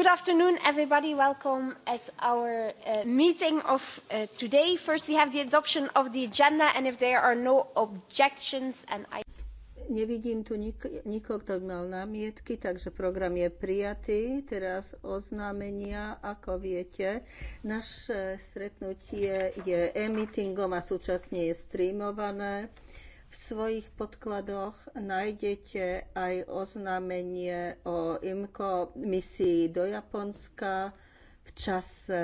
Good afternoon, everybody. Welcome at our uh, meeting of uh, today. First, we have the adoption of the agenda, and if there are no objections, and I... Nevidím tu nik- nikoho, kto by mal námietky, takže program je prijatý. Teraz oznámenia, ako viete, naše stretnutie je e-meetingom a súčasne je streamované. V svojich podkladoch nájdete aj oznámenie o IMCO misii do Japonska v čase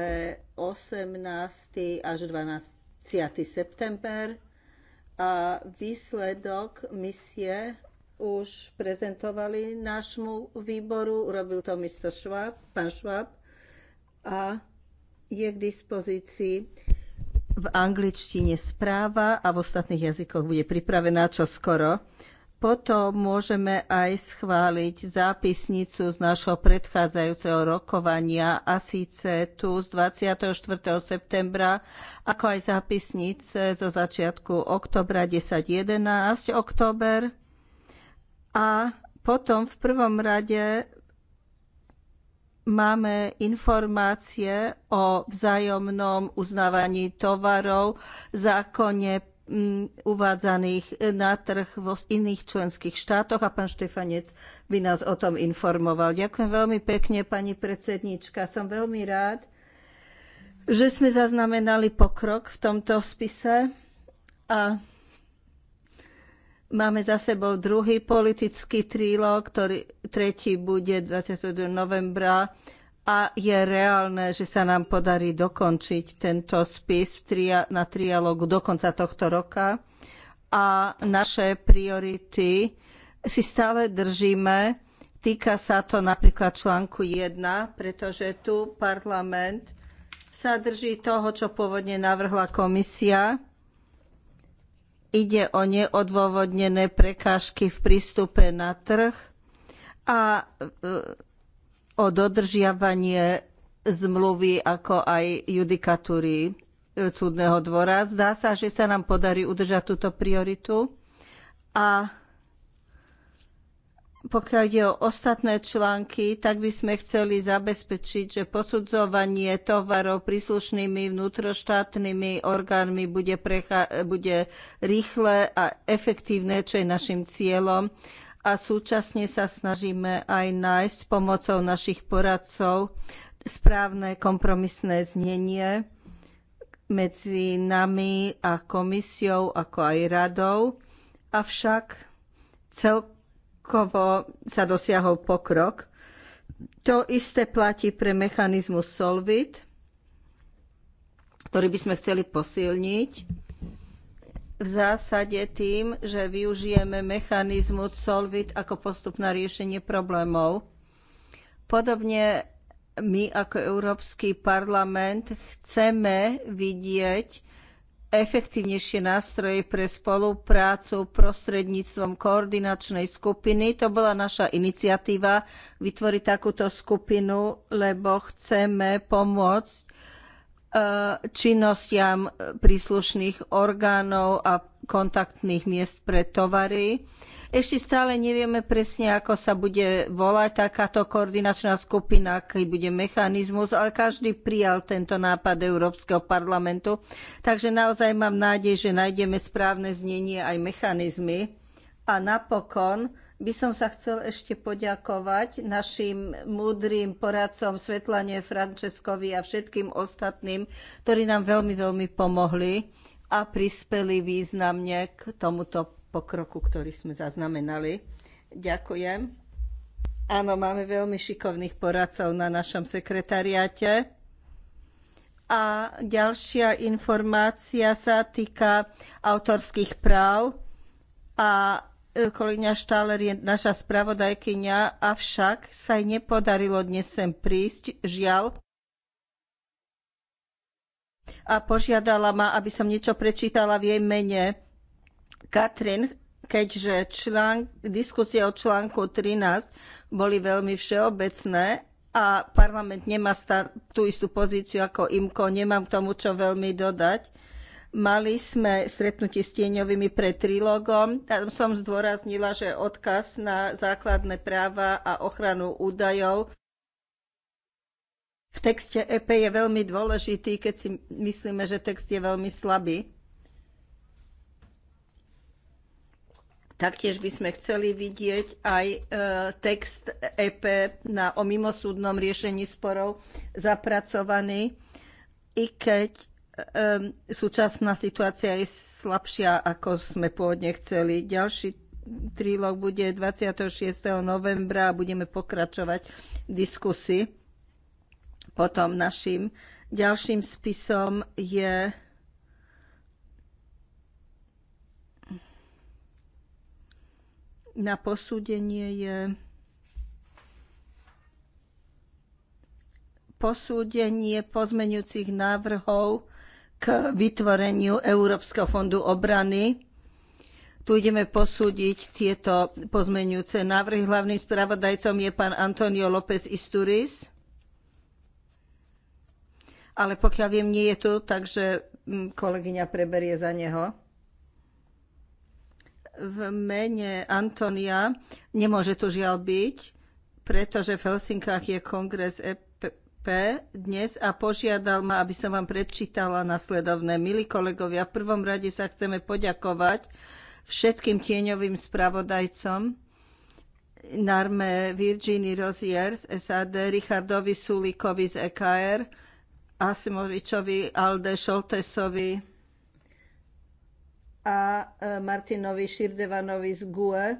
18. až 12. september a výsledok misie už prezentovali nášmu výboru, urobil to mr. Schwab, pán Schwab a je k dispozícii v angličtine správa a v ostatných jazykoch bude pripravená čo skoro. Potom môžeme aj schváliť zápisnicu z nášho predchádzajúceho rokovania a síce tu z 24. septembra, ako aj zápisnice zo začiatku oktobra 10.11. oktober. A potom v prvom rade máme informácie o vzájomnom uznávaní tovarov, zákone mm, uvádzaných na trh vo iných členských štátoch a pán Štefanec by nás o tom informoval. Ďakujem veľmi pekne, pani predsednička. Som veľmi rád, že sme zaznamenali pokrok v tomto spise a Máme za sebou druhý politický trílog, ktorý tretí bude 22. novembra a je reálne, že sa nám podarí dokončiť tento spis na trialógu do konca tohto roka a naše priority si stále držíme. Týka sa to napríklad článku 1, pretože tu parlament sa drží toho, čo pôvodne navrhla komisia ide o neodôvodnené prekážky v prístupe na trh a e, o dodržiavanie zmluvy ako aj judikatúry e, súdneho dvora. Zdá sa, že sa nám podarí udržať túto prioritu a pokiaľ ide o ostatné články, tak by sme chceli zabezpečiť, že posudzovanie tovarov príslušnými vnútroštátnymi orgánmi bude, bude rýchle a efektívne, čo je našim cieľom. A súčasne sa snažíme aj nájsť pomocou našich poradcov správne kompromisné znenie medzi nami a komisiou, ako aj radou. Avšak celkom celkovo sa dosiahol pokrok. To isté platí pre mechanizmus Solvit, ktorý by sme chceli posilniť v zásade tým, že využijeme mechanizmu Solvit ako postup na riešenie problémov. Podobne my ako Európsky parlament chceme vidieť efektívnejšie nástroje pre spoluprácu prostredníctvom koordinačnej skupiny. To bola naša iniciatíva vytvoriť takúto skupinu, lebo chceme pomôcť e, činnostiam príslušných orgánov a kontaktných miest pre tovary. Ešte stále nevieme presne, ako sa bude volať takáto koordinačná skupina, aký bude mechanizmus, ale každý prijal tento nápad Európskeho parlamentu. Takže naozaj mám nádej, že nájdeme správne znenie aj mechanizmy. A napokon by som sa chcel ešte poďakovať našim múdrym poradcom Svetlane Frančeskovi a všetkým ostatným, ktorí nám veľmi, veľmi pomohli a prispeli významne k tomuto pokroku, ktorý sme zaznamenali. Ďakujem. Áno, máme veľmi šikovných poradcov na našom sekretariáte. A ďalšia informácia sa týka autorských práv. A e, kolegyňa Štáler je naša spravodajkyňa, avšak sa jej nepodarilo dnes sem prísť, žiaľ. A požiadala ma, aby som niečo prečítala v jej mene. Katrin, keďže člán, diskusie o článku 13 boli veľmi všeobecné a parlament nemá star, tú istú pozíciu ako IMKO, nemám k tomu čo veľmi dodať. Mali sme stretnutie s tieňovými pred trilogom. Tam som zdôraznila, že odkaz na základné práva a ochranu údajov v texte EP je veľmi dôležitý, keď si myslíme, že text je veľmi slabý. Taktiež by sme chceli vidieť aj e, text EP na, o mimosúdnom riešení sporov zapracovaný, i keď e, súčasná situácia je slabšia, ako sme pôvodne chceli. Ďalší trílog bude 26. novembra a budeme pokračovať v diskusii. Potom našim ďalším spisom je na posúdenie je posúdenie pozmeňujúcich návrhov k vytvoreniu Európskeho fondu obrany. Tu ideme posúdiť tieto pozmeňujúce návrhy. Hlavným spravodajcom je pán Antonio López Isturiz. Ale pokiaľ viem, nie je tu, takže mm, kolegyňa preberie za neho v mene Antonia nemôže tu žiaľ byť, pretože v Helsinkách je kongres EPP dnes a požiadal ma, aby som vám predčítala nasledovné. Milí kolegovia, v prvom rade sa chceme poďakovať všetkým tieňovým spravodajcom, narme Virginie Rozier z SAD, Richardovi Sulikovi z EKR, Asimovičovi, Alde Šoltesovi, a e, Martinovi Širdevanovi z GUE,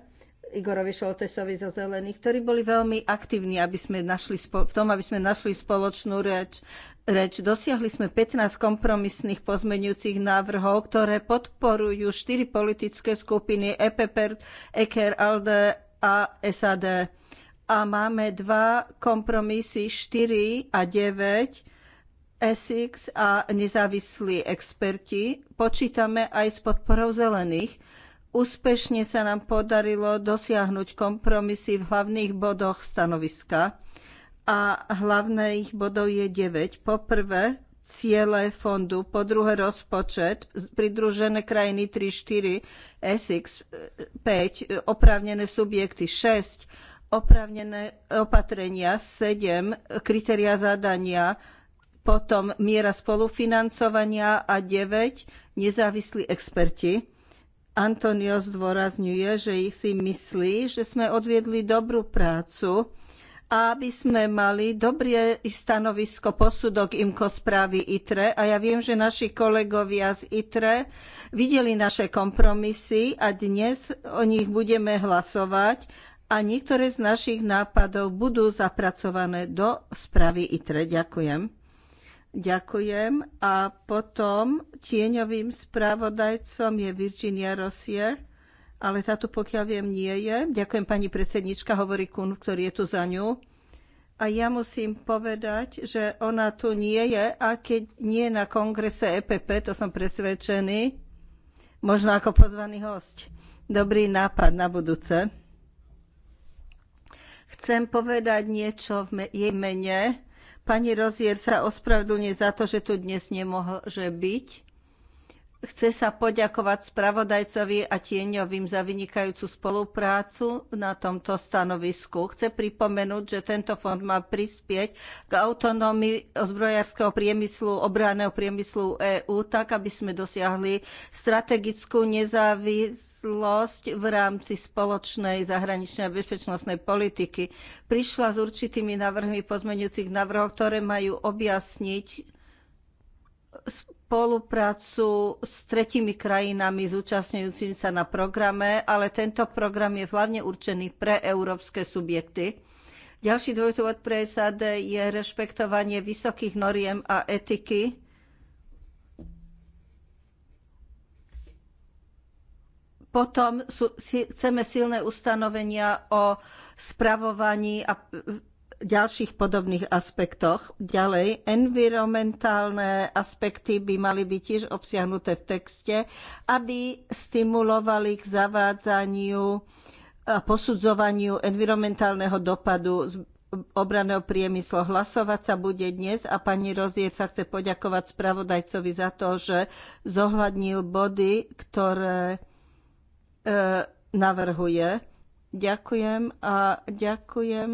Igorovi Šoltesovi zo Zelených, ktorí boli veľmi aktívni aby sme našli v tom, aby sme našli spoločnú reč. reč. Dosiahli sme 15 kompromisných pozmeňujúcich návrhov, ktoré podporujú štyri politické skupiny EPP, EKR, e ALDE a SAD. A máme dva kompromisy, 4 a 9, ESIX a nezávislí experti. Počítame aj s podporou zelených. Úspešne sa nám podarilo dosiahnuť kompromisy v hlavných bodoch stanoviska. A hlavných bodov je 9. Poprvé, ciele fondu, po druhé rozpočet, pridružené krajiny 3, 4, ESIX 5, oprávnené subjekty 6, oprávnené opatrenia 7, kritéria zadania potom miera spolufinancovania a 9 nezávislí experti. Antonio zdôrazňuje, že ich si myslí, že sme odviedli dobrú prácu a aby sme mali dobré stanovisko, posudok IMKO správy ITRE a ja viem, že naši kolegovia z ITRE videli naše kompromisy a dnes o nich budeme hlasovať a niektoré z našich nápadov budú zapracované do správy ITRE. Ďakujem. Ďakujem. A potom tieňovým správodajcom je Virginia Rossier, ale táto pokiaľ viem nie je. Ďakujem pani predsednička, hovorí Kun, ktorý je tu za ňu. A ja musím povedať, že ona tu nie je a keď nie na kongrese EPP, to som presvedčený, možno ako pozvaný host. Dobrý nápad na budúce. Chcem povedať niečo v jej mene Pani Rozier sa ospravedlňuje za to, že tu dnes nemôže byť. Chce sa poďakovať spravodajcovi a tieňovým za vynikajúcu spoluprácu na tomto stanovisku. Chce pripomenúť, že tento fond má prispieť k autonómii ozbrojárskeho priemyslu, obranného priemyslu EÚ, tak aby sme dosiahli strategickú nezávislosť v rámci spoločnej zahraničnej a bezpečnostnej politiky. Prišla s určitými návrhmi pozmeňujúcich návrhov, ktoré majú objasniť spoluprácu s tretimi krajinami zúčastňujúcim sa na programe, ale tento program je hlavne určený pre európske subjekty. Ďalší dôvod pre SAD je rešpektovanie vysokých noriem a etiky. Potom sú, si, chceme silné ustanovenia o spravovaní a ďalších podobných aspektoch. Ďalej, environmentálne aspekty by mali byť tiež obsiahnuté v texte, aby stimulovali k zavádzaniu a posudzovaniu environmentálneho dopadu z obraného priemyslu. Hlasovať sa bude dnes a pani Rozier sa chce poďakovať spravodajcovi za to, že zohľadnil body, ktoré e, navrhuje. Ďakujem a ďakujem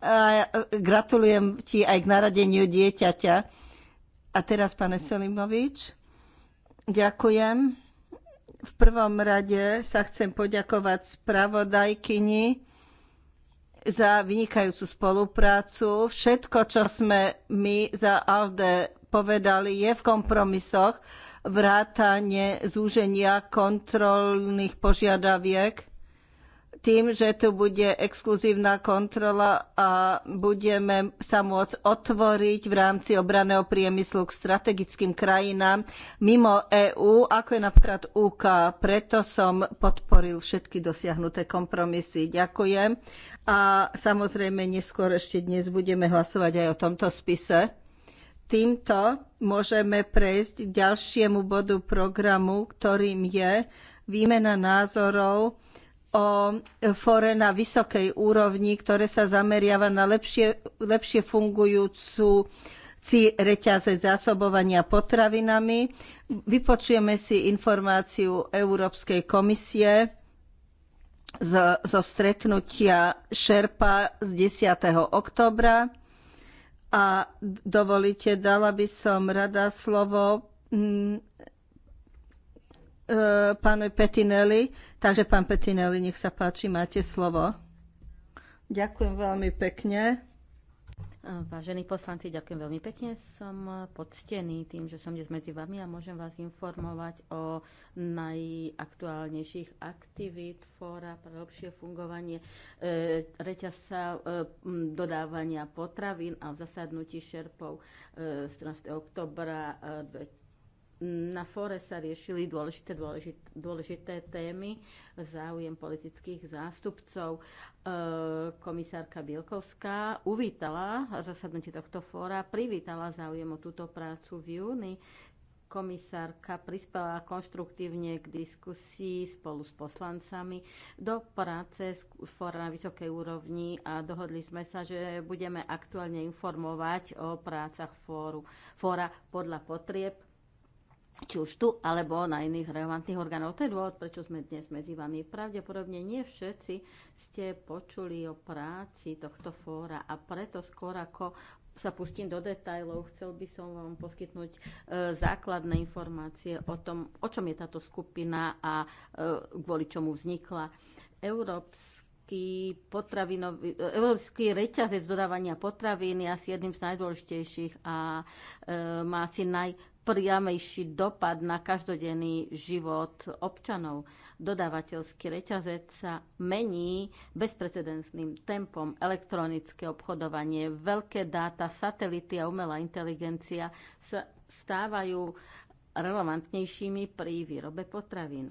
a e, gratulujem ti aj k narodeniu dieťaťa. A teraz, pane Selimovič, ďakujem. V prvom rade sa chcem poďakovať spravodajkyni za vynikajúcu spoluprácu. Všetko, čo sme my za ALDE povedali, je v kompromisoch vrátane zúženia kontrolných požiadaviek tým, že tu bude exkluzívna kontrola a budeme sa môcť otvoriť v rámci obraného priemyslu k strategickým krajinám mimo EÚ, ako je napríklad UK. Preto som podporil všetky dosiahnuté kompromisy. Ďakujem. A samozrejme neskôr ešte dnes budeme hlasovať aj o tomto spise. Týmto môžeme prejsť k ďalšiemu bodu programu, ktorým je výmena názorov o fóre na vysokej úrovni, ktoré sa zameriava na lepšie, lepšie fungujúcu reťazec zásobovania potravinami. Vypočujeme si informáciu Európskej komisie zo stretnutia Šerpa z 10. oktobra. A dovolite, dala by som rada slovo mm, E, pánu Petinelli. Takže pán Petinelli, nech sa páči, máte slovo. Ďakujem veľmi pekne. Vážení poslanci, ďakujem veľmi pekne. Som poctený tým, že som dnes medzi vami a môžem vás informovať o najaktuálnejších aktivít fóra pre lepšie fungovanie e, reťazca e, dodávania potravín a zasadnutí šerpov e, z 13. oktobra e, na fóre sa riešili dôležité, dôležité, dôležité témy, záujem politických zástupcov. E, komisárka Bielkovská uvítala zasadnutie tohto fóra, privítala záujem o túto prácu v júni. Komisárka prispela konštruktívne k diskusii spolu s poslancami do práce z fóra na vysokej úrovni a dohodli sme sa, že budeme aktuálne informovať o prácach fóru, fóra podľa potrieb či už tu, alebo na iných relevantných orgánov. To je dôvod, prečo sme dnes medzi vami. Pravdepodobne nie všetci ste počuli o práci tohto fóra a preto skôr ako sa pustím do detajlov, chcel by som vám poskytnúť e, základné informácie o tom, o čom je táto skupina a e, kvôli čomu vznikla. Európska európsky, potravinový, e, európsky reťazec dodávania potravín je asi jedným z najdôležitejších a e, má asi naj, priamejší dopad na každodenný život občanov. Dodávateľský reťazec sa mení bezprecedentným tempom elektronické obchodovanie, veľké dáta, satelity a umelá inteligencia sa stávajú relevantnejšími pri výrobe potravín.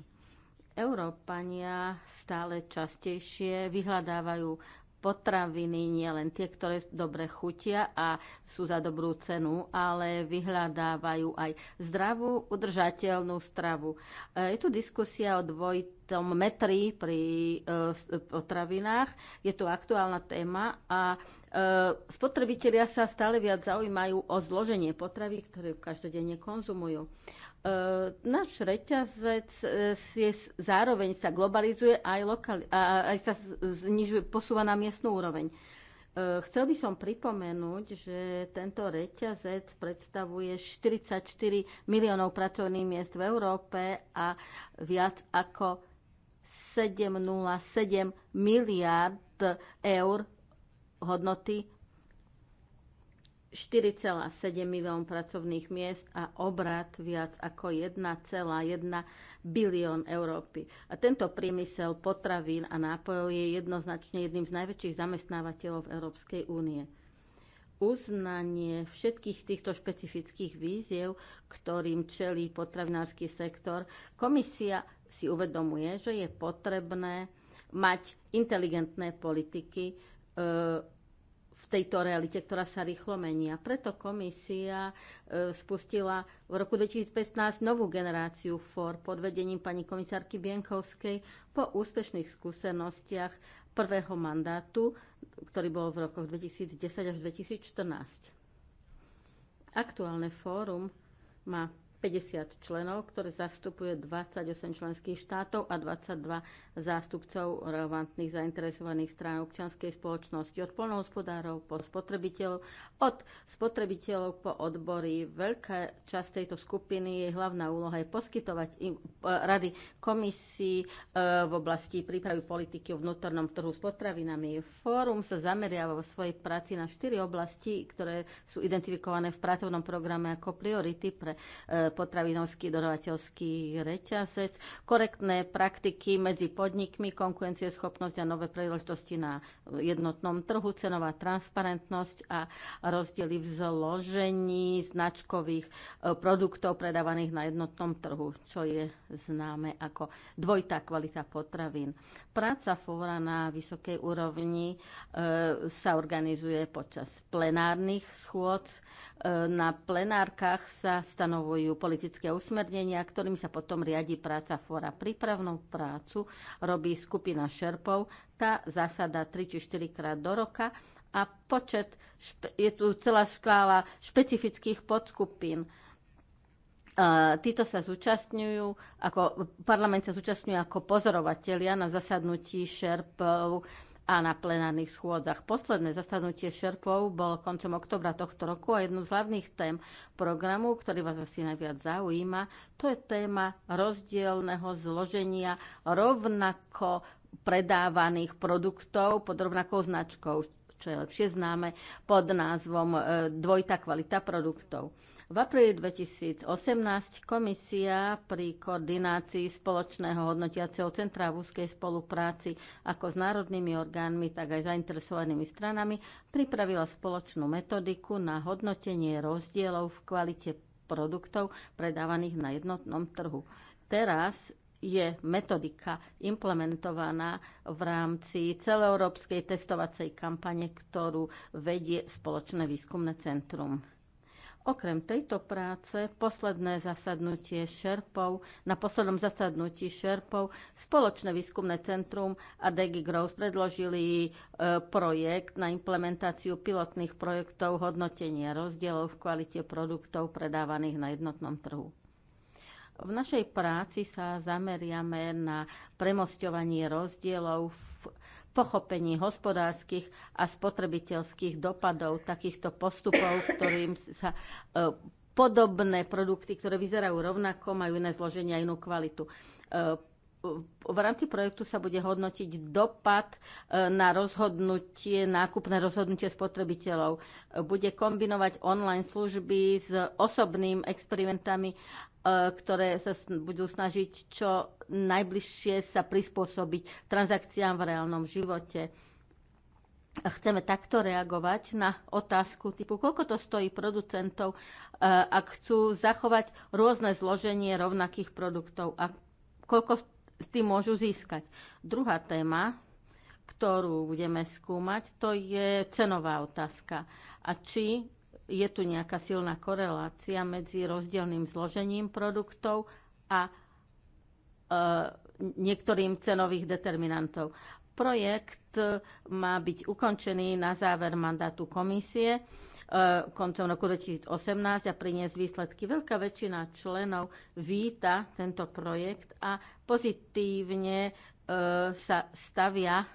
Európania stále častejšie vyhľadávajú potraviny, nie len tie, ktoré dobre chutia a sú za dobrú cenu, ale vyhľadávajú aj zdravú, udržateľnú stravu. E, je tu diskusia o dvojitom metri pri e, e, potravinách. Je to aktuálna téma a spotrebitelia sa stále viac zaujímajú o zloženie potravy, ktoré každodenne konzumujú. E, náš reťazec e, je, zároveň sa globalizuje aj, lokali, a, aj sa znižuje, posúva na miestnú úroveň. E, chcel by som pripomenúť, že tento reťazec predstavuje 44 miliónov pracovných miest v Európe a viac ako 7,07 miliard eur hodnoty 4,7 milión pracovných miest a obrat viac ako 1,1 bilión Európy. A tento priemysel potravín a nápojov je jednoznačne jedným z najväčších zamestnávateľov Európskej únie. Uznanie všetkých týchto špecifických víziev, ktorým čelí potravinársky sektor, komisia si uvedomuje, že je potrebné mať inteligentné politiky, e, tejto realite, ktorá sa rýchlo mení. A preto komisia e, spustila v roku 2015 novú generáciu FOR pod vedením pani komisárky Bienkovskej po úspešných skúsenostiach prvého mandátu, ktorý bol v rokoch 2010 až 2014. Aktuálne fórum má 50 členov, ktoré zastupuje 28 členských štátov a 22 zástupcov relevantných zainteresovaných strán občianskej spoločnosti, od polnohospodárov po spotrebiteľov, od spotrebiteľov po odbory. Veľká časť tejto skupiny, je hlavná úloha je poskytovať im, e, rady komisii e, v oblasti prípravy politiky o vnútornom trhu s potravinami. Fórum sa zameriava vo svojej práci na štyri oblasti, ktoré sú identifikované v pracovnom programe ako priority pre e, potravinovský dodavateľský reťazec, korektné praktiky medzi podnikmi, konkurencieschopnosť a nové príležitosti na jednotnom trhu, cenová transparentnosť a rozdiely v zložení značkových e, produktov predávaných na jednotnom trhu, čo je známe ako dvojitá kvalita potravín. Práca fóra na vysokej úrovni e, sa organizuje počas plenárnych schôd. E, na plenárkach sa stanovujú politické usmernenia, ktorým sa potom riadi práca fóra. Prípravnú prácu robí skupina šerpov, tá zasada 3 či 4 krát do roka a počet, je tu celá škála špecifických podskupín. Títo sa zúčastňujú, ako parlament sa zúčastňuje ako pozorovatelia na zasadnutí šerpov a na plenárnych schôdzach. Posledné zasadnutie šerpov bolo koncom oktobra tohto roku a jednou z hlavných tém programu, ktorý vás asi najviac zaujíma, to je téma rozdielného zloženia rovnako predávaných produktov pod rovnakou značkou, čo je lepšie známe pod názvom e, dvojitá kvalita produktov. V apríli 2018 komisia pri koordinácii spoločného hodnotiaceho centra v úzkej spolupráci ako s národnými orgánmi, tak aj zainteresovanými stranami pripravila spoločnú metodiku na hodnotenie rozdielov v kvalite produktov predávaných na jednotnom trhu. Teraz je metodika implementovaná v rámci celoeurópskej testovacej kampane, ktorú vedie Spoločné výskumné centrum. Okrem tejto práce, posledné zasadnutie šerpov, na poslednom zasadnutí šerpov Spoločné výskumné centrum a DG Growth predložili e, projekt na implementáciu pilotných projektov hodnotenia rozdielov v kvalite produktov predávaných na jednotnom trhu. V našej práci sa zameriame na premosťovanie rozdielov v pochopení hospodárskych a spotrebiteľských dopadov takýchto postupov, ktorým sa e, podobné produkty, ktoré vyzerajú rovnako, majú iné zloženie a inú kvalitu. E, v rámci projektu sa bude hodnotiť dopad e, na rozhodnutie, nákupné rozhodnutie spotrebiteľov. E, bude kombinovať online služby s osobným experimentami, e, ktoré sa budú snažiť čo najbližšie sa prispôsobiť transakciám v reálnom živote. Chceme takto reagovať na otázku typu, koľko to stojí producentov, ak chcú zachovať rôzne zloženie rovnakých produktov a koľko s tým môžu získať. Druhá téma, ktorú budeme skúmať, to je cenová otázka. A či je tu nejaká silná korelácia medzi rozdielným zložením produktov a e, niektorým cenových determinantov. Projekt e, má byť ukončený na záver mandátu komisie Eh, koncom roku 2018 a priniesť výsledky. Veľká väčšina členov víta tento projekt a pozitívne eh, sa stavia eh,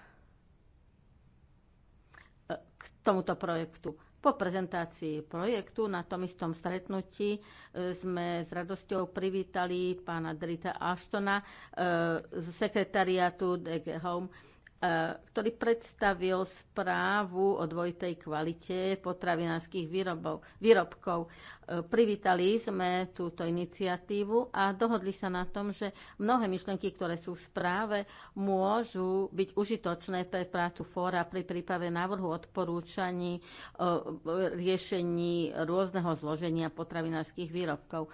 k tomuto projektu. Po prezentácii projektu na tom istom stretnutí sme s radosťou privítali pána Drita Ashtona z sekretariatu DG Home E, ktorý predstavil správu o dvojitej kvalite potravinárskych výrobkov. E, privítali sme túto iniciatívu a dohodli sa na tom, že mnohé myšlenky, ktoré sú v správe, môžu byť užitočné pre prácu fóra pri príprave návrhu odporúčaní e, riešení rôzneho zloženia potravinárskych výrobkov.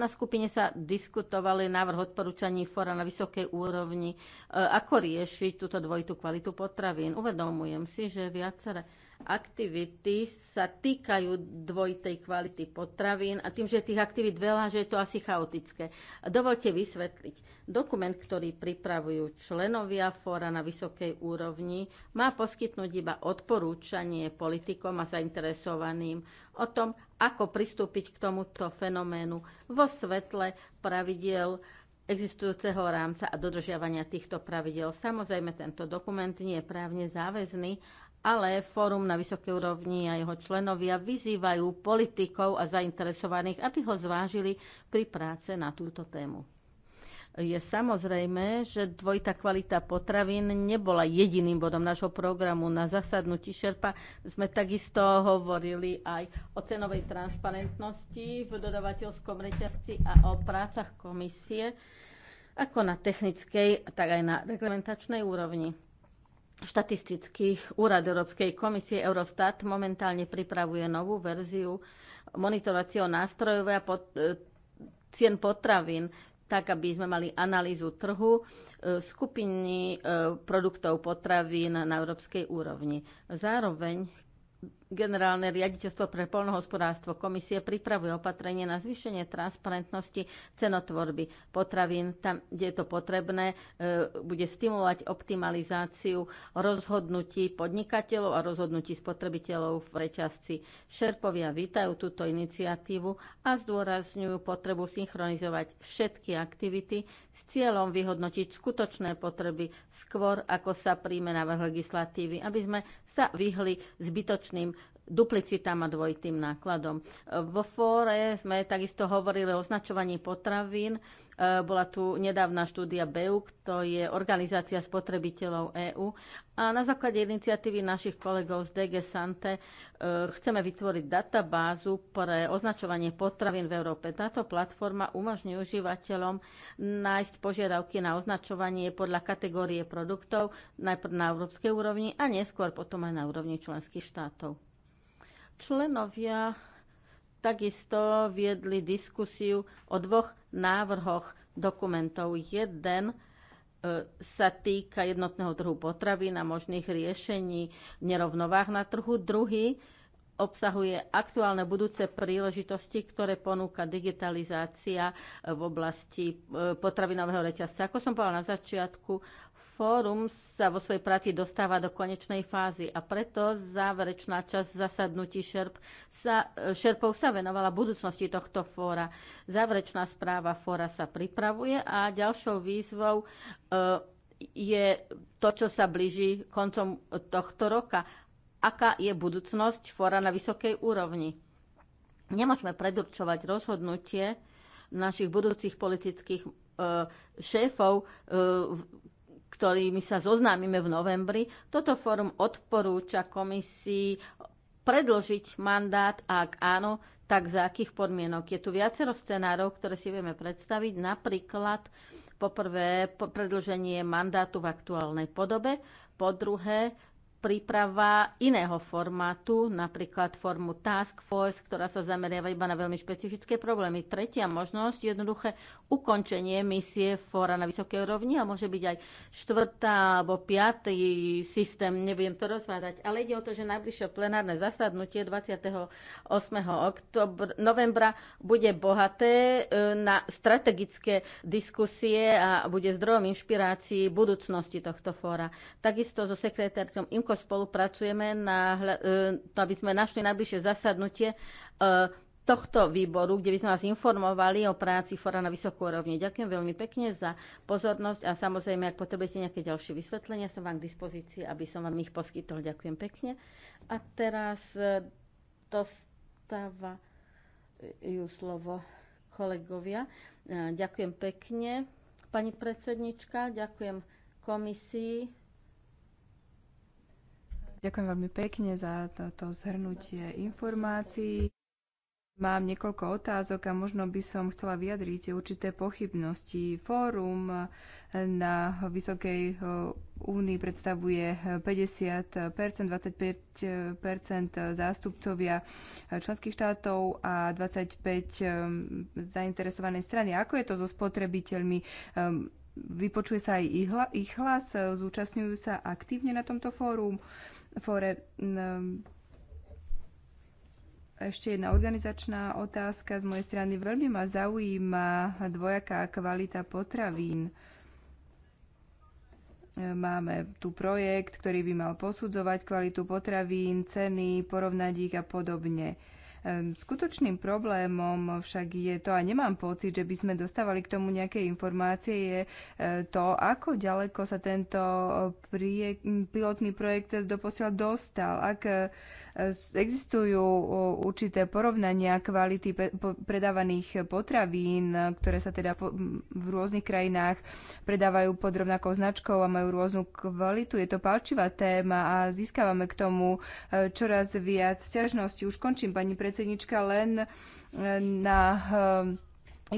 Na skupine sa diskutovali návrh odporúčaní fóra na vysokej úrovni, e, ako riešiť túto dvojitú kvalitu potravín. Uvedomujem si, že viaceré aktivity sa týkajú dvojitej kvality potravín a tým, že tých aktivít veľa, že je to asi chaotické. Dovolte vysvetliť. Dokument, ktorý pripravujú členovia fóra na vysokej úrovni, má poskytnúť iba odporúčanie politikom a zainteresovaným o tom, ako pristúpiť k tomuto fenoménu vo svetle pravidiel existujúceho rámca a dodržiavania týchto pravidel. Samozrejme, tento dokument nie je právne záväzný, ale fórum na vysokej úrovni a jeho členovia vyzývajú politikov a zainteresovaných, aby ho zvážili pri práce na túto tému. Je samozrejme, že dvojitá kvalita potravín nebola jediným bodom nášho programu. Na zasadnutí Šerpa sme takisto hovorili aj o cenovej transparentnosti v dodavateľskom reťazci a o prácach komisie, ako na technickej, tak aj na reglementačnej úrovni štatistických úrad Európskej komisie Eurostat momentálne pripravuje novú verziu monitorovacieho nástrojov a pod, e, cien potravín, tak aby sme mali analýzu trhu e, skupiny e, produktov potravín na európskej úrovni. Zároveň Generálne riaditeľstvo pre polnohospodárstvo komisie pripravuje opatrenie na zvýšenie transparentnosti cenotvorby potravín. Tam, kde je to potrebné, e, bude stimulovať optimalizáciu rozhodnutí podnikateľov a rozhodnutí spotrebiteľov v reťazci. Šerpovia vítajú túto iniciatívu a zdôrazňujú potrebu synchronizovať všetky aktivity s cieľom vyhodnotiť skutočné potreby skôr, ako sa príjme návrh legislatívy, aby sme sa vyhli zbytočným duplicitám a dvojitým nákladom. Vo fóre sme takisto hovorili o označovaní potravín. E, bola tu nedávna štúdia BEUK, to je Organizácia spotrebiteľov EÚ. A na základe iniciatívy našich kolegov z DG Sante e, chceme vytvoriť databázu pre označovanie potravín v Európe. Táto platforma umožní užívateľom nájsť požiadavky na označovanie podľa kategórie produktov, najprv na európskej úrovni a neskôr potom aj na úrovni členských štátov. Členovia takisto viedli diskusiu o dvoch návrhoch dokumentov. Jeden e, sa týka jednotného trhu potravín a možných riešení nerovnováh na trhu. Druhý obsahuje aktuálne budúce príležitosti, ktoré ponúka digitalizácia v oblasti e, potravinového reťazca. Ako som povedala na začiatku, fórum sa vo svojej práci dostáva do konečnej fázy a preto záverečná časť zasadnutí šerp sa, e, šerpov sa venovala budúcnosti tohto fóra. Záverečná správa fóra sa pripravuje a ďalšou výzvou e, je to, čo sa blíži koncom tohto roka aká je budúcnosť fóra na vysokej úrovni. Nemôžeme predurčovať rozhodnutie našich budúcich politických e, šéfov, e, ktorými sa zoznámime v novembri. Toto fórum odporúča komisii predložiť mandát a ak áno, tak za akých podmienok. Je tu viacero scenárov, ktoré si vieme predstaviť, napríklad poprvé po predlženie mandátu v aktuálnej podobe, po druhé príprava iného formátu, napríklad formu task force, ktorá sa zameriava iba na veľmi špecifické problémy. Tretia možnosť, jednoduché ukončenie misie fóra na vysokej úrovni a môže byť aj štvrtá alebo piatý systém, neviem to rozvádať. Ale ide o to, že najbližšie plenárne zasadnutie 28. Oktobr, novembra bude bohaté e, na strategické diskusie a bude zdrojom inšpirácií budúcnosti tohto fóra. Takisto so sekretárkom úzko spolupracujeme, na, e, to, aby sme našli najbližšie zasadnutie e, tohto výboru, kde by sme vás informovali o práci fora na vysokú úrovni. Ďakujem veľmi pekne za pozornosť a samozrejme, ak potrebujete nejaké ďalšie vysvetlenia, som vám k dispozícii, aby som vám ich poskytol. Ďakujem pekne. A teraz e, dostáva ju slovo kolegovia. Ďakujem pekne, pani predsednička, ďakujem komisii Ďakujem veľmi pekne za toto zhrnutie informácií. Mám niekoľko otázok a možno by som chcela vyjadriť určité pochybnosti. Fórum na Vysokej eh, únii predstavuje 50 25 zástupcovia členských štátov a 25 eh, zainteresovanej strany. Ako je to so spotrebiteľmi? Eh, vypočuje sa aj ich hlas? Zúčastňujú sa aktívne na tomto fórum? fóre. Ešte jedna organizačná otázka z mojej strany. Veľmi ma zaujíma dvojaká kvalita potravín. Máme tu projekt, ktorý by mal posudzovať kvalitu potravín, ceny, porovnať ich a podobne Skutočným problémom však je to, a nemám pocit, že by sme dostávali k tomu nejaké informácie, je eh, to, ako ďaleko sa tento eh, pilotný projekt z doposiaľ dostal. Ak eh, Existujú určité porovnania kvality predávaných potravín, ktoré sa teda v rôznych krajinách predávajú pod rovnakou značkou a majú rôznu kvalitu. Je to palčivá téma a získavame k tomu e, čoraz viac ťažností. Už končím, pani predsednička, len e, na e,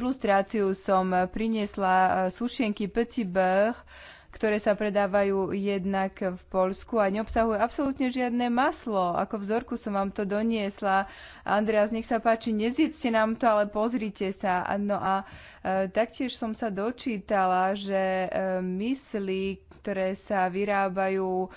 ilustráciu som priniesla sušenky Petit Beurre, ktoré sa predávajú jednak v Polsku a neobsahujú absolútne žiadne maslo. Ako vzorku som vám to doniesla. Andreas, nech sa páči, nezjedzte nám to, ale pozrite sa. No a Taktiež som sa dočítala, že e, mysli, ktoré sa vyrábajú e,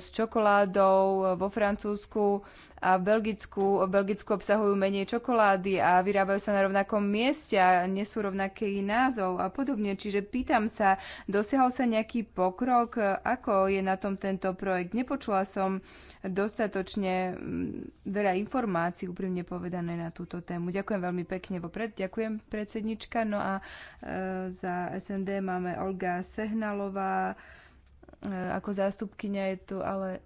s čokoládou vo Francúzsku a v Belgicku, v Belgicku obsahujú menej čokolády a vyrábajú sa na rovnakom mieste a nesú rovnaký názov a podobne. Čiže pýtam sa, dosiahol sa nejaký pokrok, ako je na tom tento projekt? Nepočula som dostatočne mm, veľa informácií, úprimne povedané, na túto tému. Ďakujem veľmi pekne vopred. Ďakujem, predsednička. No a e, za SND máme Olga Sehnalová. E, ako zástupkynia je tu, ale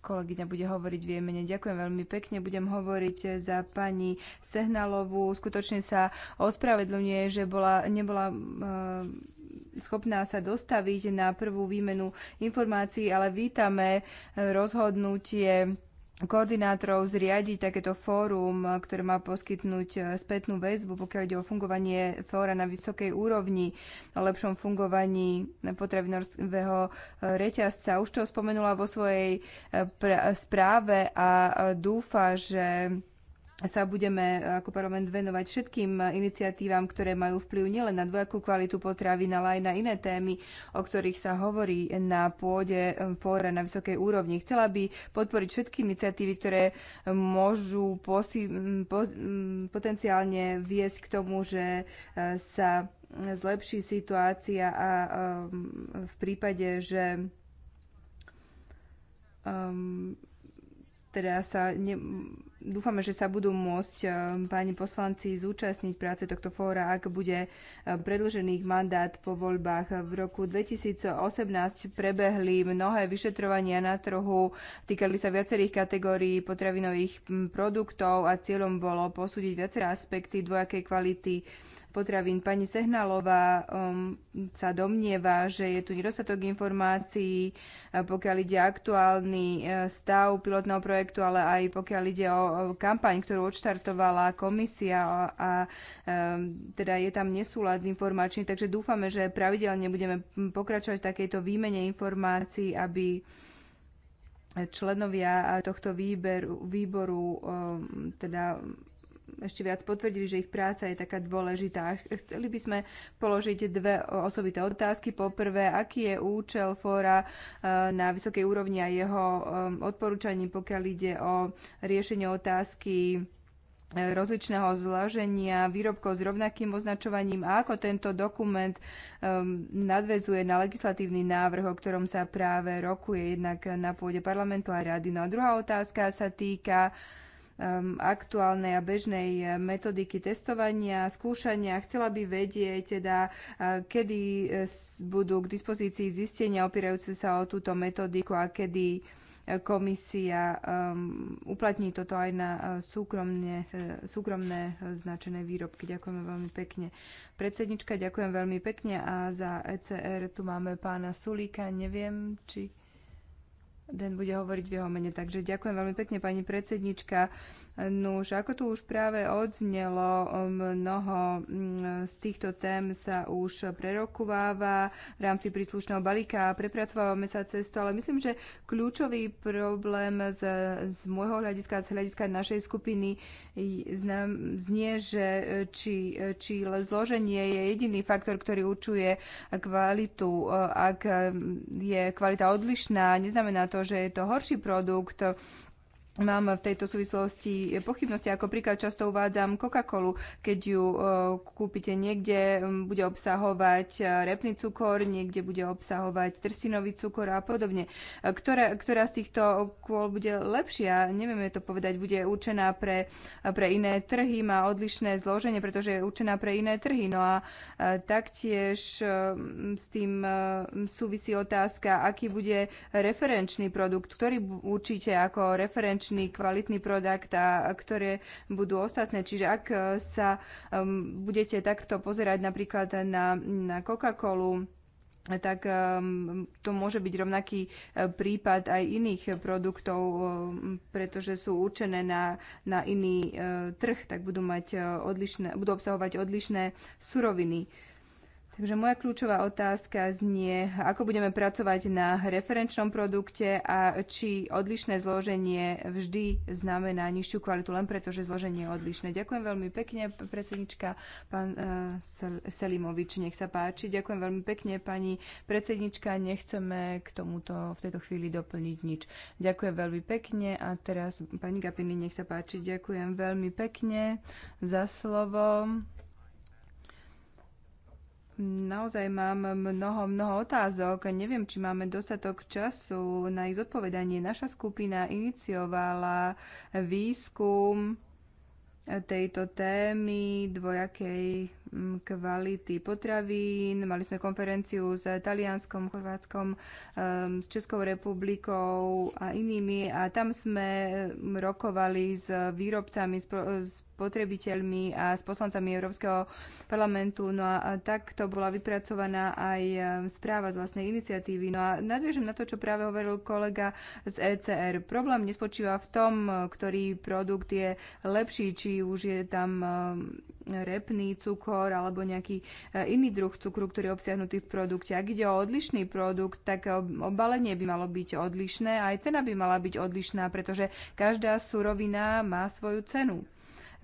kolegyňa bude hovoriť v jemene. Ďakujem veľmi pekne, budem hovoriť za pani Sehnalovú. Skutočne sa ospravedlňuje, že bola, nebola schopná sa dostaviť na prvú výmenu informácií, ale vítame rozhodnutie koordinátorov zriadiť takéto fórum, ktoré má poskytnúť spätnú väzbu, pokiaľ ide o fungovanie fóra na vysokej úrovni, o lepšom fungovaní potravinového reťazca. Už to spomenula vo svojej správe a dúfa, že sa budeme eh, ako parlament venovať všetkým eh, iniciatívam, ktoré majú vplyv nielen na dvojakú kvalitu potravy, ale aj na iné témy, o ktorých sa hovorí na pôde eh, fóra na vysokej úrovni. Chcela by podporiť všetky iniciatívy, ktoré môžu posi- mm, pos- mm, potenciálne viesť k tomu, že sa zlepší situácia a v prípade, že um, teda sa ne, dúfame, že sa budú môcť eh, páni poslanci zúčastniť práce tohto fóra, ak bude eh, predlžený ich mandát po voľbách. V roku 2018 prebehli mnohé vyšetrovania na trhu, týkali sa viacerých kategórií potravinových mm, produktov a cieľom bolo posúdiť viaceré aspekty dvojakej kvality potravín. Pani Sehnalová um, sa domnieva, že je tu nedostatok informácií, e, pokiaľ ide aktuálny e, stav pilotného projektu, ale aj pokiaľ ide o kampaň, ktorú odštartovala komisia a, a um, teda je tam nesúlad informačný. Takže dúfame, že pravidelne budeme pokračovať v takejto výmene informácií, aby členovia tohto výberu, výboru um, teda ešte viac potvrdili, že ich práca je taká dôležitá. Chceli by sme položiť dve osobité otázky. Poprvé, aký je účel fóra e, na vysokej úrovni a jeho e, odporúčaní, pokiaľ ide o riešenie otázky e, rozličného zloženia výrobkov s rovnakým označovaním a ako tento dokument um, nadvezuje na legislatívny návrh, o ktorom sa práve rokuje jednak na pôde parlamentu a rady. No a druhá otázka sa týka uh, Um, aktuálnej a bežnej eh, metodiky testovania, skúšania. Chcela by vedieť, teda, eh, kedy eh, budú k dispozícii zistenia opierajúce sa o túto metodiku a kedy komisia um, uplatní toto aj na súkromne, súkromné značené výrobky. Ďakujeme veľmi pekne. Predsednička, ďakujem veľmi pekne a za ECR tu máme pána Sulíka. Neviem, či... Den bude hovoriť v jeho mene. Takže ďakujem veľmi pekne, pani predsednička. Nuž, ako tu už práve odznelo, mnoho mm, z týchto tém sa už prerokováva v rámci príslušného balíka a prepracovávame sa cestu, ale myslím, že kľúčový problém z, z môjho hľadiska, z hľadiska našej skupiny znam, znie, že či, či zloženie je jediný faktor, ktorý určuje kvalitu. Ak je kvalita odlišná, neznamená to, že je to horší produkt, Mám v tejto súvislosti pochybnosti, ako príklad často uvádzam Coca-Colu. Keď ju e, kúpite niekde, bude obsahovať e, repný cukor, niekde bude obsahovať trsinový cukor a podobne. E, ktorá, ktorá z týchto kôl bude lepšia? Nevieme to povedať. Bude určená pre, pre iné trhy, má odlišné zloženie, pretože je určená pre iné trhy. No a taktiež s tým súvisí otázka, aký bude referenčný produkt, ktorý určite ako referenčný bezpečný, kvalitný produkt a ktoré budú ostatné. Čiže ak eh, sa budete takto pozerať napríklad na, na Coca-Colu, tak to môže byť rovnaký eh, prípad aj iných produktov, pretože sú určené na, na iný eh, trh, tak budú, mať odlišné, budú obsahovať odlišné suroviny. Takže moja kľúčová otázka znie, ako budeme pracovať na referenčnom produkte a či odlišné zloženie vždy znamená nižšiu kvalitu len preto, že zloženie je odlišné. Ďakujem veľmi pekne, predsednička, pán e, Selimovič, nech sa páči. Ďakujem veľmi pekne, pani predsednička, nechceme k tomuto v tejto chvíli doplniť nič. Ďakujem veľmi pekne a teraz pani Gapini, nech sa páči. Ďakujem veľmi pekne za slovo. Naozaj mám mnoho, mnoho otázok. Neviem, či máme dostatok času na ich zodpovedanie. Naša skupina iniciovala výskum tejto témy dvojakej mm, kvality potravín. Mali sme konferenciu s Talianskom, Chorvátskom, ehm, s Českou republikou a inými a tam sme ehm, rokovali s výrobcami, s spotrebiteľmi a s poslancami Európskeho parlamentu. No a takto bola vypracovaná aj e, správa z vlastnej iniciatívy. No a nadviežem na to, čo práve hovoril kolega z ECR. Problém nespočíva v tom, e, ktorý produkt je lepší, či už je tam e, repný cukor alebo nejaký iný druh cukru, ktorý je obsiahnutý v produkte. Ak ide o odlišný produkt, tak obalenie by malo byť odlišné a aj cena by mala byť odlišná, pretože každá surovina má svoju cenu.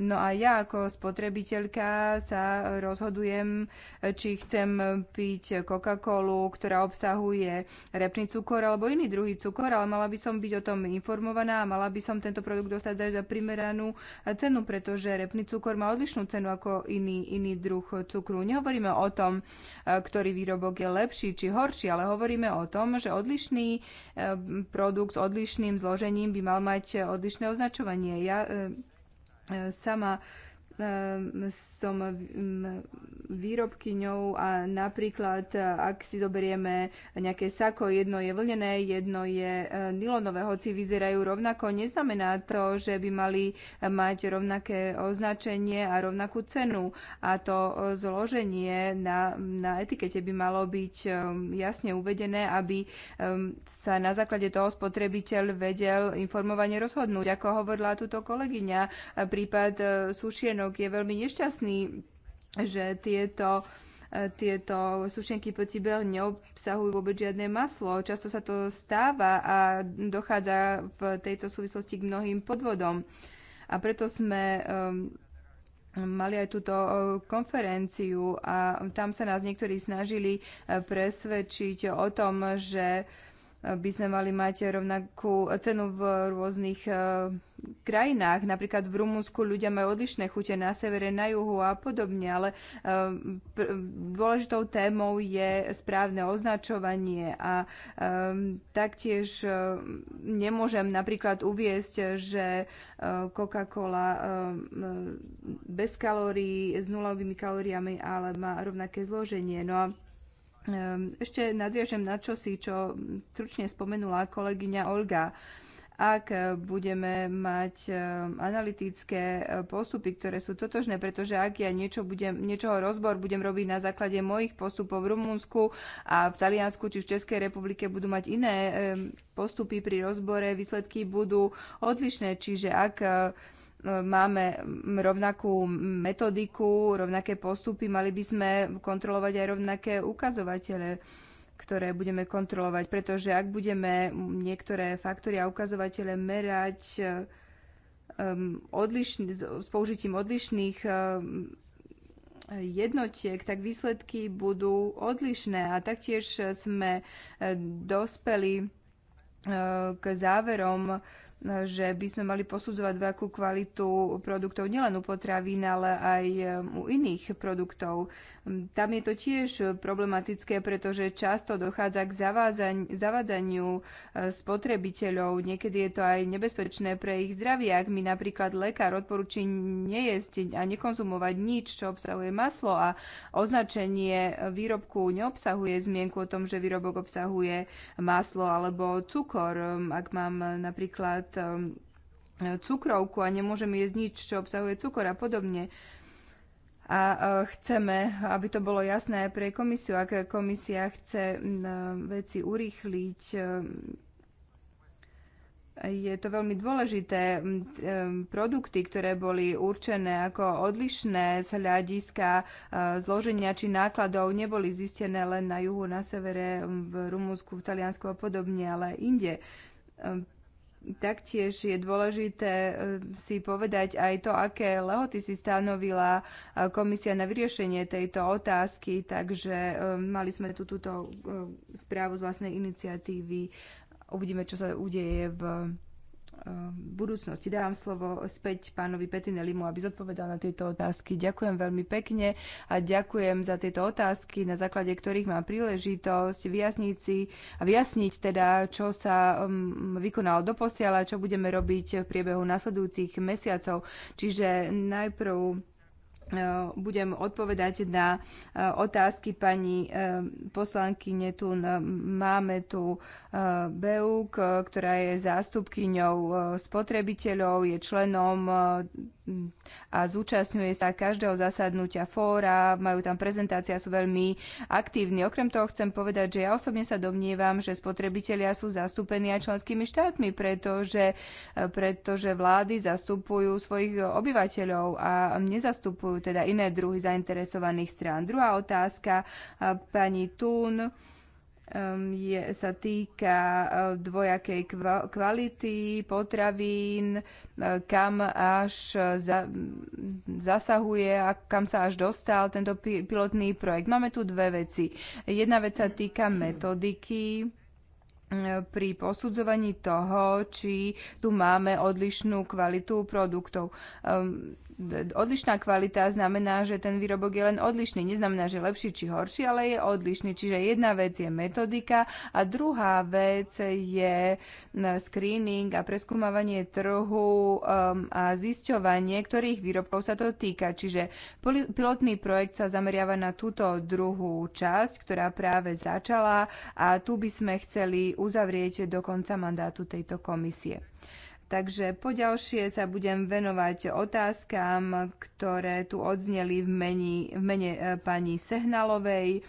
No a ja ako spotrebiteľka sa rozhodujem, či chcem piť Coca-Colu, ktorá obsahuje repný cukor alebo iný druhý cukor, ale mala by som byť o tom informovaná a mala by som tento produkt dostať až za primeranú cenu, pretože repný cukor má odlišnú cenu ako iný, iný druh cukru. Nehovoríme o tom, ktorý výrobok je lepší či horší, ale hovoríme o tom, že odlišný eh, produkt s odlišným zložením by mal mať odlišné označovanie. Ja eh, sama Ehm, som mm, výrobkyňou a napríklad, ak si zoberieme nejaké sako, jedno je vlnené, jedno je e, nylonové, hoci vyzerajú rovnako, neznamená to, že by mali mať rovnaké označenie a rovnakú cenu. A to e, zloženie na, na etikete by malo byť e, jasne uvedené, aby sa na základe toho spotrebiteľ vedel informovane rozhodnúť. Ako hovorila túto kolegyňa, prípad sušienok je veľmi nešťastný, že tieto e, tieto sušenky po cibel neobsahujú vôbec žiadne maslo. Často sa to stáva a dochádza v tejto súvislosti k mnohým podvodom. A preto sme mali aj túto e, konferenciu a tam sa nás niektorí snažili e, presvedčiť o tom, že by sme mali mať rovnakú cenu v rôznych e, krajinách. Napríklad v Rumunsku ľudia majú odlišné chute na severe, na juhu a podobne, ale e, dôležitou témou je správne označovanie a e, taktiež nemôžem napríklad uviesť, že Coca-Cola bez kalórií, s nulovými kalóriami, ale má rovnaké zloženie. No a Ehm, ešte nadviažem na čosi, čo stručne spomenula kolegyňa Olga. Ak e, budeme mať e, analytické e, postupy, ktoré sú totožné, pretože ak ja niečo budem, niečoho rozbor budem robiť na základe mojich postupov v Rumunsku a v Taliansku či v Českej republike budú mať iné ehm, postupy pri rozbore, výsledky budú odlišné. Čiže ak máme rovnakú metodiku, rovnaké postupy, mali by sme kontrolovať aj rovnaké ukazovatele, ktoré budeme kontrolovať, pretože ak budeme niektoré faktory a ukazovatele merať um, odlišný, s použitím odlišných um, jednotiek, tak výsledky budú odlišné. A taktiež sme eh, dospeli eh, k záverom že by sme mali posudzovať veľkú kvalitu produktov nielen u potravín, ale aj e, u iných produktov. Tam je to tiež problematické, pretože často dochádza k zavádzaniu e, spotrebiteľov. Niekedy je to aj nebezpečné pre ich zdravie. Ak mi napríklad lekár odporúči nejesť a nekonzumovať nič, čo obsahuje maslo a označenie výrobku neobsahuje zmienku o tom, že výrobok obsahuje maslo alebo cukor. Ak mám napríklad cukrovku a nemôžem jesť nič, čo obsahuje cukor a podobne a e, chceme, aby to bolo jasné aj pre komisiu, ak komisia chce veci urýchliť, e, je to veľmi dôležité. E, produkty, ktoré boli určené ako odlišné z hľadiska zloženia či nákladov, neboli zistené len na juhu, na severe, v Rumunsku, v Taliansku a podobne, ale inde Taktiež je dôležité e, si povedať aj to, aké lehoty si stanovila e, komisia na vyriešenie tejto otázky, takže e, mali sme tu túto správu z vlastnej iniciatívy. Uvidíme, čo sa udeje v budúcnosti. Dávam slovo späť pánovi Petinelimu, aby zodpovedal na tieto otázky. Ďakujem veľmi pekne a ďakujem za tieto otázky, na základe ktorých mám príležitosť vyjasniť si a vyjasniť teda, čo sa um, vykonalo doposiaľ a čo budeme robiť v priebehu nasledujúcich mesiacov. Čiže najprv E, budem odpovedať na e, otázky pani e, poslankyne. Tu máme tu Beuk, ktorá je zástupkyňou spotrebiteľov, je členom Mm, a zúčastňuje sa každého zasadnutia fóra, majú tam prezentácia, sú veľmi aktívni. Okrem toho chcem povedať, že ja osobne sa domnievam, že spotrebitelia sú zastúpení aj členskými štátmi, pretože, e, pretože vlády zastupujú svojich obyvateľov a nezastupujú teda iné druhy zainteresovaných strán. Druhá otázka, e, pani Tún je, sa týka eh, dvojakej kvality potravín, eh, kam až eh, za, zasahuje a kam sa až dostal tento pilotný projekt. Máme tu dve veci. Jedna vec sa týka metodiky pri posudzovaní toho, či tu máme odlišnú kvalitu produktov odlišná kvalita znamená, že ten výrobok je len odlišný. Neznamená, že lepší či horší, ale je odlišný. Čiže jedna vec je metodika a druhá vec je screening a preskúmavanie trhu um, a zisťovanie, ktorých výrobkov sa to týka. Čiže pilotný projekt sa zameriava na túto druhú časť, ktorá práve začala a tu by sme chceli uzavrieť do konca mandátu tejto komisie. Takže poďalšie sa budem venovať otázkam, ktoré tu odzneli v, meni, v mene e, pani Sehnalovej.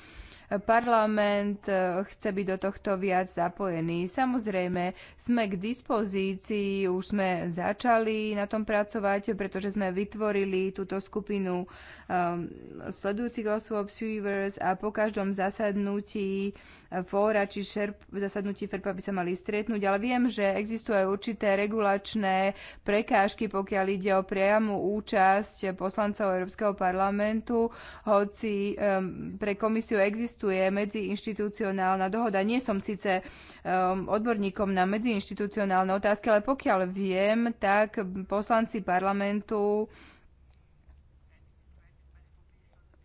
Parlament e, chce byť do tohto viac zapojený. Samozrejme, sme k dispozícii, už sme začali na tom pracovať, pretože sme vytvorili túto skupinu Um, sledujúcich osôb, viewers a po každom zasadnutí eh, fóra či šerp, zasadnutí FERPA by sa mali stretnúť, ale viem, že existujú aj určité regulačné prekážky, pokiaľ ide o priamu účasť poslancov Európskeho parlamentu, hoci um, pre komisiu existuje medziinštitucionálna dohoda. Nie som síce um, odborníkom na medziinstitucionálne otázky, ale pokiaľ viem, tak poslanci parlamentu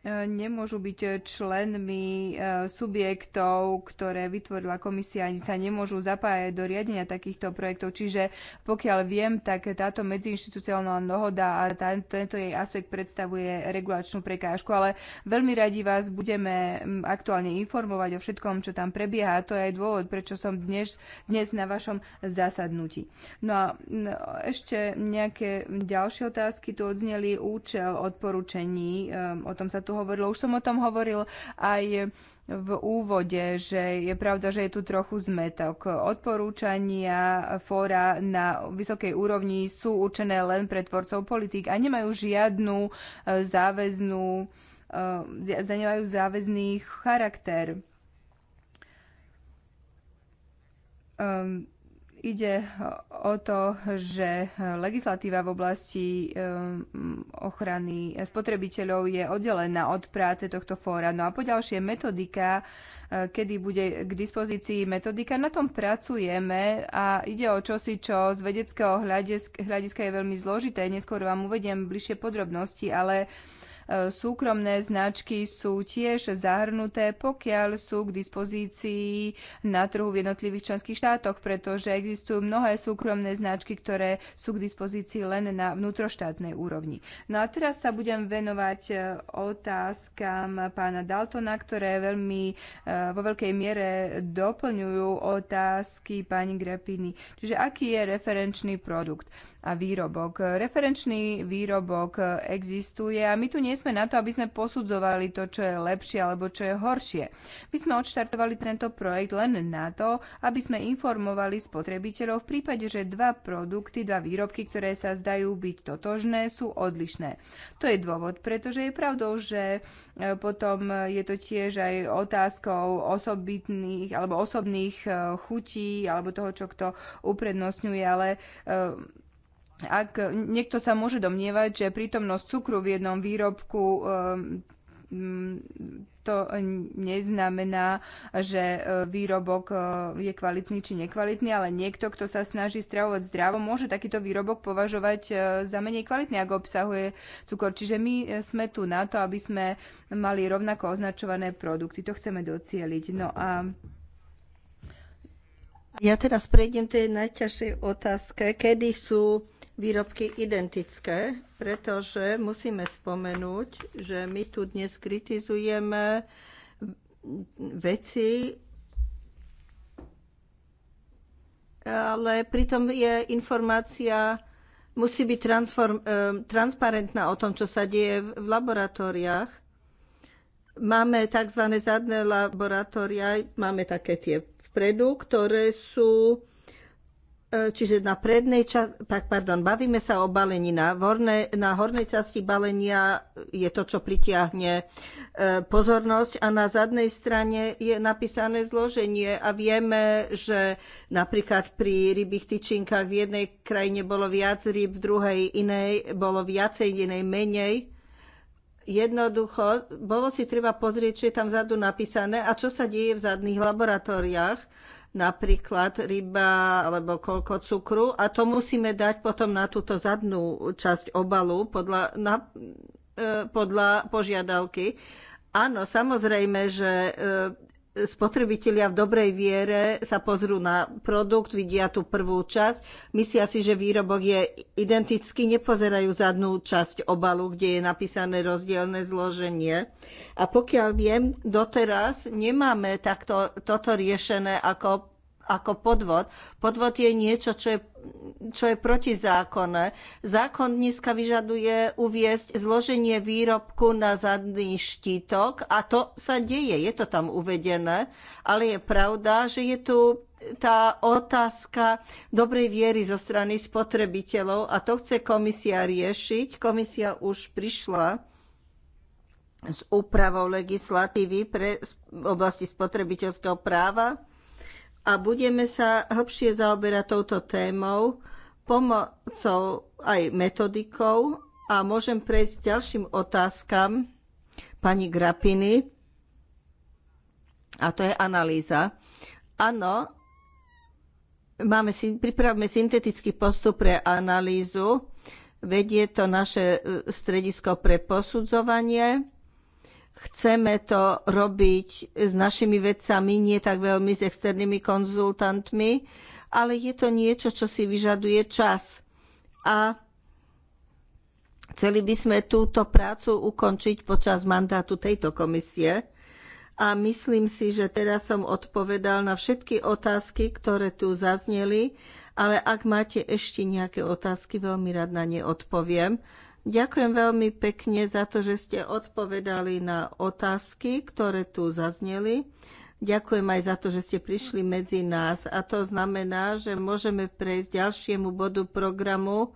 E, nemôžu byť členmi e, subjektov, ktoré vytvorila komisia, ani sa nemôžu zapájať do riadenia takýchto projektov. Čiže pokiaľ viem, tak táto medziinstitucionálna dohoda a tento jej aspekt predstavuje regulačnú prekážku, ale veľmi radi vás budeme aktuálne informovať o všetkom, čo tam prebieha. A to je aj dôvod, prečo som dnes, dnes na vašom zasadnutí. No a ešte nejaké ďalšie otázky tu odzneli. Účel odporúčení, e, o tom sa tu hovorilo. Už som o tom hovoril aj v úvode, že je pravda, že je tu trochu zmetok. Odporúčania fóra na vysokej úrovni sú určené len pre tvorcov politík a nemajú žiadnu e, záväznú e, nemajú záväzný charakter. Ehm, ide eh, o to, že eh, legislatíva v oblasti eh, ochrany spotrebiteľov je oddelená od práce tohto fóra. No a poďalšie metodika, kedy bude k dispozícii metodika, na tom pracujeme a ide o čosi, čo z vedeckého hľadiska je veľmi zložité. Neskôr vám uvediem bližšie podrobnosti, ale Súkromné značky sú tiež zahrnuté, pokiaľ sú k dispozícii na trhu v jednotlivých členských štátoch, pretože existujú mnohé súkromné značky, ktoré sú k dispozícii len na vnútroštátnej úrovni. No a teraz sa budem venovať e, otázkam pána Daltona, ktoré veľmi e, vo veľkej miere doplňujú otázky pani Grepiny. Čiže aký je referenčný produkt? a výrobok. Referenčný výrobok existuje a my tu nie sme na to, aby sme posudzovali to, čo je lepšie alebo čo je horšie. My sme odštartovali tento projekt len na to, aby sme informovali spotrebiteľov v prípade, že dva produkty, dva výrobky, ktoré sa zdajú byť totožné, sú odlišné. To je dôvod, pretože je pravdou, že e, potom je to tiež aj otázkou osobitných alebo osobných e, chutí alebo toho, čo kto uprednostňuje, ale e, ak niekto sa môže domnievať, že prítomnosť cukru v jednom výrobku ehm, mm, to neznamená, že e, výrobok e, je kvalitný či nekvalitný, ale niekto, kto sa snaží stravovať zdravo, môže takýto výrobok považovať e, za menej kvalitný, ak obsahuje cukor. Čiže my sme tu na to, aby sme mali rovnako označované produkty. To chceme docieliť. No a ja teraz prejdem tej najťažšej otázke, kedy sú výrobky identické, pretože musíme spomenúť, že my tu dnes kritizujeme veci, ale pritom je informácia, musí byť transform, e, transparentná o tom, čo sa deje v laboratóriách. Máme tzv. zadné laboratória, máme také tie vpredu, ktoré sú E, čiže na prednej časti, pardon, bavíme sa o balení. Na, vorné, na hornej časti balenia je to, čo pritiahne e, pozornosť a na zadnej strane je napísané zloženie a vieme, že napríklad pri rybých tyčinkách v jednej krajine bolo viac ryb, v druhej inej bolo viacej, inej menej. Jednoducho, bolo si treba pozrieť, čo je tam vzadu napísané a čo sa deje v zadných laboratóriách napríklad ryba alebo koľko cukru a to musíme dať potom na túto zadnú časť obalu podľa, na, e, podľa požiadavky. Áno, samozrejme, že e, spotrebitelia v dobrej viere sa pozrú na produkt, vidia tú prvú časť, myslia si, že výrobok je identický, nepozerajú zadnú časť obalu, kde je napísané rozdielne zloženie. A pokiaľ viem, doteraz nemáme takto, toto riešené ako, ako podvod. Podvod je niečo, čo je čo je protizákonné. Zákon dneska vyžaduje uviesť zloženie výrobku na zadný štítok a to sa deje, je to tam uvedené, ale je pravda, že je tu tá otázka dobrej viery zo strany spotrebiteľov a to chce komisia riešiť. Komisia už prišla s úpravou legislatívy pre oblasti spotrebiteľského práva a budeme sa hlbšie zaoberať touto témou pomocou aj metodikou a môžem prejsť k ďalším otázkam pani Grapiny. A to je analýza. Áno, máme, pripravme syntetický postup pre analýzu. Vedie to naše e, stredisko pre posudzovanie Chceme to robiť s našimi vedcami, nie tak veľmi s externými konzultantmi, ale je to niečo, čo si vyžaduje čas. A chceli by sme túto prácu ukončiť počas mandátu tejto komisie. A myslím si, že teraz som odpovedal na všetky otázky, ktoré tu zazneli ale ak máte ešte nejaké otázky, veľmi rád na ne odpoviem. Ďakujem veľmi pekne za to, že ste odpovedali na otázky, ktoré tu zazneli. Ďakujem aj za to, že ste prišli medzi nás. A to znamená, že môžeme prejsť ďalšiemu bodu programu,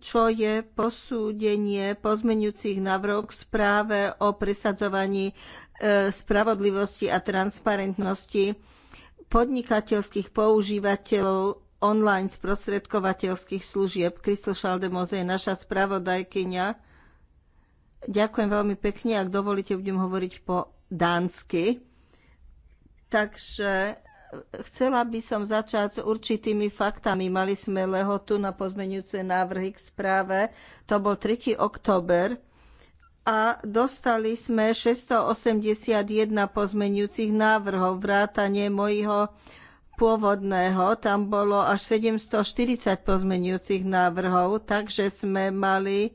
čo je posúdenie pozmeňujúcich návrhov k správe o presadzovaní e, spravodlivosti a transparentnosti podnikateľských používateľov online sprostredkovateľských služieb. Kristel Šaldemoze je naša spravodajkyňa. Ďakujem veľmi pekne. Ak dovolíte, budem hovoriť po dánsky. Takže eh, chcela by som začať s určitými faktami. Mali sme lehotu na pozmenujúce návrhy k správe. To bol 3. október a dostali sme 681 pozmenujúcich návrhov vrátane mojho pôvodného, tam bolo až 740 pozmenujúcich návrhov, takže sme mali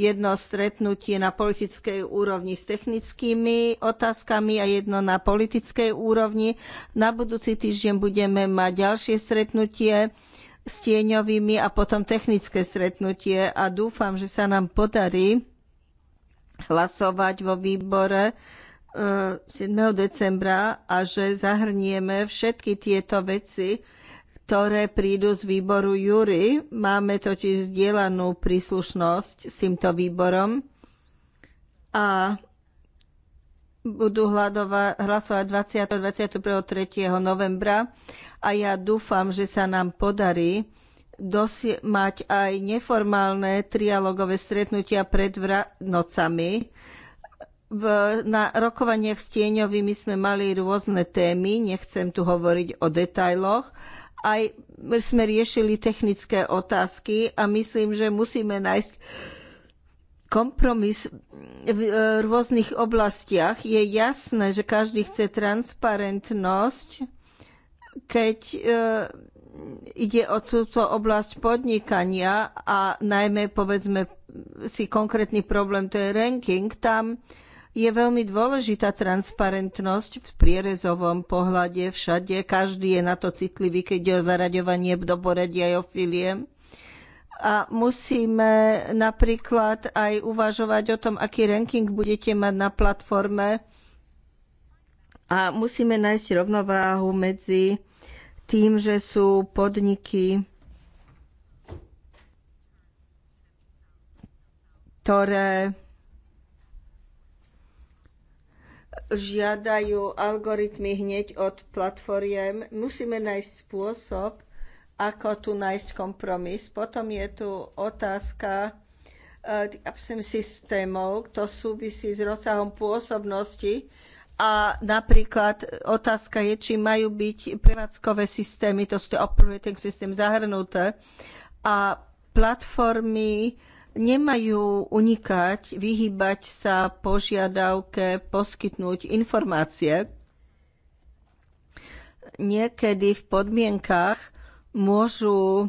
jedno stretnutie na politickej úrovni s technickými otázkami a jedno na politickej úrovni. Na budúci týždeň budeme mať ďalšie stretnutie s tieňovými a potom technické stretnutie a dúfam, že sa nám podarí hlasovať vo výbore 7. decembra a že zahrnieme všetky tieto veci, ktoré prídu z výboru Jury. Máme totiž zdieľanú príslušnosť s týmto výborom a budú hlasovať 20. 21. 3. novembra a ja dúfam, že sa nám podarí mať aj neformálne trialogové stretnutia pred Vranocami, v, na rokovaniach s tieňovými sme mali rôzne témy, nechcem tu hovoriť o detailoch. Aj sme riešili technické otázky a myslím, že musíme nájsť kompromis v e, rôznych oblastiach. Je jasné, že každý chce transparentnosť, keď e, ide o túto oblasť podnikania a najmä povedzme si konkrétny problém, to je ranking, tam je veľmi dôležitá transparentnosť v prierezovom pohľade všade. Každý je na to citlivý, keď je o zaraďovanie do poradia aj o filiem. A musíme napríklad aj uvažovať o tom, aký ranking budete mať na platforme. A musíme nájsť rovnováhu medzi tým, že sú podniky, ktoré žiadajú algoritmy hneď od platformiem. Musíme nájsť spôsob, ako tu nájsť kompromis. Potom je tu otázka uh, systémov, to súvisí s rozsahom pôsobnosti a napríklad otázka je, či majú byť prevádzkové systémy, to sú tie operating systém zahrnuté a platformy nemajú unikať, vyhýbať sa požiadavke poskytnúť informácie. Niekedy v podmienkách môžu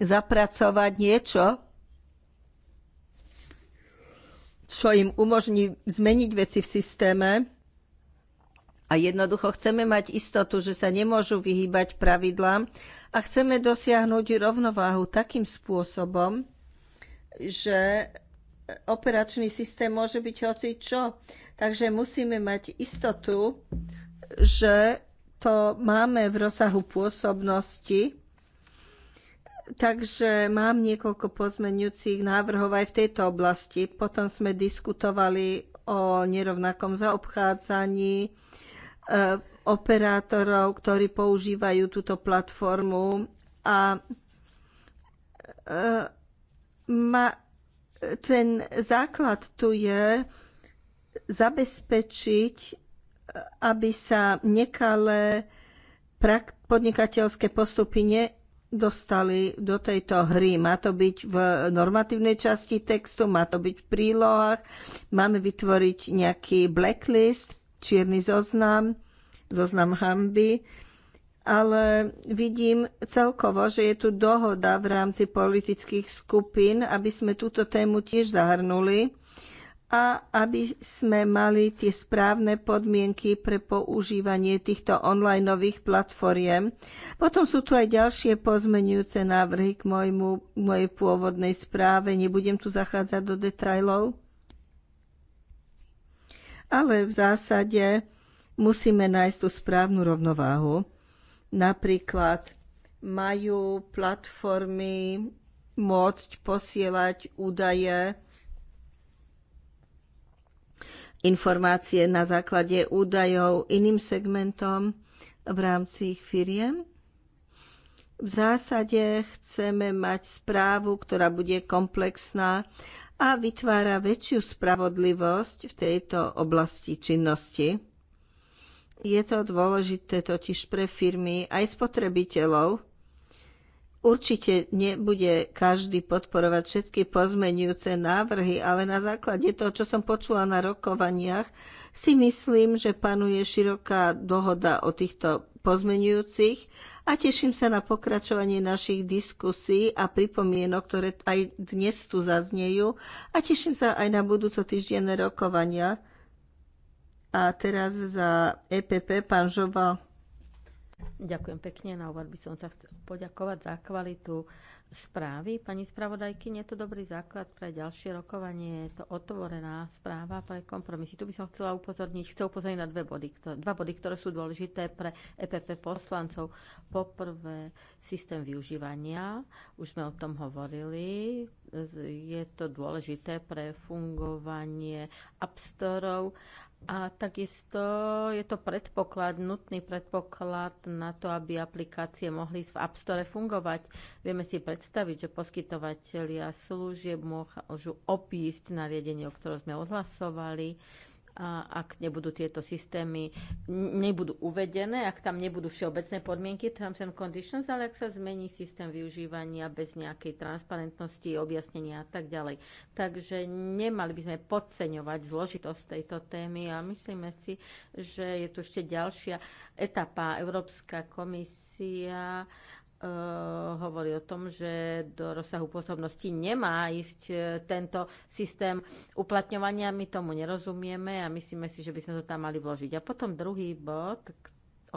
zapracovať niečo, čo im umožní zmeniť veci v systéme. A jednoducho chceme mať istotu, že sa nemôžu vyhýbať pravidlám a chceme dosiahnuť rovnováhu takým spôsobom, že operačný systém môže byť hoci čo. Takže musíme mať istotu, že to máme v rozsahu pôsobnosti. Takže mám niekoľko pozmenujúcich návrhov aj v tejto oblasti. Potom sme diskutovali o nerovnakom zaobchádzaní e, operátorov, ktorí používajú túto platformu a e, ma, ten základ tu je zabezpečiť, e, aby sa nekalé podnikateľské postupy nedostali do tejto hry. Má to byť v normatívnej časti textu, má to byť v prílohách, máme vytvoriť nejaký blacklist, čierny zoznam, zoznam hamby ale vidím celkovo, že je tu dohoda v rámci politických skupín, aby sme túto tému tiež zahrnuli a aby sme mali tie správne podmienky pre používanie týchto online platformiem. Potom sú tu aj ďalšie pozmenujúce návrhy k mojmu, mojej pôvodnej správe. Nebudem tu zachádzať do detajlov. Ale v zásade musíme nájsť tú správnu rovnováhu Napríklad majú platformy môcť posielať údaje, informácie na základe údajov iným segmentom v rámci ich firiem. V zásade chceme mať správu, ktorá bude komplexná a vytvára väčšiu spravodlivosť v tejto oblasti činnosti. Je to dôležité totiž pre firmy aj spotrebiteľov. Určite nebude každý podporovať všetky pozmenujúce návrhy, ale na základe toho, čo som počula na rokovaniach, si myslím, že panuje široká dohoda o týchto pozmenujúcich a teším sa na pokračovanie našich diskusí a pripomienok, ktoré aj dnes tu zaznejú a teším sa aj na budúco týždenné rokovania. A teraz za EPP pán Žova. Ďakujem pekne. Na úvod by som sa chcel poďakovať za kvalitu správy. Pani spravodajky, je to dobrý základ pre ďalšie rokovanie. Je to otvorená správa pre kompromisy. Tu by som chcela upozorniť, chcel upozorniť na dve body, ktoré, dva body, ktoré sú dôležité pre EPP poslancov. Poprvé, systém využívania. Už sme o tom hovorili. Je to dôležité pre fungovanie App a takisto je to predpoklad, nutný predpoklad na to, aby aplikácie mohli v App Store fungovať. Vieme si predstaviť, že poskytovateľia služieb môžu opísť nariadenie, o ktorom sme odhlasovali a ak nebudú tieto systémy, nebudú uvedené, ak tam nebudú všeobecné podmienky, terms and conditions, ale ak sa zmení systém využívania bez nejakej transparentnosti, objasnenia a tak ďalej. Takže nemali by sme podceňovať zložitosť tejto témy a myslíme si, že je tu ešte ďalšia etapa. Európska komisia E, hovorí o tom, že do rozsahu pôsobnosti nemá ísť e, tento systém uplatňovania. My tomu nerozumieme a myslíme si, že by sme to tam mali vložiť. A potom druhý bod,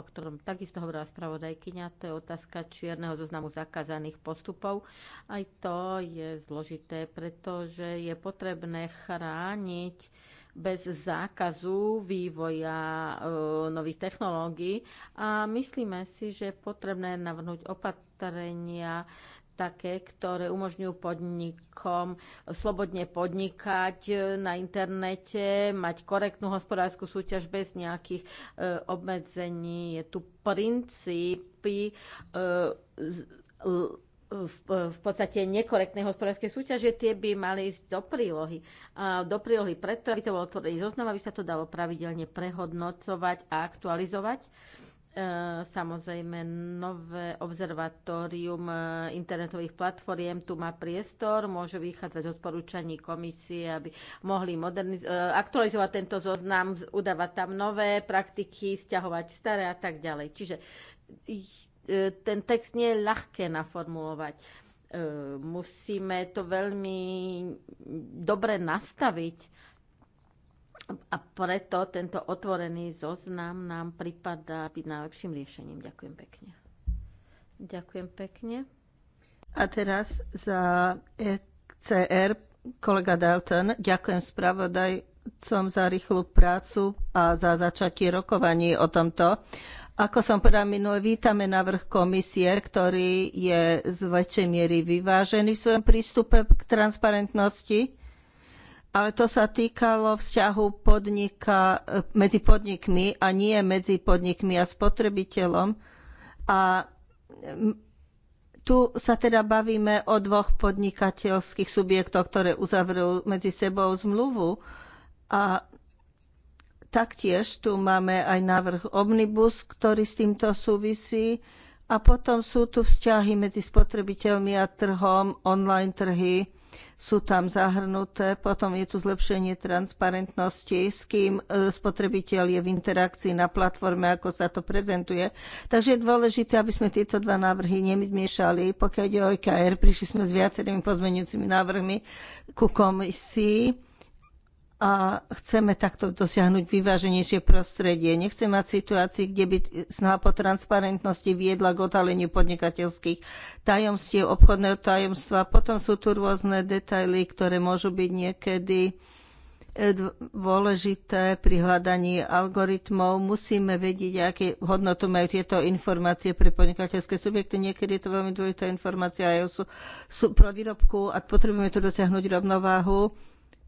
o ktorom takisto hovorila spravodajkyňa, to je otázka čierneho zoznamu zakázaných postupov. Aj to je zložité, pretože je potrebné chrániť bez zákazu vývoja e, nových technológií a myslíme si, že je potrebné navrhnúť opatrenia také, ktoré umožňujú podnikom slobodne podnikať e, na internete, mať korektnú hospodárskú súťaž bez nejakých e, obmedzení. Je tu princípy e, v, v podstate nekorektnej hospodárskej súťaže, tie by mali ísť do prílohy. A do prílohy preto, aby to bolo otvorený zoznam, aby sa to dalo pravidelne prehodnocovať a aktualizovať. E, samozrejme, nové observatórium e, internetových platformiem tu má priestor, môže vychádzať odporúčaní komisie, aby mohli moderniz- e, aktualizovať tento zoznam, udávať tam nové praktiky, stiahovať staré a tak ďalej. Čiže E, ten text nie je ľahké naformulovať. E, musíme to veľmi dobre nastaviť, a preto tento otvorený zoznam nám pripadá byť najlepším riešením. Ďakujem pekne. Ďakujem pekne. A teraz za ECR kolega Dalton. Ďakujem spravodajcom za rýchlu prácu a za začatie rokovaní o tomto. Ako som povedala minule, vítame návrh komisie, ktorý je z väčšej miery vyvážený v svojom prístupe k transparentnosti, ale to sa týkalo vzťahu podnika, medzi podnikmi a nie medzi podnikmi a spotrebiteľom. A tu sa teda bavíme o dvoch podnikateľských subjektoch, ktoré uzavrú medzi sebou zmluvu a Taktiež tu máme aj návrh Omnibus, ktorý s týmto súvisí. A potom sú tu vzťahy medzi spotrebiteľmi a trhom, online trhy sú tam zahrnuté. Potom je tu zlepšenie transparentnosti, s kým e, spotrebiteľ je v interakcii na platforme, ako sa to prezentuje. Takže je dôležité, aby sme tieto dva návrhy nezmiešali. Pokiaľ ide o IKR, e prišli sme s viacerými pozmeňujúcimi návrhmi ku komisii a chceme takto dosiahnuť vyváženejšie prostredie. Nechcem mať situácii, kde by snaha po transparentnosti viedla k otáleniu podnikateľských tajomstiev, obchodného tajomstva. Potom sú tu rôzne detaily, ktoré môžu byť niekedy e, dôležité pri hľadaní algoritmov. Musíme vedieť, aké hodnotu majú tieto informácie pre podnikateľské subjekty. Niekedy je to veľmi dôležitá informácia aj o sú, sú pro výrobku a potrebujeme tu dosiahnuť rovnováhu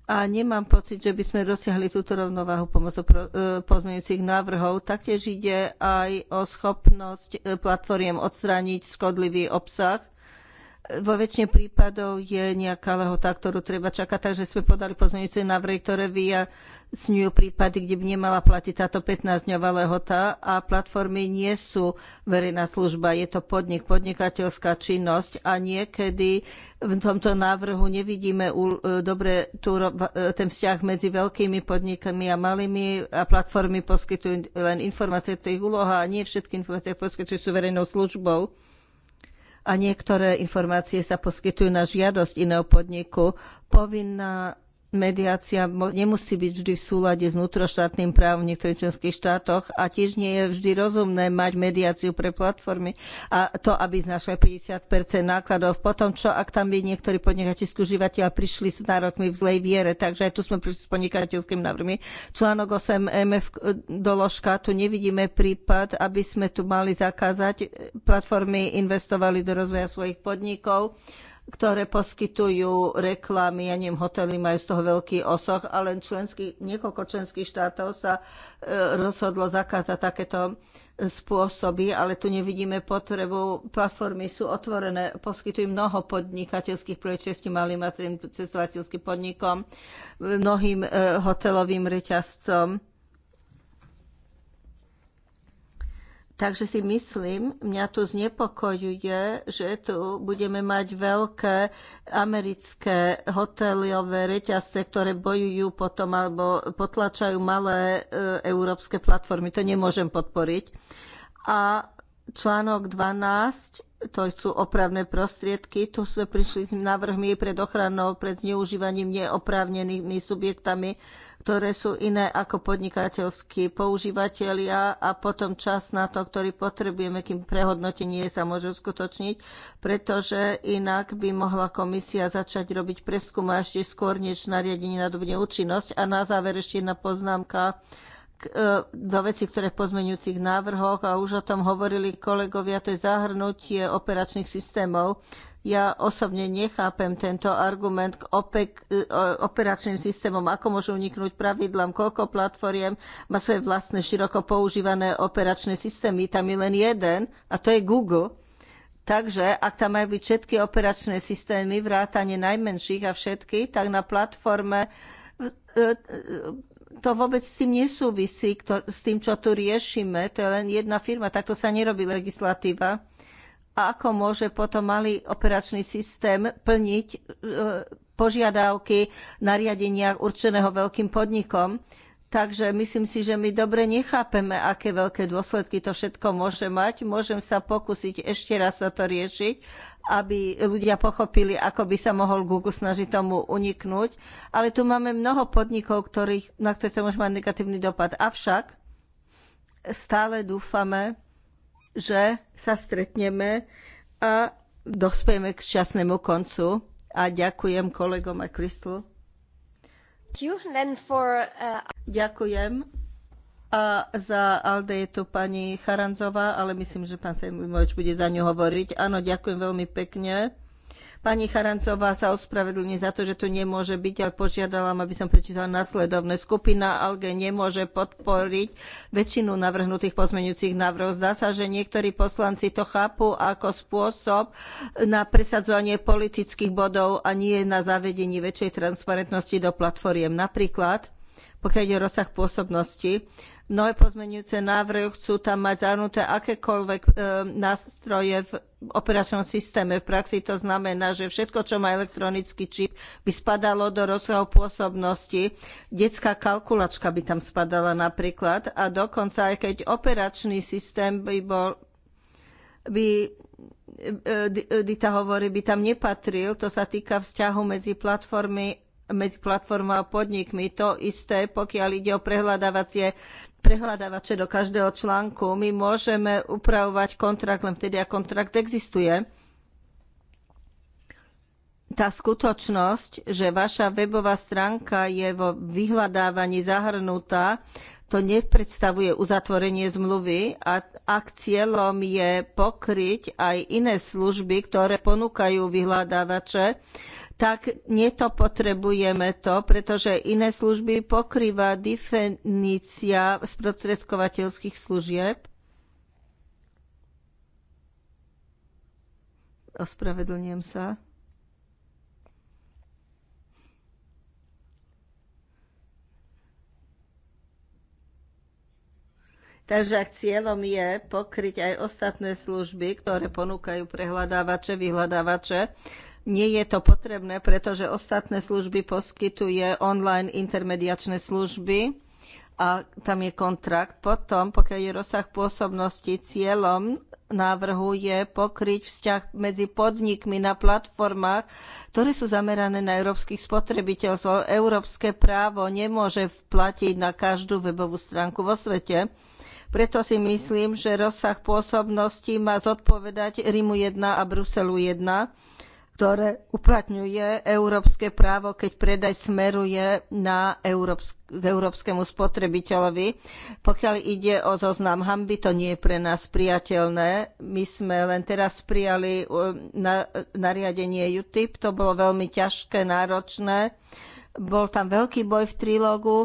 a nemám pocit, že by sme dosiahli túto rovnováhu pomocou e, pozmeňujúcich návrhov. Taktiež ide aj o schopnosť e, platformiem odstrániť škodlivý obsah vo väčšine prípadov je nejaká lehota, ktorú treba čakať, takže sme podali pozmeňujúce návrhy, ktoré vyjasňujú prípady, kde by nemala platiť táto 15-dňová lehota a platformy nie sú verejná služba, je to podnik, podnikateľská činnosť a niekedy v tomto návrhu nevidíme e, dobre tú, e, ten vzťah medzi veľkými podnikami a malými a platformy poskytujú len informácie, to je ich úloha a nie všetky informácie poskytujú sú verejnou službou a niektoré informácie sa poskytujú na žiadosť iného podniku. Povinná mediácia nemusí byť vždy v súlade s vnútroštátnym právom v niektorých členských štátoch a tiež nie je vždy rozumné mať mediáciu pre platformy a to, aby znašali 50 nákladov. Potom čo, ak tam by niektorí podnikateľskí užívateľia prišli s nárokmi v zlej viere, takže aj tu sme prišli s podnikateľskými návrhmi. Článok 8 MF e, doložka, tu nevidíme prípad, aby sme tu mali zakázať e, platformy investovali do rozvoja svojich podnikov ktoré poskytujú reklamy, ja neviem, hotely majú z toho veľký osoch, ale členský, niekoľko členských štátov sa e, rozhodlo zakázať takéto spôsoby, ale tu nevidíme potrebu. Platformy sú otvorené, poskytujú mnoho podnikateľských príležitostí malým a cestovateľským podnikom, mnohým e, hotelovým reťazcom Takže si myslím, mňa tu znepokojuje, že tu budeme mať veľké americké hotelové reťazce, ktoré bojujú potom alebo potlačajú malé e, európske platformy. To nemôžem podporiť. A článok 12, to sú opravné prostriedky. Tu sme prišli s návrhmi pred ochranou, pred zneužívaním neoprávnenými subjektami ktoré sú iné ako podnikateľskí používateľia a potom čas na to, ktorý potrebujeme, kým prehodnotenie sa môže uskutočniť, pretože inak by mohla komisia začať robiť preskum a ešte skôr, než nariadenie nadobne účinnosť. A na záver ešte jedna poznámka e, do veci, ktoré v pozmeňujúcich návrhoch a už o tom hovorili kolegovia, to je zahrnutie operačných systémov ja osobne nechápem tento argument k OPEC, e, operačným systémom, ako môžu uniknúť pravidlám, koľko platformiem má svoje vlastné široko používané operačné systémy, tam je len jeden a to je Google. Takže ak tam majú byť všetky operačné systémy, vrátanie najmenších a všetky, tak na platforme e, e, to vôbec s tým nesúvisí, s tým, čo tu riešime. To je len jedna firma, takto sa nerobí legislatíva a ako môže potom malý operačný systém plniť e, požiadavky nariadenia určeného veľkým podnikom. Takže myslím si, že my dobre nechápeme, aké veľké dôsledky to všetko môže mať. Môžem sa pokúsiť ešte raz toto riešiť, aby ľudia pochopili, ako by sa mohol Google snažiť tomu uniknúť. Ale tu máme mnoho podnikov, ktorých, na ktoré to môže mať negatívny dopad. Avšak stále dúfame, že sa stretneme a dospejeme k šťastnému koncu. A ďakujem kolegom a Crystal. Uh, ďakujem. A za Alde je tu pani Charanzová, ale myslím, že pán Sejmovič bude za ňu hovoriť. Áno, ďakujem veľmi pekne. Pani Charancová sa ospravedlňuje za to, že tu nemôže byť ale požiadala, aby som prečítala nasledovné. Skupina ALGE nemôže podporiť väčšinu navrhnutých pozmeňujúcich návrhov. Zdá sa, že niektorí poslanci to chápu ako spôsob na presadzovanie politických bodov a nie na zavedenie väčšej transparentnosti do platformiem. Napríklad pokiaľ ide o rozsah pôsobnosti, Mnohé pozmenujúce návrhy chcú tam mať zahrnuté akékoľvek e, nástroje v operačnom systéme. V praxi to znamená, že všetko, čo má elektronický čip, by spadalo do rozsahu pôsobnosti. Detská kalkulačka by tam spadala napríklad a dokonca aj keď operačný systém by bol by e, e, Dita hovorí, by tam nepatril. To sa týka vzťahu medzi platformy medzi platformou a podnikmi. To isté, pokiaľ ide o prehľadávacie prehľadávače do každého článku. My môžeme upravovať kontrakt len vtedy, ak kontrakt existuje. Tá skutočnosť, že vaša webová stránka je vo vyhľadávaní zahrnutá, to nepredstavuje uzatvorenie zmluvy a ak cieľom je pokryť aj iné služby, ktoré ponúkajú vyhľadávače, tak netopotrebujeme to, pretože iné služby pokrýva definícia sprostredkovateľských služieb. Ospravedlňujem sa. Takže ak cieľom je pokryť aj ostatné služby, ktoré ponúkajú prehľadávače, vyhľadávače, nie je to potrebné, pretože ostatné služby poskytuje online intermediačné služby a tam je kontrakt. Potom, pokiaľ je rozsah pôsobnosti, cieľom návrhu je pokryť vzťah medzi podnikmi na platformách, ktoré sú zamerané na európskych spotrebiteľov. Európske právo nemôže platiť na každú webovú stránku vo svete. Preto si myslím, že rozsah pôsobnosti má zodpovedať Rimu 1 a Bruselu 1 ktoré uplatňuje európske právo, keď predaj smeruje na európsk- k európskemu spotrebiteľovi. Pokiaľ ide o zoznam hamby, to nie je pre nás priateľné. My sme len teraz prijali na, nariadenie UTIP, to bolo veľmi ťažké, náročné. Bol tam veľký boj v trilógu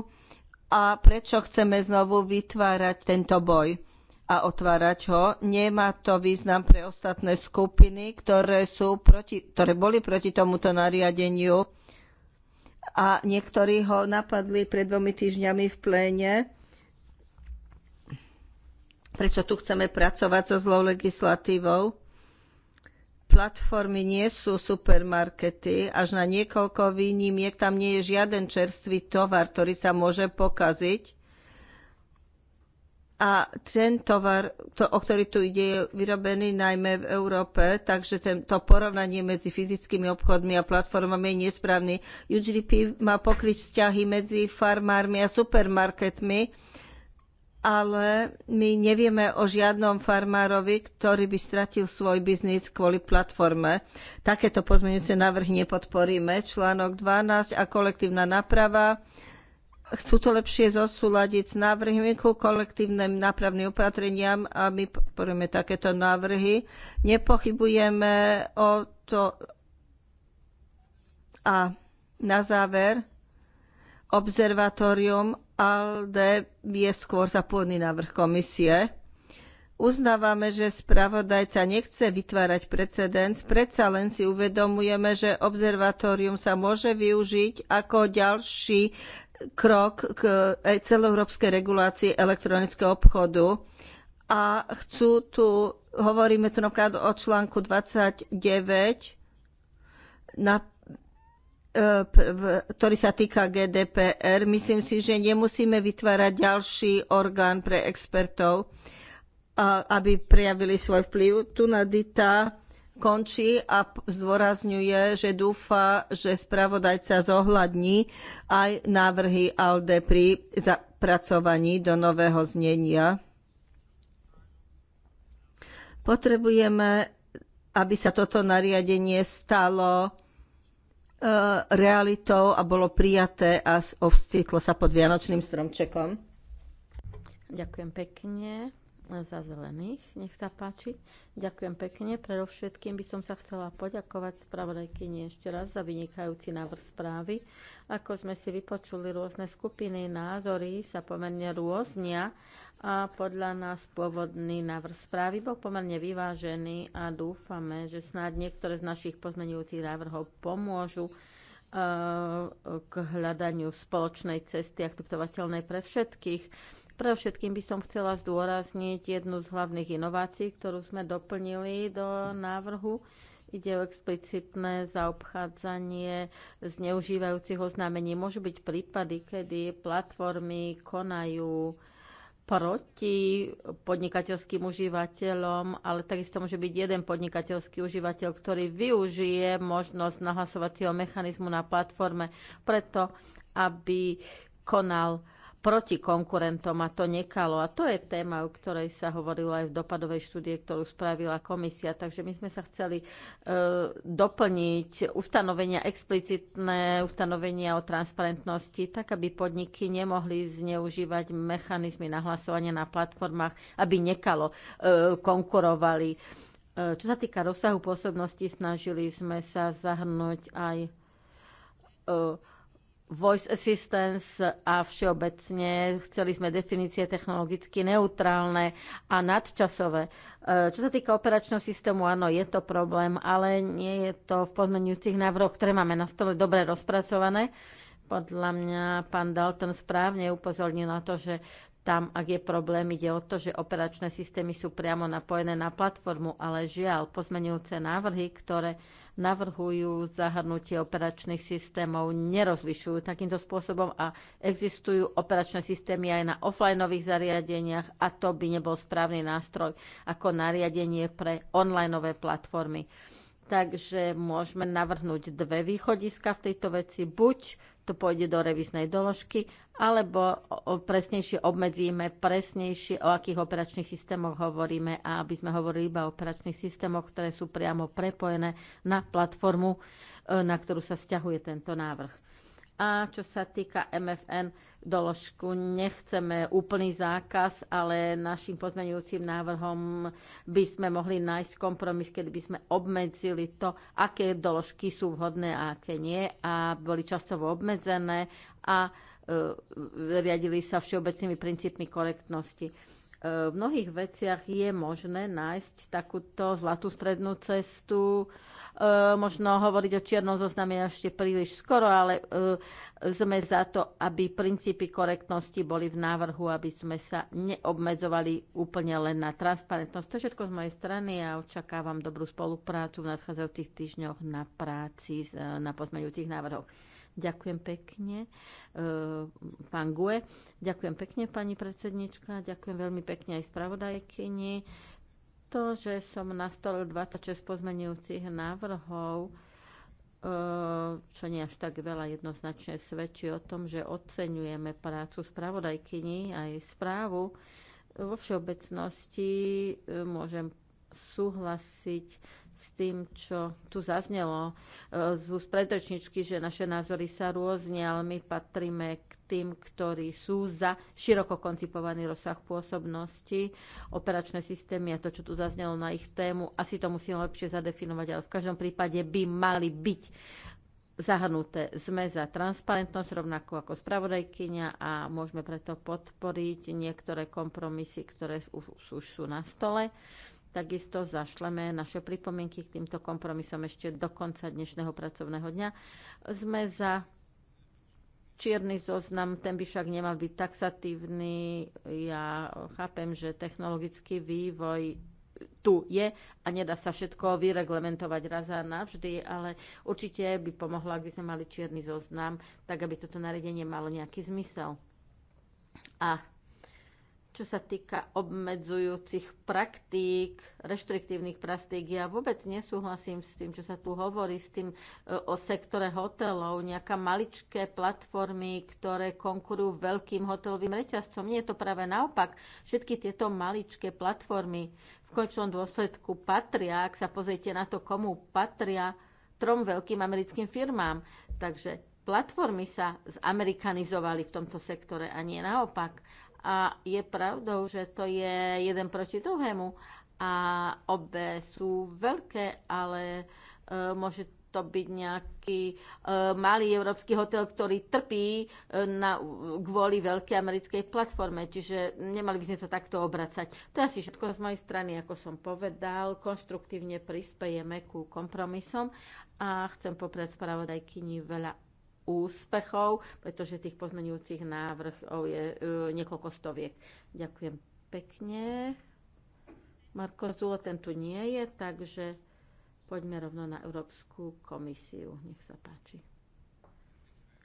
a prečo chceme znovu vytvárať tento boj? a otvárať ho. Nemá to význam pre ostatné skupiny, ktoré, sú proti, ktoré boli proti tomuto nariadeniu a niektorí ho napadli pred dvomi týždňami v pléne. Prečo tu chceme pracovať so zlou legislatívou? Platformy nie sú supermarkety, až na niekoľko výnimiek tam nie je žiaden čerstvý tovar, ktorý sa môže pokaziť a ten tovar, to, o ktorý tu ide, je vyrobený najmä v Európe, takže ten, to porovnanie medzi fyzickými obchodmi a platformami je nesprávny. UGDP má pokryť vzťahy medzi farmármi a supermarketmi, ale my nevieme o žiadnom farmárovi, ktorý by stratil svoj biznis kvôli platforme. Takéto pozmeňujúce návrhy nepodporíme. Článok 12 a kolektívna náprava chcú to lepšie zosúľadiť s návrhmi ku kolektívnym nápravným opatreniam a my podporujeme takéto návrhy. Nepochybujeme o to. A na záver, observatórium ALDE je skôr za pôvodný návrh komisie. Uznávame, že spravodajca nechce vytvárať precedens, predsa len si uvedomujeme, že observatórium sa môže využiť ako ďalší krok k e, celoeurópskej regulácii elektronického obchodu a chcú tu, hovoríme tu napríklad o článku 29, na, e, ktorý sa týka GDPR. Myslím si, že nemusíme vytvárať ďalší orgán pre expertov, aby prejavili svoj vplyv. Tu na DITA končí a zdôrazňuje, že dúfa, že spravodajca zohľadní aj návrhy ALDE pri zapracovaní do nového znenia. Potrebujeme, aby sa toto nariadenie stalo e, realitou a bolo prijaté a ovstýtlo sa pod Vianočným stromčekom. Ďakujem pekne za zelených. Nech sa páči. Ďakujem pekne. Pre všetkým by som sa chcela poďakovať spravodajkyni ešte raz za vynikajúci návrh správy. Ako sme si vypočuli rôzne skupiny, názory sa pomerne rôznia a podľa nás pôvodný návrh správy bol pomerne vyvážený a dúfame, že snáď niektoré z našich pozmenujúcich návrhov pomôžu e, k hľadaniu spoločnej cesty akceptovateľnej pre všetkých Predovšetkým by som chcela zdôrazniť jednu z hlavných inovácií, ktorú sme doplnili do návrhu. Ide o explicitné zaobchádzanie zneužívajúcich oznámení. Môžu byť prípady, kedy platformy konajú proti podnikateľským užívateľom, ale takisto môže byť jeden podnikateľský užívateľ, ktorý využije možnosť nahlasovacieho mechanizmu na platforme preto, aby konal proti konkurentom a to nekalo. A to je téma, o ktorej sa hovorilo aj v dopadovej štúdie, ktorú spravila komisia. Takže my sme sa chceli e, doplniť ustanovenia, explicitné ustanovenia o transparentnosti, tak aby podniky nemohli zneužívať mechanizmy nahlasovania na platformách, aby nekalo e, konkurovali. E, čo sa týka rozsahu pôsobnosti, snažili sme sa zahrnúť aj e, voice assistance a všeobecne chceli sme definície technologicky neutrálne a nadčasové. E, čo sa týka operačného systému, áno, je to problém, ale nie je to v pozmenujúcich návrhoch, ktoré máme na stole dobre rozpracované. Podľa mňa pán Dalton správne upozornil na to, že tam, ak je problém, ide o to, že operačné systémy sú priamo napojené na platformu, ale žiaľ, pozmenujúce návrhy, ktoré navrhujú zahrnutie operačných systémov, nerozlišujú takýmto spôsobom a existujú operačné systémy aj na offlineových zariadeniach a to by nebol správny nástroj ako nariadenie pre onlineové platformy. Takže môžeme navrhnúť dve východiska v tejto veci. Buď to pôjde do revíznej doložky, alebo presnejšie obmedzíme, presnejšie o akých operačných systémoch hovoríme a aby sme hovorili iba o operačných systémoch, ktoré sú priamo prepojené na platformu, e, na ktorú sa vzťahuje tento návrh. A čo sa týka MFN doložku, nechceme úplný zákaz, ale našim pozmenujúcim návrhom by sme mohli nájsť kompromis, kedy by sme obmedzili to, aké doložky sú vhodné a aké nie a boli časovo obmedzené a e, riadili sa všeobecnými princípmi korektnosti E, v mnohých veciach je možné nájsť takúto zlatú strednú cestu. E, možno hovoriť o čiernom zozname ešte príliš skoro, ale e, sme za to, aby princípy korektnosti boli v návrhu, aby sme sa neobmedzovali úplne len na transparentnosť. To všetko z mojej strany a ja očakávam dobrú spoluprácu v nadchádzajúcich týždňoch na práci na pozmeňujúcich návrhoch. Ďakujem pekne, e, pán Gue. Ďakujem pekne, pani predsednička. Ďakujem veľmi pekne aj spravodajkyni. To, že som nastolil 26 pozmenujúcich návrhov, e, čo nie až tak veľa jednoznačne svedčí o tom, že oceňujeme prácu spravodajkyni aj správu. Vo všeobecnosti e, môžem súhlasiť s tým, čo tu zaznelo e, z predrečničky, že naše názory sa rôzne. ale my patríme k tým, ktorí sú za široko koncipovaný rozsah pôsobnosti, operačné systémy a to, čo tu zaznelo na ich tému, asi to musíme lepšie zadefinovať, ale v každom prípade by mali byť zahrnuté. Sme za transparentnosť, rovnako ako spravodajkynia a môžeme preto podporiť niektoré kompromisy, ktoré už, už sú na stole. Takisto zašleme naše pripomienky k týmto kompromisom ešte do konca dnešného pracovného dňa. Sme za čierny zoznam, ten by však nemal byť taxatívny. Ja chápem, že technologický vývoj tu je a nedá sa všetko vyreglementovať raz a navždy, ale určite by pomohlo, ak by sme mali čierny zoznam, tak aby toto nariadenie malo nejaký zmysel. A čo sa týka obmedzujúcich praktík, reštriktívnych praktík, ja vôbec nesúhlasím s tým, čo sa tu hovorí, s tým e, o sektore hotelov, nejaká maličké platformy, ktoré konkurujú veľkým hotelovým reťazcom. Nie je to práve naopak. Všetky tieto maličké platformy v končnom dôsledku patria, ak sa pozrite na to, komu patria, trom veľkým americkým firmám. Takže platformy sa zamerikanizovali v tomto sektore a nie naopak. A je pravdou, že to je jeden proti druhému. A obe sú veľké, ale e, môže to byť nejaký e, malý európsky hotel, ktorý trpí e, na, kvôli veľkej americkej platforme. Čiže nemali by sme sa takto obracať. To je asi všetko z mojej strany, ako som povedal. Konštruktívne prispejeme ku kompromisom a chcem poprať spravodajkyni veľa úspechov, pretože tých pozmenujúcich návrhov je e, niekoľko stoviek. Ďakujem pekne. Marko Zulo, ten tu nie je, takže poďme rovno na Európsku komisiu. Nech sa páči.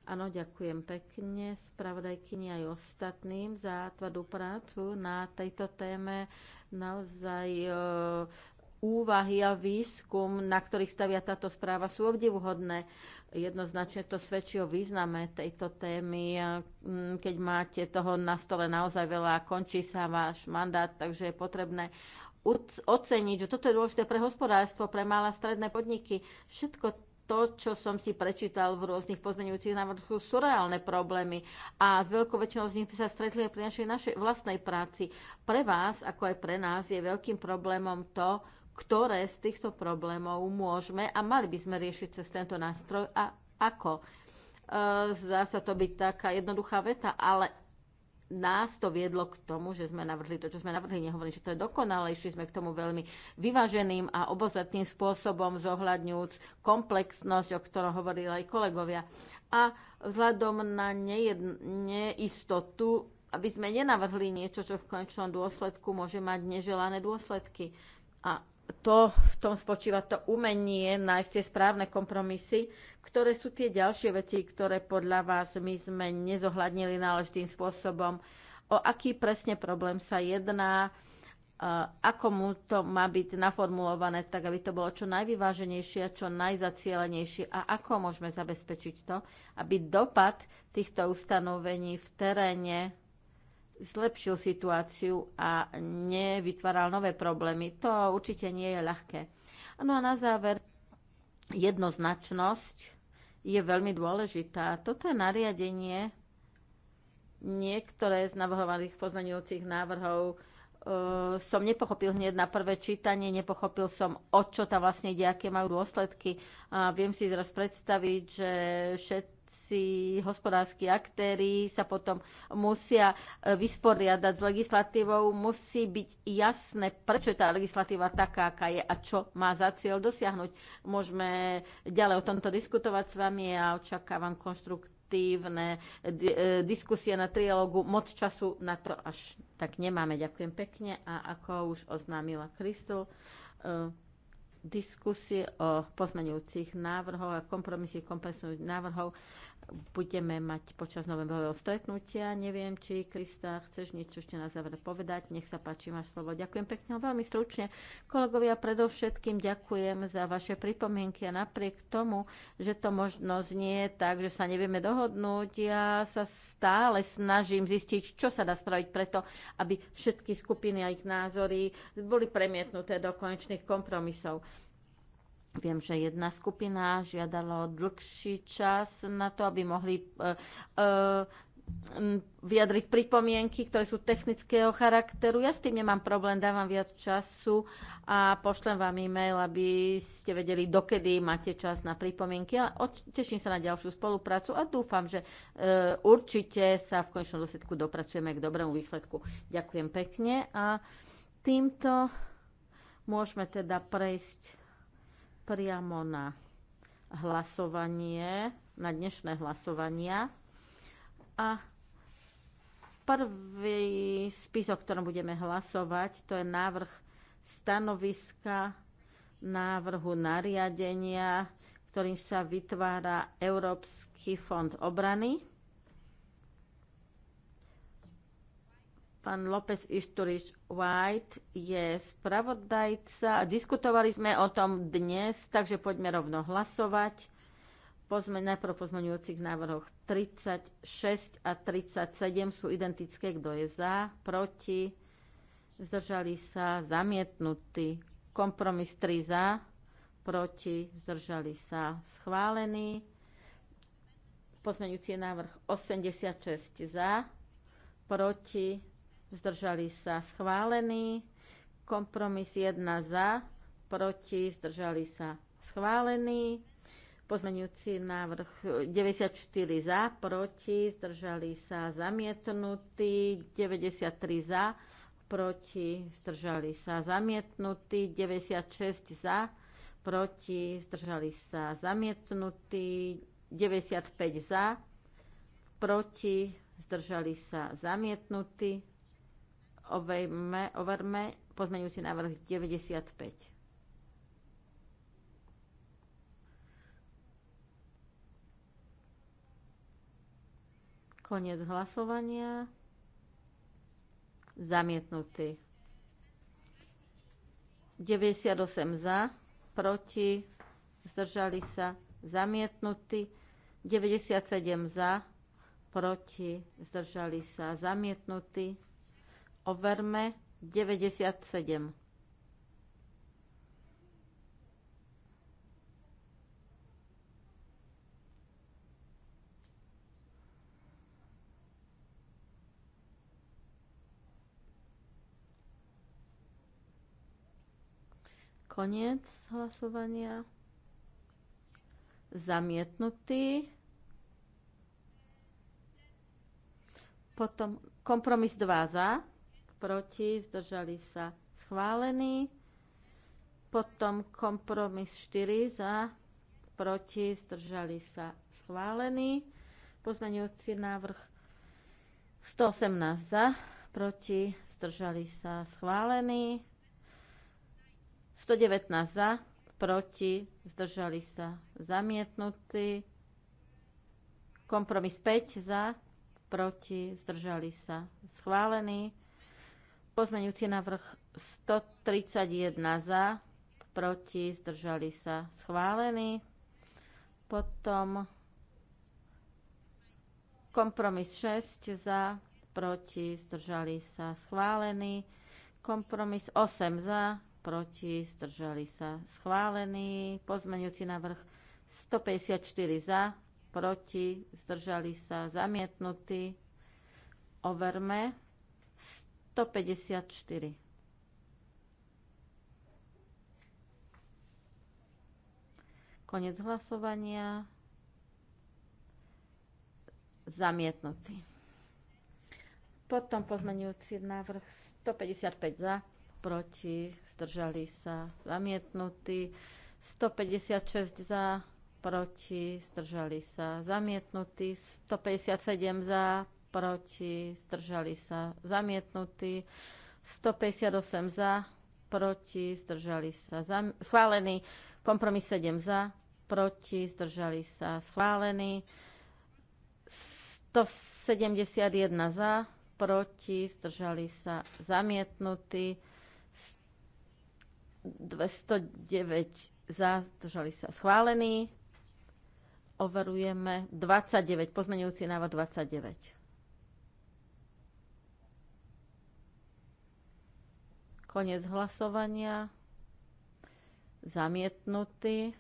Áno, ďakujem pekne spravodajkyni aj ostatným za tvrdú prácu na tejto téme. Naozaj e, úvahy a výskum, na ktorých stavia táto správa, sú obdivuhodné. Jednoznačne to svedčí o význame tejto témy. Mm, keď máte toho na stole naozaj veľa, končí sa váš mandát, takže je potrebné oceniť, že toto je dôležité pre hospodárstvo, pre malé a stredné podniky. Všetko to, čo som si prečítal v rôznych pozmeňujúcich návrhoch, sú surreálne problémy a s veľkou väčšinou z nich sa stretli aj pri našej, našej vlastnej práci. Pre vás, ako aj pre nás, je veľkým problémom to, ktoré z týchto problémov môžeme a mali by sme riešiť cez tento nástroj a ako. E, zdá sa to byť taká jednoduchá veta, ale nás to viedlo k tomu, že sme navrhli to, čo sme navrhli. Nehovorím, že to je dokonale, išli sme k tomu veľmi vyváženým a obozatným spôsobom, zohľadňujúc komplexnosť, o ktorom hovorili aj kolegovia. A vzhľadom na nejedn- neistotu, aby sme nenavrhli niečo, čo v konečnom dôsledku môže mať neželané dôsledky. A to, v tom spočíva to umenie nájsť tie správne kompromisy, ktoré sú tie ďalšie veci, ktoré podľa vás my sme nezohľadnili náležitým spôsobom, o aký presne problém sa jedná, ako mu to má byť naformulované, tak aby to bolo čo najvyváženejšie a čo najzacielenejšie a ako môžeme zabezpečiť to, aby dopad týchto ustanovení v teréne zlepšil situáciu a nevytváral nové problémy. To určite nie je ľahké. No a na záver, jednoznačnosť je veľmi dôležitá. Toto je nariadenie, niektoré z navrhovaných pozmeňujúcich návrhov uh, som nepochopil hneď na prvé čítanie, nepochopil som, o čo tam vlastne ide, aké majú dôsledky. A viem si teraz predstaviť, že všet, všetci hospodárski aktéry sa potom musia e, vysporiadať s legislatívou. Musí byť jasné, prečo je tá legislatíva taká, aká je a čo má za cieľ dosiahnuť. Môžeme ďalej o tomto diskutovať s vami a očakávam konštruktívne e, diskusie na trialogu. Moc času na to až tak nemáme. Ďakujem pekne a ako už oznámila Kristol, e, diskusie o pozmeňujúcich návrhoch a kompromisy kompensujú návrhov budeme mať počas novembrového stretnutia. Neviem, či Krista, chceš niečo ešte na záver povedať. Nech sa páči, máš slovo. Ďakujem pekne, veľmi stručne. Kolegovia, predovšetkým ďakujem za vaše pripomienky a napriek tomu, že to možno znie tak, že sa nevieme dohodnúť, ja sa stále snažím zistiť, čo sa dá spraviť preto, aby všetky skupiny a ich názory boli premietnuté do konečných kompromisov. Viem, že jedna skupina žiadala dlhší čas na to, aby mohli e, e, vyjadriť pripomienky, ktoré sú technického charakteru. Ja s tým nemám problém, dávam viac času a pošlem vám e-mail, aby ste vedeli, dokedy máte čas na pripomienky. A teším sa na ďalšiu spoluprácu a dúfam, že e, určite sa v konečnom dôsledku dopracujeme k dobrému výsledku. Ďakujem pekne a týmto môžeme teda prejsť priamo na hlasovanie, na dnešné hlasovania. A prvý spis, o ktorom budeme hlasovať, to je návrh stanoviska návrhu nariadenia, ktorým sa vytvára Európsky fond obrany. Pán López Isturiš White je spravodajca. Diskutovali sme o tom dnes, takže poďme rovno hlasovať. Pozme, najprv pozmeňujúcich návrhoch 36 a 37 sú identické. Kto je za? Proti? Zdržali sa? Zamietnutí. Kompromis 3 za? Proti? Zdržali sa? Schválený. Pozmeňujúci návrh 86 za? Proti? zdržali sa schválený, kompromis 1 za, proti, zdržali sa schválený, pozmeňujúci návrh 94 za, proti, zdržali sa zamietnutý, 93 za, proti, zdržali sa zamietnutý, 96 za, proti, zdržali sa zamietnutý, 95 za, proti, zdržali sa zamietnutý. Ovejme, overme pozmeňujúci návrh 95. Koniec hlasovania. Zamietnutý. 98 za, proti, zdržali sa, zamietnutý. 97 za, proti, zdržali sa, zamietnutý. Overme 97. Koniec hlasovania. Zamietnutý. Potom kompromis 2 za proti, zdržali sa schválení. Potom kompromis 4 za, proti, zdržali sa schválení. Pozmeňujúci návrh 118 za, proti, zdržali sa schválení. 119 za, proti, zdržali sa zamietnutí. Kompromis 5 za, proti, zdržali sa schválení. Pozmeňujúci návrh 131 za, proti, zdržali sa schválený. Potom kompromis 6 za, proti, zdržali sa schválený. Kompromis 8 za, proti, zdržali sa schválený. Pozmeňujúci návrh 154 za, proti, zdržali sa zamietnutý. Overme. 154. Konec hlasovania. Zamietnutý. Potom pozmenujúci návrh 155 za, proti, zdržali sa, zamietnutý. 156 za, proti, zdržali sa, zamietnutý. 157 za, proti, zdržali sa zamietnutí, 158 za, proti, zdržali sa zam- schválený, kompromis 7 za, proti, zdržali sa schválený, 171 za, proti, zdržali sa zamietnutí, 209 za, zdržali sa schválení. Overujeme 29, pozmenujúci návrh 29. Konec hlasovania. Zamietnutý.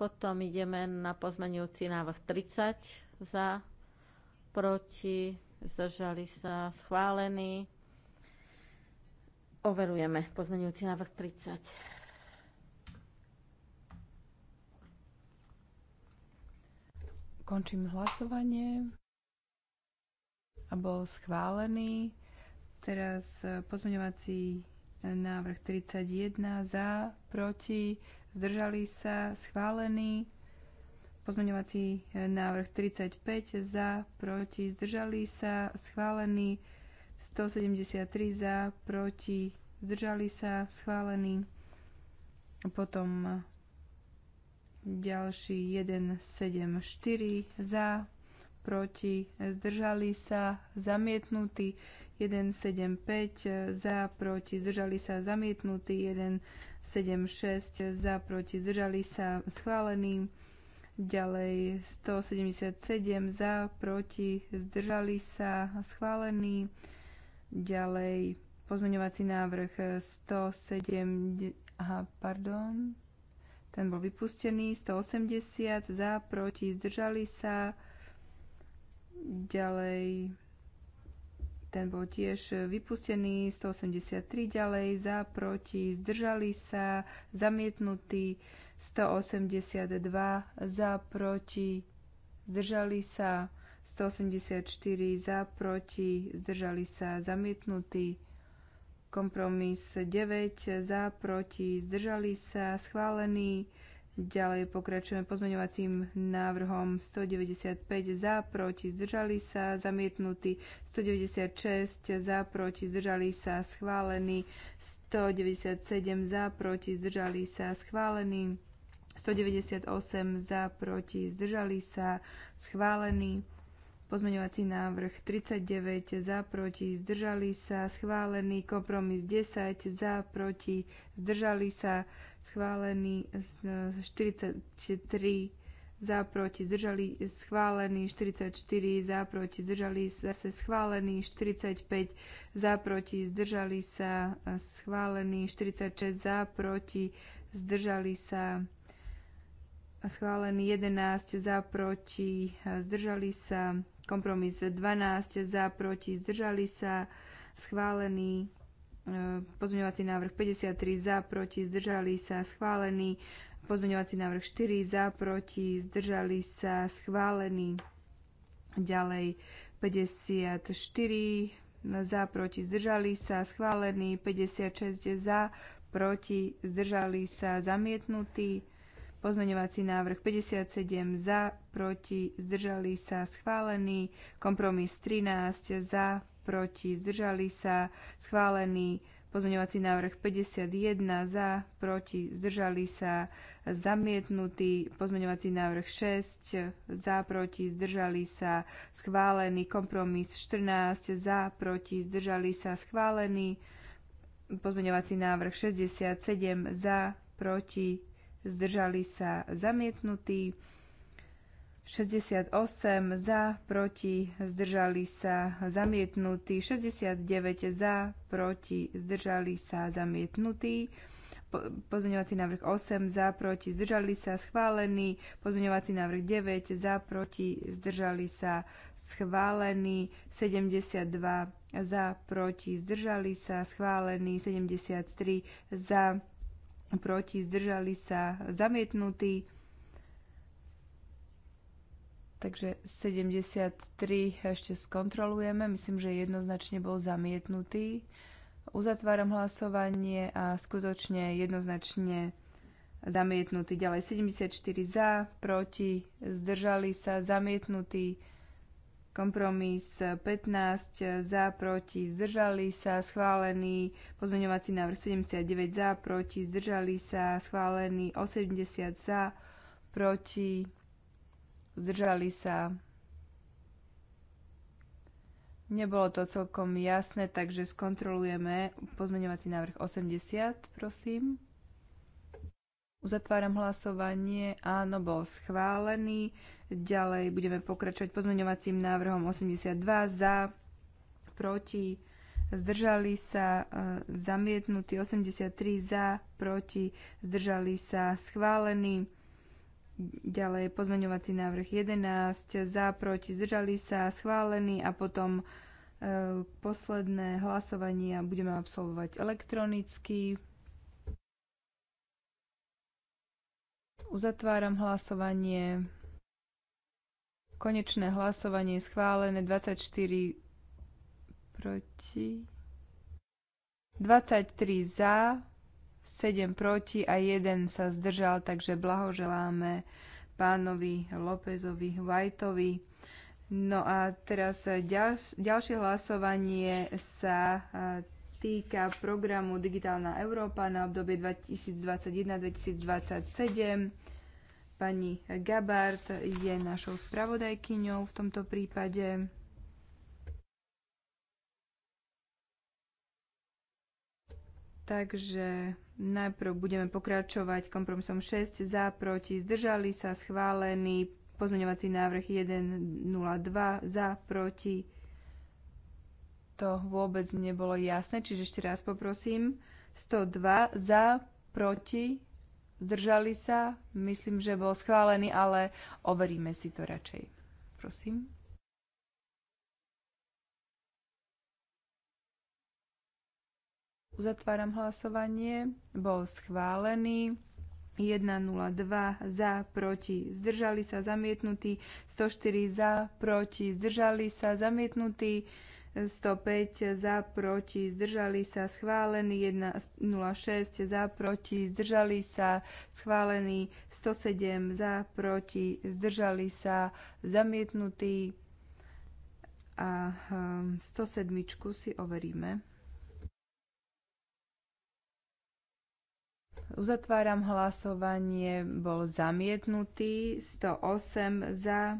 Potom ideme na pozmenujúci návrh 30 za, proti, zdržali sa, schválený. Overujeme pozmenujúci návrh 30. Končím hlasovanie a bol schválený Teraz e, pozmeňovací e, návrh 31 za, proti, zdržali sa, schválený. Pozmeňovací e, návrh 35 za, proti, zdržali sa, schválený. 173 za, proti, zdržali sa, schválený. Potom ďalší 174 za, proti, zdržali sa, zamietnutý. 175 za, proti, zdržali sa zamietnutý, 176 za, proti, zdržali sa schválený, ďalej 177 za, proti, zdržali sa schválený, ďalej pozmeňovací návrh 107, aha, pardon, ten bol vypustený, 180 za, proti, zdržali sa, ďalej ten bol tiež vypustený, 183 ďalej, za, proti, zdržali sa, zamietnutý, 182 za, proti, zdržali sa, 184 za, proti, zdržali sa, zamietnutý, kompromis 9 za, proti, zdržali sa, schválený, Ďalej pokračujeme pozmeňovacím návrhom 195 za, proti, zdržali sa, zamietnutý 196 za, proti, zdržali sa, schválený 197 za, proti, zdržali sa, schválený 198 za, proti, zdržali sa, schválený Pozmeňovací návrh 39 za, proti, zdržali sa, schválený. Kompromis 10 za, proti, zdržali sa, schválený. 43 za, proti, zdržali, schválený, 44, za, proti, zdržali, zase schválený, 45, za, proti, zdržali sa, schválený, 46, za, proti, zdržali sa, schválený, 11, za, proti, zdržali sa, Kompromis 12 e, za, proti, zdržali sa. Schválený pozmeňovací návrh 53 za, proti, zdržali sa. Schválený pozmeňovací návrh 4 za, proti, zdržali sa. Schválený. Ďalej 54 za, proti, zdržali sa. Schválený 56 za, proti, zdržali sa. Zamietnutý Pozmeňovací návrh 57 za, proti, zdržali sa, schválený. Kompromis 13 za, proti, zdržali sa, schválený. Pozmeňovací návrh 51 za, proti, zdržali sa, zamietnutý. Pozmeňovací návrh 6 za, proti, zdržali sa, schválený. Kompromis 14 za, proti, zdržali sa, schválený. Pozmeňovací návrh 67 za, proti, zdržali sa zamietnutí, 68 za, proti, zdržali sa zamietnutí, 69 za, proti, zdržali sa zamietnutí, pozmeňovací návrh 8 za, proti, zdržali sa, schválený, pozmeňovací návrh 9 za, proti, zdržali sa, schválený, 72 za, proti, zdržali sa, schválený, 73 za, proti, zdržali sa, zamietnutí. Takže 73 ešte skontrolujeme. Myslím, že jednoznačne bol zamietnutý. Uzatváram hlasovanie a skutočne jednoznačne zamietnutý. Ďalej 74 za, proti, zdržali sa, zamietnutý. Kompromis 15 za, proti, zdržali sa, schválený. Pozmeňovací návrh 79 za, proti, zdržali sa, schválený. 80 za, proti, zdržali sa. Nebolo to celkom jasné, takže skontrolujeme pozmeňovací návrh 80, prosím. Uzatváram hlasovanie. Áno, bol schválený. Ďalej budeme pokračovať pozmeňovacím návrhom 82 za, proti, zdržali sa, e, zamietnutý 83 za, proti, zdržali sa, schválený. Ďalej pozmeňovací návrh 11 za, proti, zdržali sa, schválený a potom e, posledné hlasovania budeme absolvovať elektronicky. Uzatváram hlasovanie. Konečné hlasovanie je schválené 24 proti. 23 za, 7 proti a 1 sa zdržal, takže blahoželáme pánovi Lópezovi Whiteovi. No a teraz ďal, ďalšie hlasovanie sa týka programu Digitálna Európa na obdobie 2021-2027. Pani Gabart je našou spravodajkyňou v tomto prípade. Takže najprv budeme pokračovať kompromisom 6 za, proti, zdržali sa, schválený pozmeňovací návrh 1.02 za, proti. To vôbec nebolo jasné, čiže ešte raz poprosím. 102 za, proti, Zdržali sa? Myslím, že bol schválený, ale overíme si to radšej. Prosím. Uzatváram hlasovanie. Bol schválený. 102 za, proti, zdržali sa, zamietnutí. 104 za, proti, zdržali sa, zamietnutí. 105 za, proti, zdržali sa, schválený 106 za, proti, zdržali sa, schválený 107 za, proti, zdržali sa, zamietnutý a 107 ehm, si overíme. Uzatváram hlasovanie, bol zamietnutý 108 za,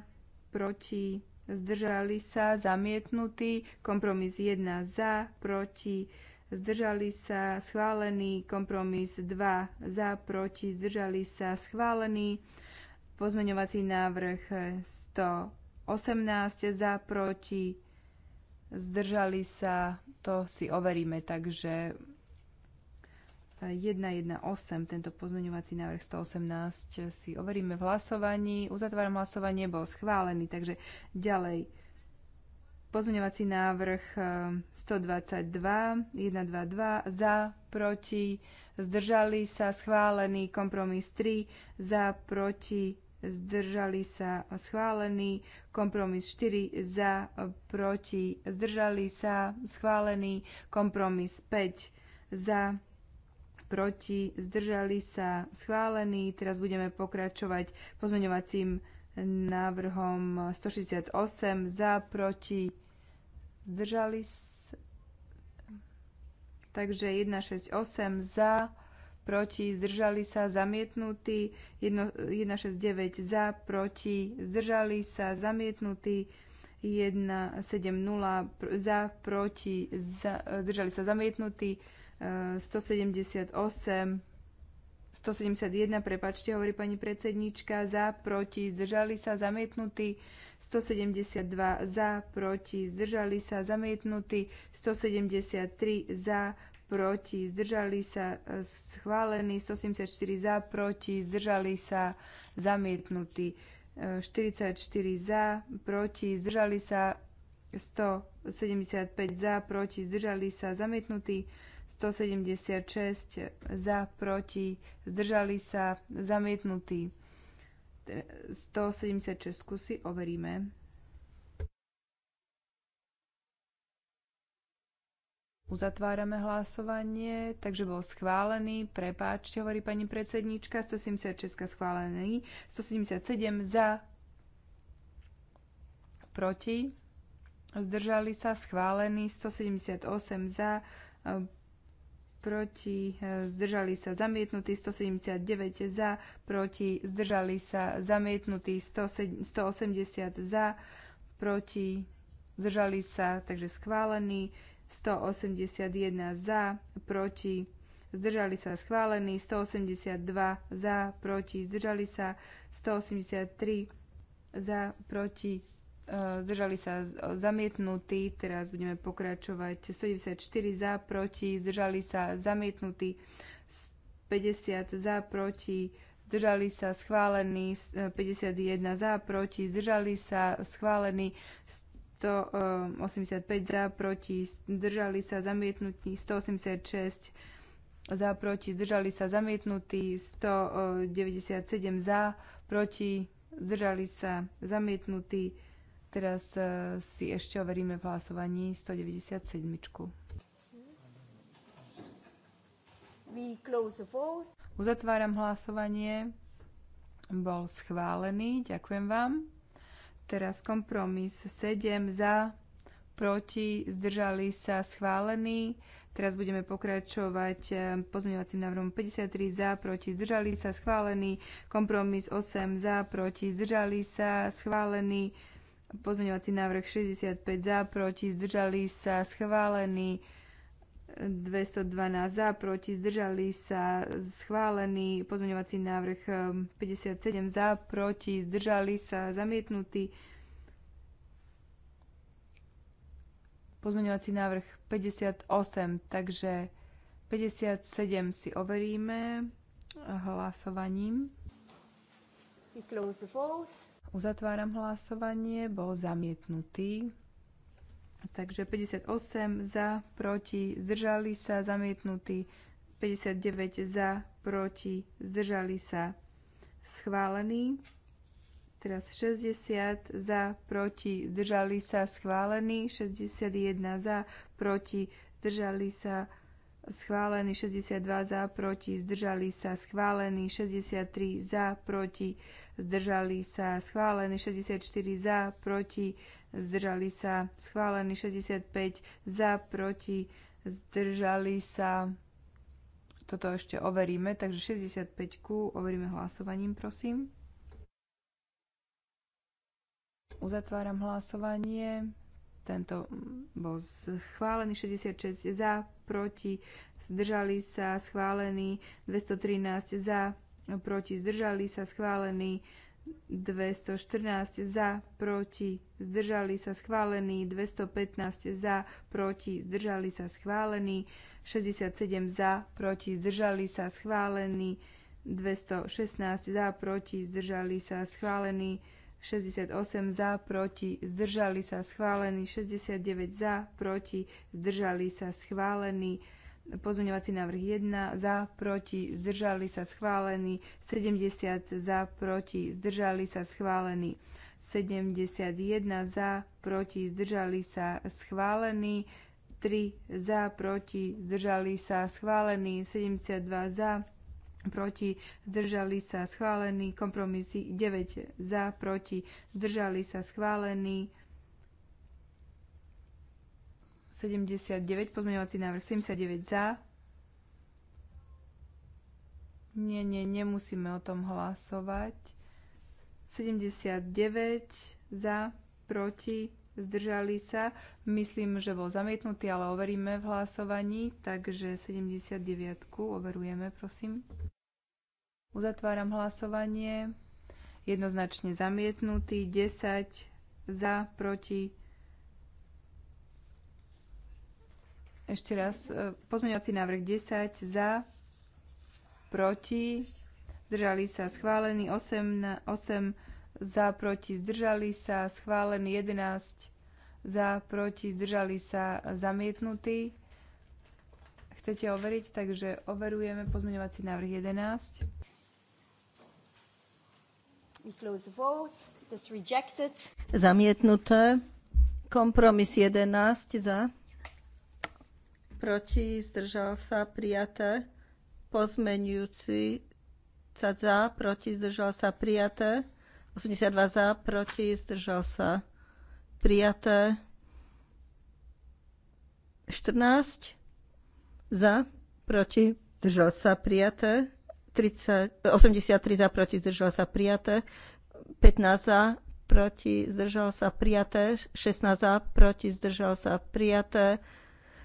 proti, zdržali sa, zamietnutý, kompromis 1 za, proti, zdržali sa, schválený, kompromis 2 za, proti, zdržali sa, schválený, pozmeňovací návrh 118 za, proti, zdržali sa, to si overíme, takže 118, tento pozmeňovací návrh 118 si overíme v hlasovaní. Uzatváram hlasovanie, bol schválený, takže ďalej. Pozmeňovací návrh 122, e, 122, za, proti, zdržali sa, schválený, kompromis 3, za, proti, zdržali sa, schválený, kompromis 4, za, proti, zdržali sa, schválený, kompromis 5, za, proti, zdržali sa, schválený. Teraz budeme pokračovať pozmeňovacím návrhom 168 za, proti, zdržali sa. Takže 168 za, proti, zdržali sa, zamietnutý, 169 za, proti, zdržali sa, zamietnutý, 170 za, proti, zdržali sa, zamietnutý, 178, 171, prepačte, hovorí pani predsednička, za, proti, zdržali sa, zamietnutí, 172 za, proti, zdržali sa, zamietnutí, 173 za, proti, zdržali sa, schválení, 174 za, proti, zdržali sa, zamietnutí, 44 za, proti, zdržali sa, 175 za, proti, zdržali sa, zamietnutí, 176 za, proti, zdržali sa, zamietnutí. 176 si overíme. Uzatvárame hlasovanie, takže bol schválený, prepáčte, hovorí pani predsednička, 176 schválený, 177 za, proti, zdržali sa, schválený, 178 za, proti, e, zdržali sa zamietnutí 179 za, proti, zdržali sa zamietnutí 180 za, proti, zdržali sa, takže schválený 181 za, proti, zdržali sa schválení 182 za, proti, zdržali sa 183 za, proti, Eh, zdržali sa zamietnutí, teraz budeme pokračovať 74 za, proti, zdržali sa zamietnutí, 50 za, proti, zdržali sa schválení, 51 eh, za, proti, zdržali sa schválení, 185 eh, za, proti, zdržali sa zamietnutí, 186 za, proti, zdržali sa zamietnutí, 197 za, proti, zdržali sa zamietnutí, Teraz eh, si ešte overíme v hlasovaní 197. Uzatváram hlasovanie. Bol schválený. Ďakujem vám. Teraz kompromis 7 za, proti, zdržali sa schválený. Teraz budeme pokračovať eh, pozmeňovacím návrhom 53 za, proti, zdržali sa schválený. Kompromis 8 za, proti, zdržali sa schválený. Pozmeňovací návrh 65 za, proti, zdržali sa, schválený. 212 za, proti, zdržali sa, schválený. Pozmeňovací návrh 57 um, za, proti, zdržali sa, zamietnutý. Pozmeňovací návrh 58, takže 57 si overíme hlasovaním. We close the vote. Uzatváram hlasovanie, bol zamietnutý. Takže 58 za, proti, zdržali sa, zamietnutý. 59 za, proti, zdržali sa, schválený. Teraz 60 za, proti, zdržali sa, schválený. 61 za, proti, zdržali sa, schválený. 62 za, proti, zdržali sa, schválený. 63 za, proti, zdržali sa schválení 64 za, proti, zdržali sa schválení 65 za, proti, zdržali sa toto ešte overíme, takže 65 overíme hlasovaním, prosím. Uzatváram hlasovanie. Tento bol schválený 66 za, proti, zdržali sa, schválený 213 za, proti zdržali sa schválený 214 za, proti, zdržali sa schválení, 215 za, proti, zdržali sa schválení, 67 za, proti, zdržali sa schválení, 216 za, proti, zdržali sa schválení, 68 za, proti, zdržali sa schválení, 69 za, proti, zdržali sa schválení, Pozmeňovací návrh 1 za, proti, zdržali sa schválený. 70 za, proti, zdržali sa schválený. 71 za, proti, zdržali sa schválený. 3 za, proti, zdržali sa schválený. 72 za, proti, zdržali sa schválený. Kompromis 9 za, proti, zdržali sa schválený. 79, pozmeňovací návrh 79 za. Nie, nie, nemusíme o tom hlasovať. 79 za, proti, zdržali sa. Myslím, že bol zamietnutý, ale overíme v hlasovaní, takže 79 overujeme, prosím. Uzatváram hlasovanie. Jednoznačne zamietnutý, 10 za, proti, Ešte raz, e, pozmeňovací návrh 10 za, proti, zdržali sa schválený, 8, 8 za, proti, zdržali sa schválený, 11 za, proti, zdržali sa zamietnutý. Chcete overiť, takže overujeme pozmeňovací návrh 11. We close the vote. That's rejected. Zamietnuté. Kompromis 11 za proti, zdržal sa, prijaté. Pozmenujúci sa za, proti, zdržal sa, prijaté. 82 za, proti, zdržal sa, prijaté. 14 za, proti, zdržal sa, prijaté. 30, 83 za, proti, zdržal sa, prijaté. 15 za, proti, zdržal sa, prijaté. 16 za, proti, zdržal sa, prijaté.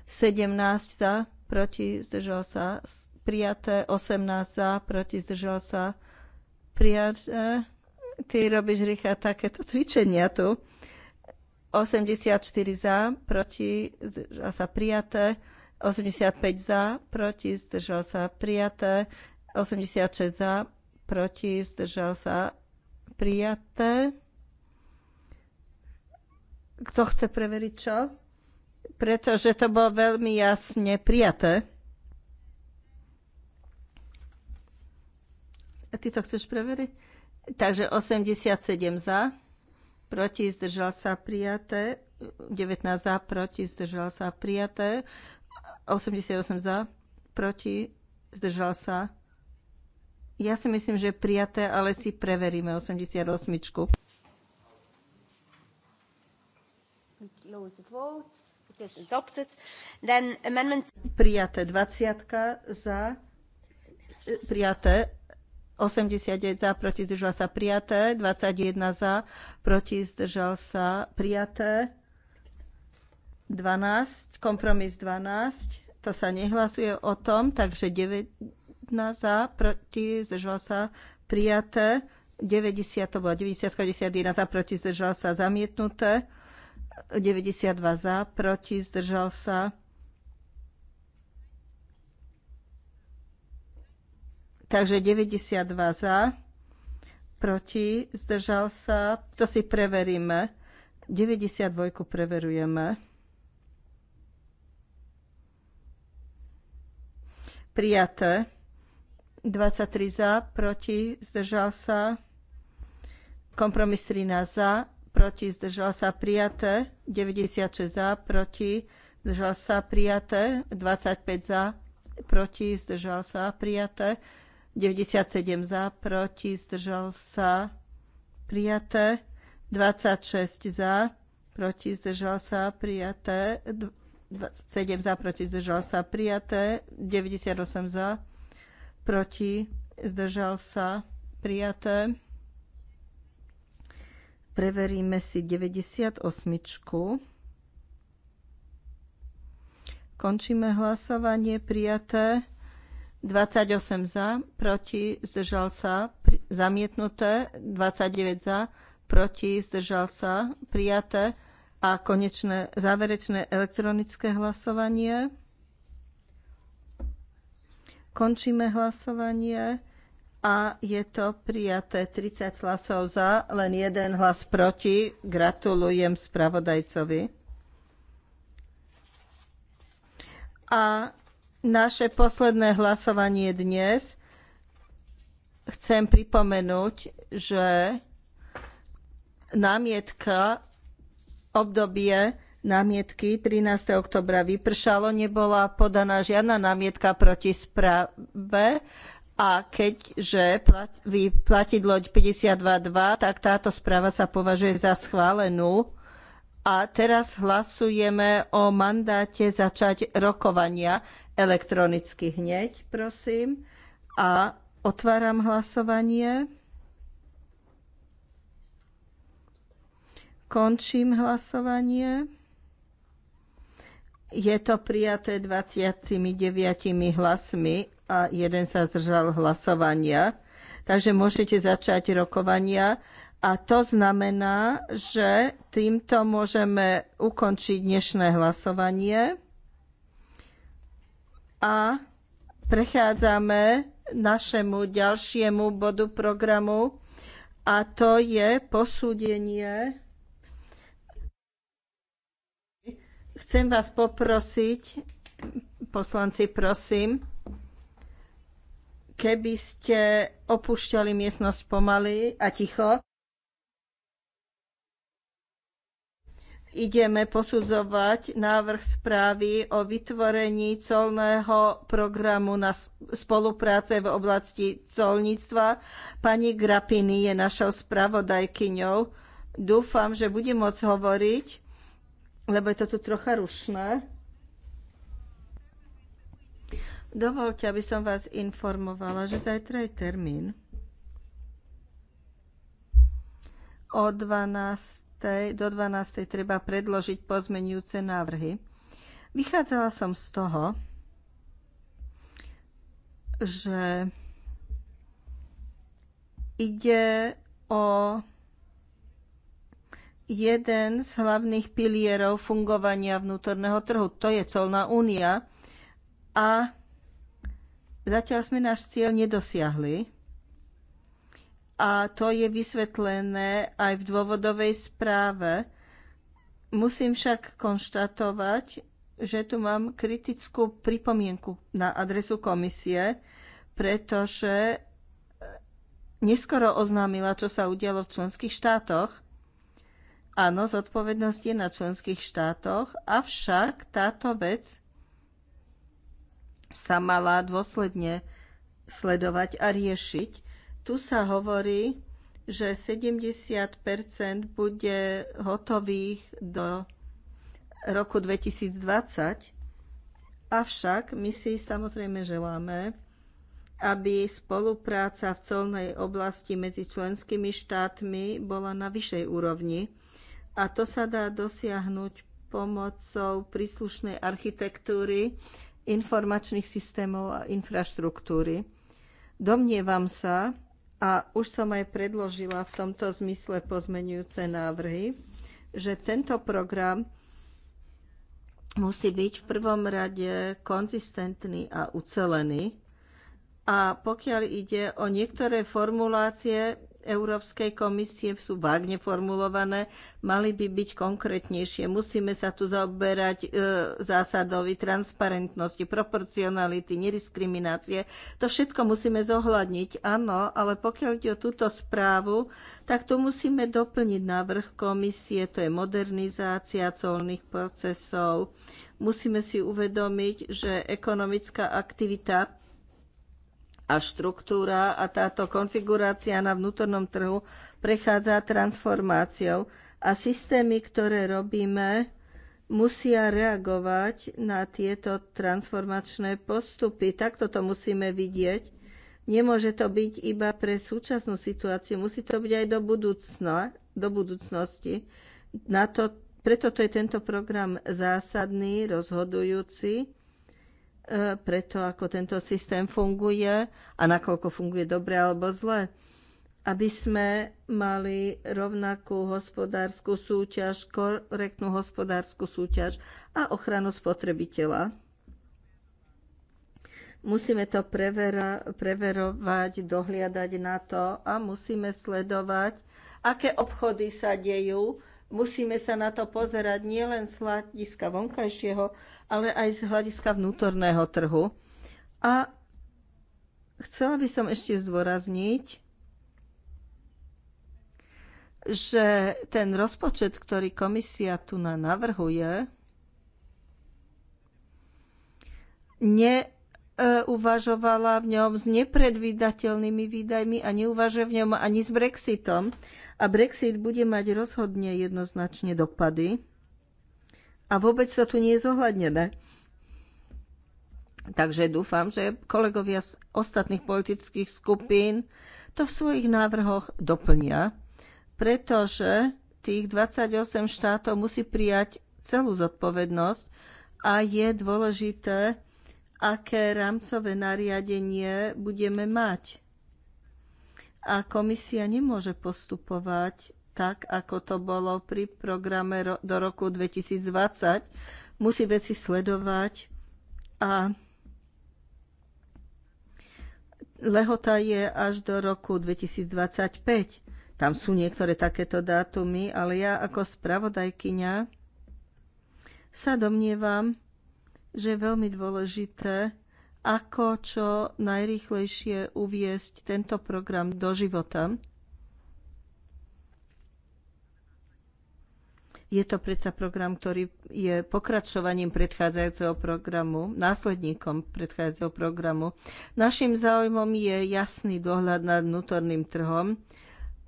17 za, proti, zdržal sa, prijaté, 18 za, proti, zdržal sa, prijaté. Ty robíš, Richa, takéto cvičenia tu. 84 za, proti, zdržal sa, prijaté. 85 za, proti, zdržal sa, prijaté. 86 za, proti, zdržal sa, prijaté. Kto chce preveriť čo? pretože to bolo veľmi jasne prijaté. A ty to chceš preveriť? Takže 87 za, proti zdržal sa prijaté, 19 za, proti zdržal sa prijaté, 88 za, proti zdržal sa. Ja si myslím, že prijaté, ale si preveríme 88. Close votes. Prijaté 20 za, e, prijaté 89 za, proti zdržal sa prijaté, 21 za, proti zdržal sa prijaté, 12, kompromis 12, to sa nehlasuje o tom, takže 19 za, proti zdržal sa prijaté, 90 to bola 90, 91 za, proti zdržal sa zamietnuté, 92 za, proti, zdržal sa. Takže 92 za, proti, zdržal sa. To si preveríme. 92 preverujeme. Prijaté. 23 za, proti, zdržal sa. Kompromis 13 za, proti, zdržal sa prijaté, 96 za, proti, zdržal sa prijaté, 25 za, proti, zdržal sa prijaté, 97 za, proti, zdržal sa prijaté, 26 za, proti, zdržal sa prijaté, 27 za, proti, zdržal sa prijaté, 98 za, proti, zdržal sa prijaté. Preveríme si 98. Končíme hlasovanie prijaté. 28 za, proti, zdržal sa, pri, zamietnuté, 29 za, proti, zdržal sa, prijaté a konečné záverečné elektronické hlasovanie. Končíme hlasovanie a je to prijaté 30 hlasov za, len jeden hlas proti. Gratulujem spravodajcovi. A naše posledné hlasovanie dnes chcem pripomenúť, že námietka, obdobie námietky 13. oktobra vypršalo, nebola podaná žiadna námietka proti správe a keďže platidlo 52.2, tak táto správa sa považuje za schválenú. A teraz hlasujeme o mandáte začať rokovania elektronicky hneď, prosím. A otváram hlasovanie. Končím hlasovanie. Je to prijaté 29 hlasmi a jeden sa zdržal hlasovania. Takže môžete začať rokovania a to znamená, že týmto môžeme ukončiť dnešné hlasovanie a prechádzame našemu ďalšiemu bodu programu a to je posúdenie. Chcem vás poprosiť, poslanci, prosím, Keby ste opúšťali miestnosť pomaly a ticho, ideme posudzovať návrh správy o vytvorení colného programu na spolupráce v oblasti colníctva. Pani Grapini je našou spravodajkyňou. Dúfam, že budem môcť hovoriť, lebo je to tu trocha rušné. Dovolte, aby som vás informovala, že zajtra je termín o 12. do 12. treba predložiť pozmenujúce návrhy. Vychádzala som z toho, že ide o jeden z hlavných pilierov fungovania vnútorného trhu. To je colná únia a Zatiaľ sme náš cieľ nedosiahli a to je vysvetlené aj v dôvodovej správe. Musím však konštatovať, že tu mám kritickú pripomienku na adresu komisie, pretože e, neskoro oznámila, čo sa udialo v členských štátoch. Áno, zodpovednosť je na členských štátoch, avšak táto vec sa mala dôsledne sledovať a riešiť. Tu sa hovorí, že 70 bude hotových do roku 2020. Avšak my si samozrejme želáme, aby spolupráca v colnej oblasti medzi členskými štátmi bola na vyššej úrovni. A to sa dá dosiahnuť pomocou príslušnej architektúry informačných systémov a infraštruktúry. Domnievam sa, a už som aj predložila v tomto zmysle pozmenujúce návrhy, že tento program musí byť v prvom rade konzistentný a ucelený. A pokiaľ ide o niektoré formulácie, Európskej komisie sú vágne formulované, mali by byť konkrétnejšie. Musíme sa tu zaoberať e, zásadovi transparentnosti, proporcionality, nediskriminácie. To všetko musíme zohľadniť, áno, ale pokiaľ ide o túto správu, tak tu musíme doplniť návrh komisie, to je modernizácia colných procesov. Musíme si uvedomiť, že ekonomická aktivita a štruktúra a táto konfigurácia na vnútornom trhu prechádza transformáciou a systémy, ktoré robíme, musia reagovať na tieto transformačné postupy. Takto to musíme vidieť. Nemôže to byť iba pre súčasnú situáciu, musí to byť aj do, budúcna, do budúcnosti. Na to, preto to je tento program zásadný, rozhodujúci E, preto, ako tento systém funguje a nakoľko funguje dobre alebo zle. Aby sme mali rovnakú hospodárskú súťaž, korektnú hospodárskú súťaž a ochranu spotrebiteľa. Musíme to prevera, preverovať, dohliadať na to a musíme sledovať, aké obchody sa dejú, Musíme sa na to pozerať nielen z hľadiska vonkajšieho, ale aj z hľadiska vnútorného trhu. A chcela by som ešte zdôrazniť, že ten rozpočet, ktorý komisia tu na navrhuje, neuvažovala v ňom s nepredvídateľnými výdajmi a neuvažuje v ňom ani s Brexitom. A Brexit bude mať rozhodne jednoznačne dopady. A vôbec to tu nie je zohľadnené. Takže dúfam, že kolegovia z ostatných politických skupín to v svojich návrhoch doplnia, pretože tých 28 štátov musí prijať celú zodpovednosť a je dôležité, aké rámcové nariadenie budeme mať. A komisia nemôže postupovať tak, ako to bolo pri programe do roku 2020. Musí veci sledovať a lehota je až do roku 2025. Tam sú niektoré takéto dátumy, ale ja ako spravodajkyňa sa domnievam, že je veľmi dôležité ako čo najrýchlejšie uviesť tento program do života. Je to predsa program, ktorý je pokračovaním predchádzajúceho programu, následníkom predchádzajúceho programu. Našim záujmom je jasný dohľad nad vnútorným trhom,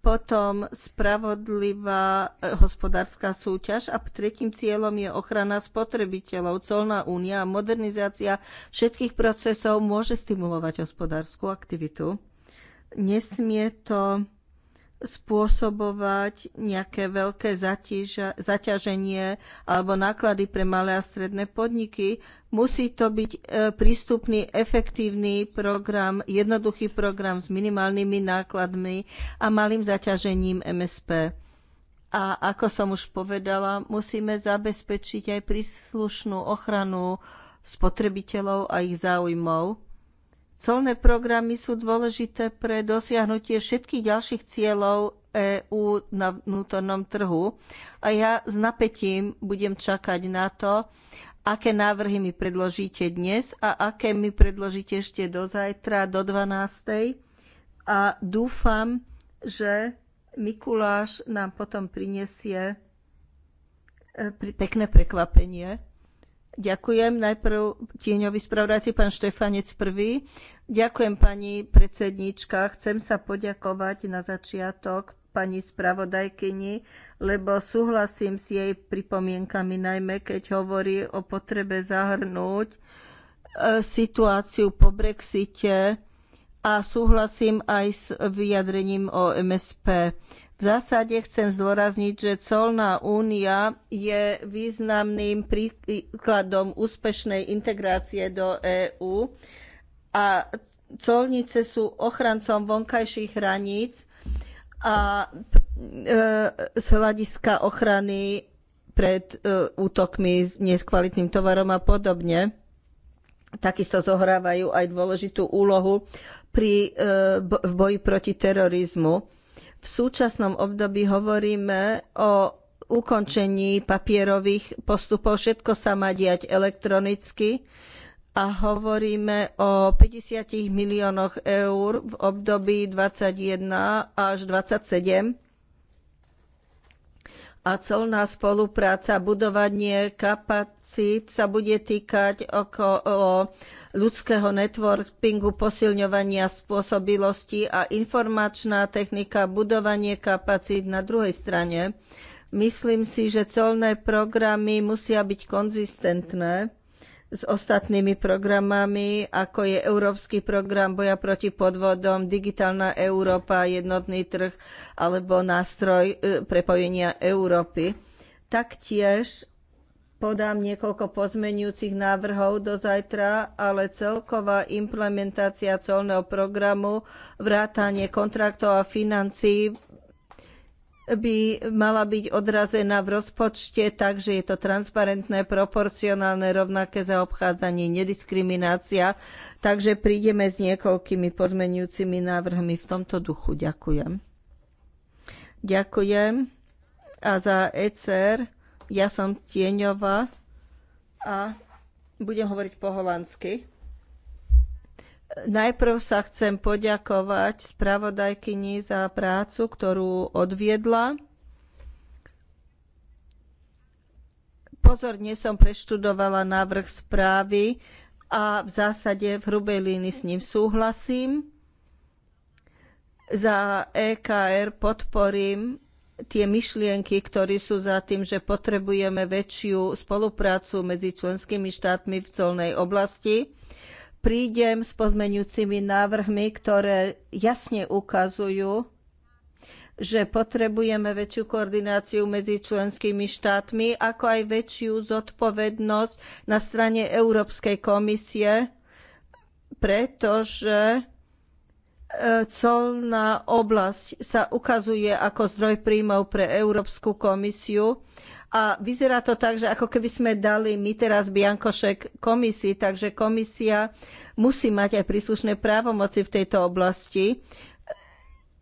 potom spravodlivá eh, hospodárska súťaž a tretím cieľom je ochrana spotrebiteľov. Colná únia a modernizácia všetkých procesov môže stimulovať hospodárskú aktivitu. Nesmie to spôsobovať nejaké veľké zatíža, zaťaženie alebo náklady pre malé a stredné podniky. Musí to byť e, prístupný, efektívny program, jednoduchý program s minimálnymi nákladmi a malým zaťažením MSP. A ako som už povedala, musíme zabezpečiť aj príslušnú ochranu spotrebiteľov a ich záujmov Colné programy sú dôležité pre dosiahnutie všetkých ďalších cieľov EÚ na vnútornom trhu a ja s napätím budem čakať na to, aké návrhy mi predložíte dnes a aké mi predložíte ešte do zajtra, do 12. A dúfam, že Mikuláš nám potom prinesie e, pekné prekvapenie. Ďakujem najprv tieňovi spravodajci pán Štefanec prvý. Ďakujem pani predsednička. Chcem sa poďakovať na začiatok pani spravodajkyni, lebo súhlasím s jej pripomienkami, najmä keď hovorí o potrebe zahrnúť e, situáciu po Brexite a súhlasím aj s vyjadrením o MSP. V zásade chcem zdôrazniť, že colná únia je významným príkladom úspešnej integrácie do EÚ a colnice sú ochrancom vonkajších hraníc a e, z hľadiska ochrany pred e, útokmi s neskvalitným tovarom a podobne. Takisto zohrávajú aj dôležitú úlohu pri, e, v boji proti terorizmu v súčasnom období hovoríme o ukončení papierových postupov. Všetko sa má diať elektronicky a hovoríme o 50 miliónoch eur v období 21 až 27 a colná spolupráca, budovanie kapacít sa bude týkať okolo ľudského networkingu, posilňovania spôsobilosti a informačná technika, budovanie kapacít na druhej strane. Myslím si, že colné programy musia byť konzistentné s ostatnými programami, ako je Európsky program boja proti podvodom, Digitálna Európa, jednotný trh alebo nástroj e, prepojenia Európy. Taktiež podám niekoľko pozmenujúcich návrhov do zajtra, ale celková implementácia colného programu, vrátanie kontraktov a financií by mala byť odrazená v rozpočte tak, že je to transparentné, proporcionálne, rovnaké zaobchádzanie, nediskriminácia. Takže prídeme s niekoľkými pozmenujúcimi návrhmi v tomto duchu. Ďakujem. Ďakujem. A za ECR ja som Tieňová a budem hovoriť po holandsky. Najprv sa chcem poďakovať spravodajkyni za prácu, ktorú odviedla. Pozorne som preštudovala návrh správy a v zásade v hrubej línii s ním súhlasím. Za EKR podporím tie myšlienky, ktoré sú za tým, že potrebujeme väčšiu spoluprácu medzi členskými štátmi v colnej oblasti prídem s pozmeňujúcimi návrhmi, ktoré jasne ukazujú, že potrebujeme väčšiu koordináciu medzi členskými štátmi, ako aj väčšiu zodpovednosť na strane Európskej komisie, pretože e, colná oblasť sa ukazuje ako zdroj príjmov pre Európsku komisiu a vyzerá to tak, že ako keby sme dali my teraz Biankošek komisii, takže komisia musí mať aj príslušné právomoci v tejto oblasti.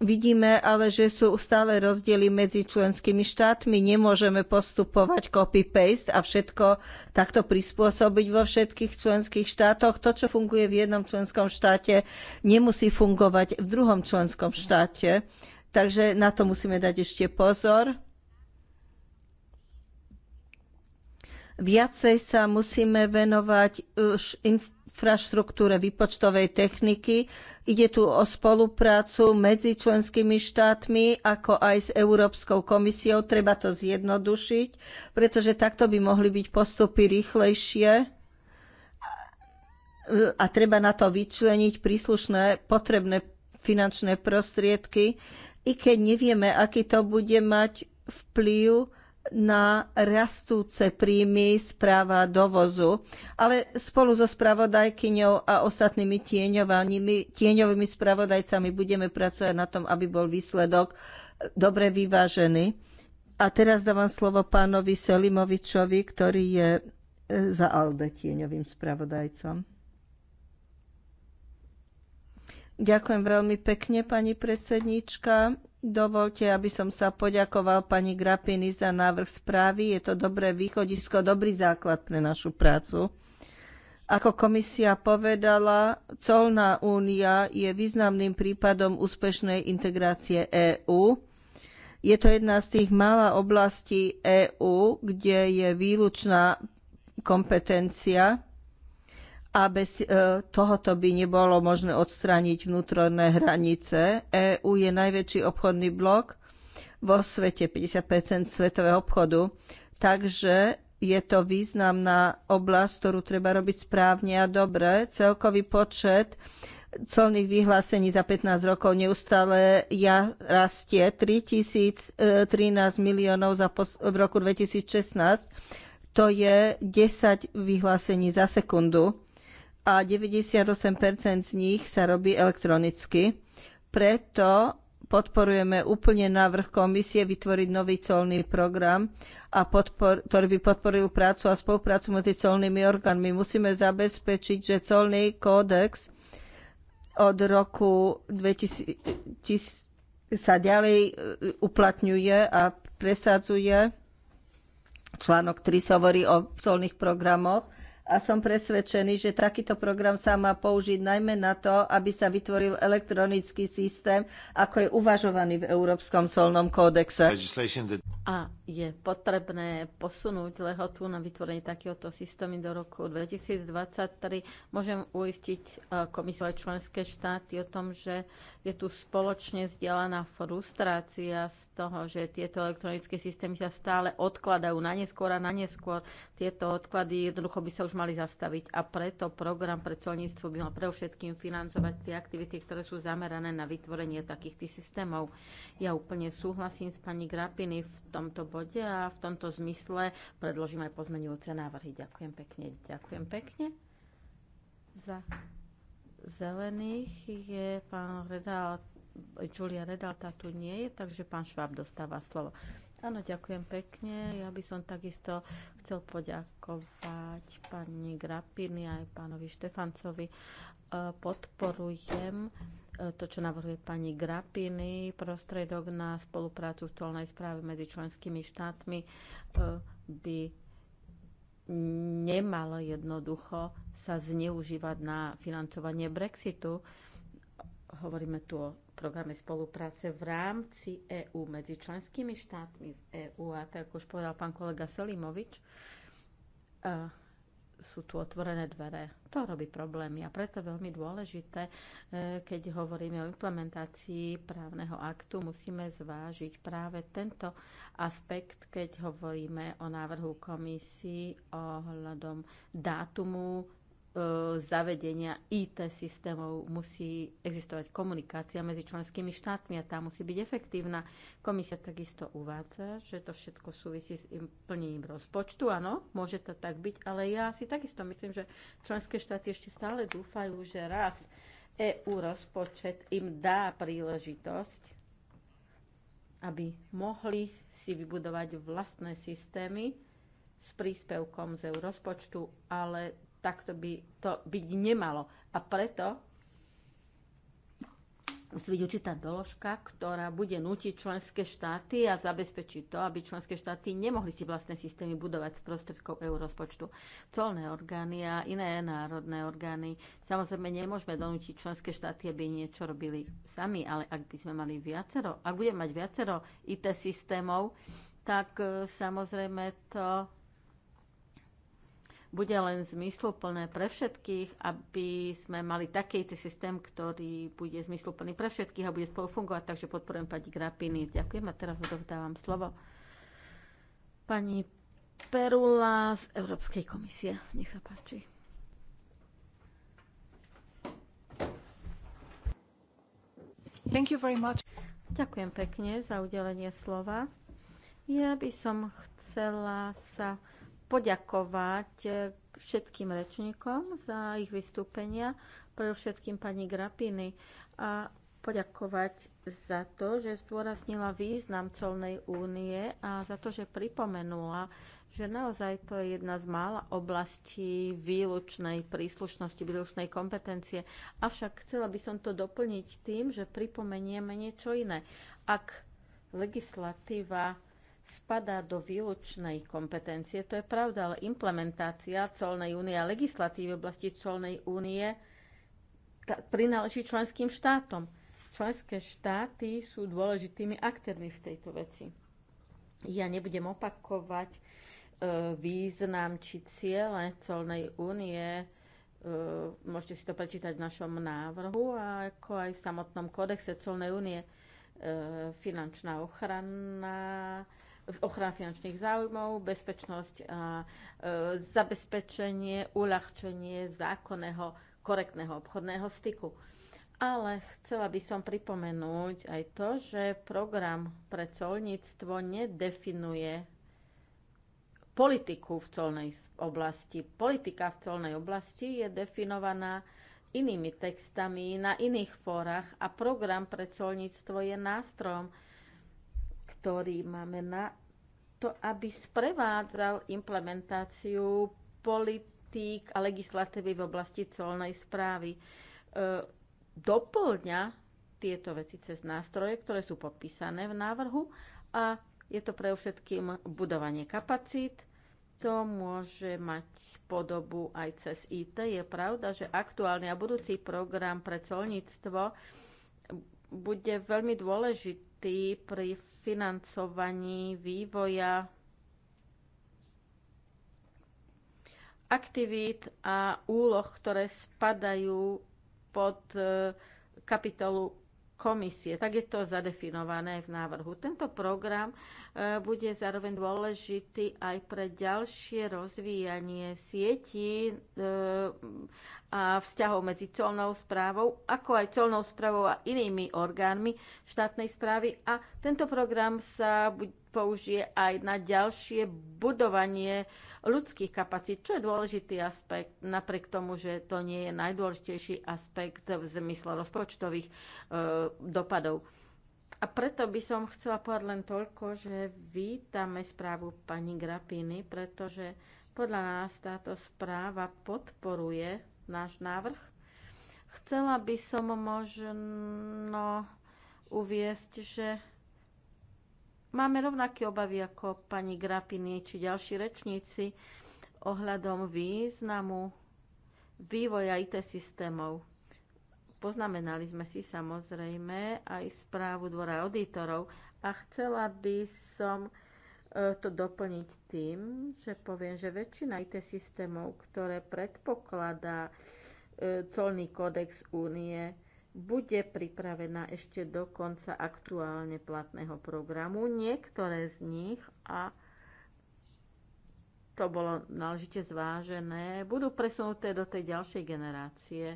Vidíme ale, že sú stále rozdiely medzi členskými štátmi. Nemôžeme postupovať copy-paste a všetko takto prispôsobiť vo všetkých členských štátoch. To, čo funguje v jednom členskom štáte, nemusí fungovať v druhom členskom štáte. Takže na to musíme dať ešte pozor Viacej sa musíme venovať už infraštruktúre výpočtovej techniky. Ide tu o spoluprácu medzi členskými štátmi, ako aj s Európskou komisiou. Treba to zjednodušiť, pretože takto by mohli byť postupy rýchlejšie a treba na to vyčleniť príslušné potrebné finančné prostriedky, i keď nevieme, aký to bude mať vplyv na rastúce príjmy správa dovozu, ale spolu so spravodajkyňou a ostatnými tieňovými spravodajcami budeme pracovať na tom, aby bol výsledok dobre vyvážený. A teraz dávam slovo pánovi Selimovičovi, ktorý je e, za Alde tieňovým spravodajcom. Ďakujem veľmi pekne, pani predsednička. Dovolte, aby som sa poďakoval pani Grapini za návrh správy. Je to dobré východisko, dobrý základ pre našu prácu. Ako komisia povedala, colná únia je významným prípadom úspešnej integrácie EÚ. Je to jedna z tých mála oblastí EÚ, kde je výlučná kompetencia a bez tohoto by nebolo možné odstrániť vnútorné hranice. EÚ je najväčší obchodný blok vo svete, 50 svetového obchodu. Takže je to významná oblasť, ktorú treba robiť správne a dobre. Celkový počet colných vyhlásení za 15 rokov neustále ja rastie 3013 miliónov za v roku 2016. To je 10 vyhlásení za sekundu a 98% z nich sa robí elektronicky. Preto podporujeme úplne návrh komisie vytvoriť nový colný program, a podpor, ktorý by podporil prácu a spoluprácu medzi colnými orgánmi. Musíme zabezpečiť, že colný kódex od roku 2000 sa ďalej e, uplatňuje a presadzuje. Článok 3 hovorí o colných programoch a som presvedčený, že takýto program sa má použiť najmä na to, aby sa vytvoril elektronický systém, ako je uvažovaný v Európskom solnom kódexe. A je potrebné posunúť lehotu na vytvorenie takéhoto systému do roku 2023. Môžem uistiť e, komisie členské štáty o tom, že je tu spoločne zdieľaná frustrácia z toho, že tieto elektronické systémy sa stále odkladajú na neskôr a na neskôr. Tieto odklady jednoducho by sa už mali zastaviť a preto program pre colníctvo by mal pre všetkým financovať tie aktivity, ktoré sú zamerané na vytvorenie takých tých systémov. Ja úplne súhlasím s pani Grapiny v tomto bode a v tomto zmysle predložím aj pozmenujúce návrhy. Ďakujem pekne. Ďakujem pekne. Za zelených je pán Redal, Julia Redalta tu nie je, takže pán Šváb dostáva slovo. Áno, ďakujem pekne. Ja by som takisto chcel poďakovať pani Grapini aj pánovi Štefancovi. E, podporujem e, to, čo navrhuje pani Grapiny, prostredok na spoluprácu v tolnej správe medzi členskými štátmi e, by nemal jednoducho sa zneužívať na financovanie Brexitu. Hovoríme tu o programe spolupráce v rámci EÚ medzi členskými štátmi v EÚ a tak už povedal pán kolega Selimovič, e, sú tu otvorené dvere. To robí problémy a preto je veľmi dôležité, e, keď hovoríme o implementácii právneho aktu, musíme zvážiť práve tento aspekt, keď hovoríme o návrhu komisii ohľadom dátumu E, zavedenia IT systémov musí existovať komunikácia medzi členskými štátmi a tá musí byť efektívna. Komisia takisto uvádza, že to všetko súvisí s plnením rozpočtu. Áno, môže to tak byť, ale ja si takisto myslím, že členské štáty ešte stále dúfajú, že raz EU rozpočet im dá príležitosť, aby mohli si vybudovať vlastné systémy s príspevkom z e rozpočtu, ale takto by to byť nemalo. A preto musí byť určitá doložka, ktorá bude nútiť členské štáty a zabezpečí to, aby členské štáty nemohli si vlastné systémy budovať z prostriedkov eurozpočtu. Colné orgány a iné národné orgány. Samozrejme, nemôžeme donútiť členské štáty, aby niečo robili sami, ale ak by sme mali viacero, ak budeme mať viacero IT systémov, tak e, samozrejme to bude len zmysluplné pre všetkých, aby sme mali taký systém, ktorý bude zmysluplný pre všetkých a bude spolu fungovať. Takže podporujem pani Grapiny. Ďakujem a teraz odovzdávam slovo pani Perula z Európskej komisie. Nech sa páči. Thank you very much. Ďakujem pekne za udelenie slova. Ja by som chcela sa poďakovať eh, všetkým rečníkom za ich vystúpenia, pre všetkým pani Grapiny a poďakovať za to, že zdôraznila význam colnej únie a za to, že pripomenula, že naozaj to je jedna z mála oblastí výlučnej príslušnosti, výlučnej kompetencie. Avšak chcela by som to doplniť tým, že pripomenieme niečo iné. Ak legislatíva spadá do výlučnej kompetencie. To je pravda, ale implementácia colnej únie a legislatívy v oblasti colnej únie prináleží členským štátom. Členské štáty sú dôležitými aktérmi v tejto veci. Ja nebudem opakovať e, význam či ciele colnej únie. E, môžete si to prečítať v našom návrhu ako aj v samotnom kódexe colnej únie. E, finančná ochrana, ochrana finančných záujmov, bezpečnosť a e, zabezpečenie, uľahčenie zákonného, korektného obchodného styku. Ale chcela by som pripomenúť aj to, že program pre colníctvo nedefinuje politiku v colnej oblasti. Politika v colnej oblasti je definovaná inými textami na iných fórach a program pre colníctvo je nástrojom, ktorý máme na to, aby sprevádzal implementáciu politík a legislatívy v oblasti colnej správy. E, doplňa tieto veci cez nástroje, ktoré sú podpísané v návrhu a je to pre všetkým budovanie kapacít, to môže mať podobu aj cez IT. Je pravda, že aktuálny a budúci program pre colníctvo bude veľmi dôležitý štáty pri financovaní vývoja aktivít a úloh, ktoré spadajú pod e, kapitolu komisie. Tak je to zadefinované v návrhu. Tento program bude zároveň dôležitý aj pre ďalšie rozvíjanie sietí eh, a vzťahov medzi colnou správou, ako aj colnou správou a inými orgánmi štátnej správy. A tento program sa použije aj na ďalšie budovanie ľudských kapacít, čo je dôležitý aspekt, napriek tomu, že to nie je najdôležitejší aspekt v zmysle rozpočtových e, dopadov. A preto by som chcela povedať len toľko, že vítame správu pani Grapiny, pretože podľa nás táto správa podporuje náš návrh. Chcela by som možno uviesť, že máme rovnaké obavy ako pani Grapiny či ďalší rečníci ohľadom významu vývoja IT systémov Poznamenali sme si samozrejme aj správu dvora auditorov a chcela by som e, to doplniť tým, že poviem, že väčšina IT systémov, ktoré predpokladá e, colný kódex únie, bude pripravená ešte do konca aktuálne platného programu. Niektoré z nich, a to bolo náležite zvážené, budú presunuté do tej ďalšej generácie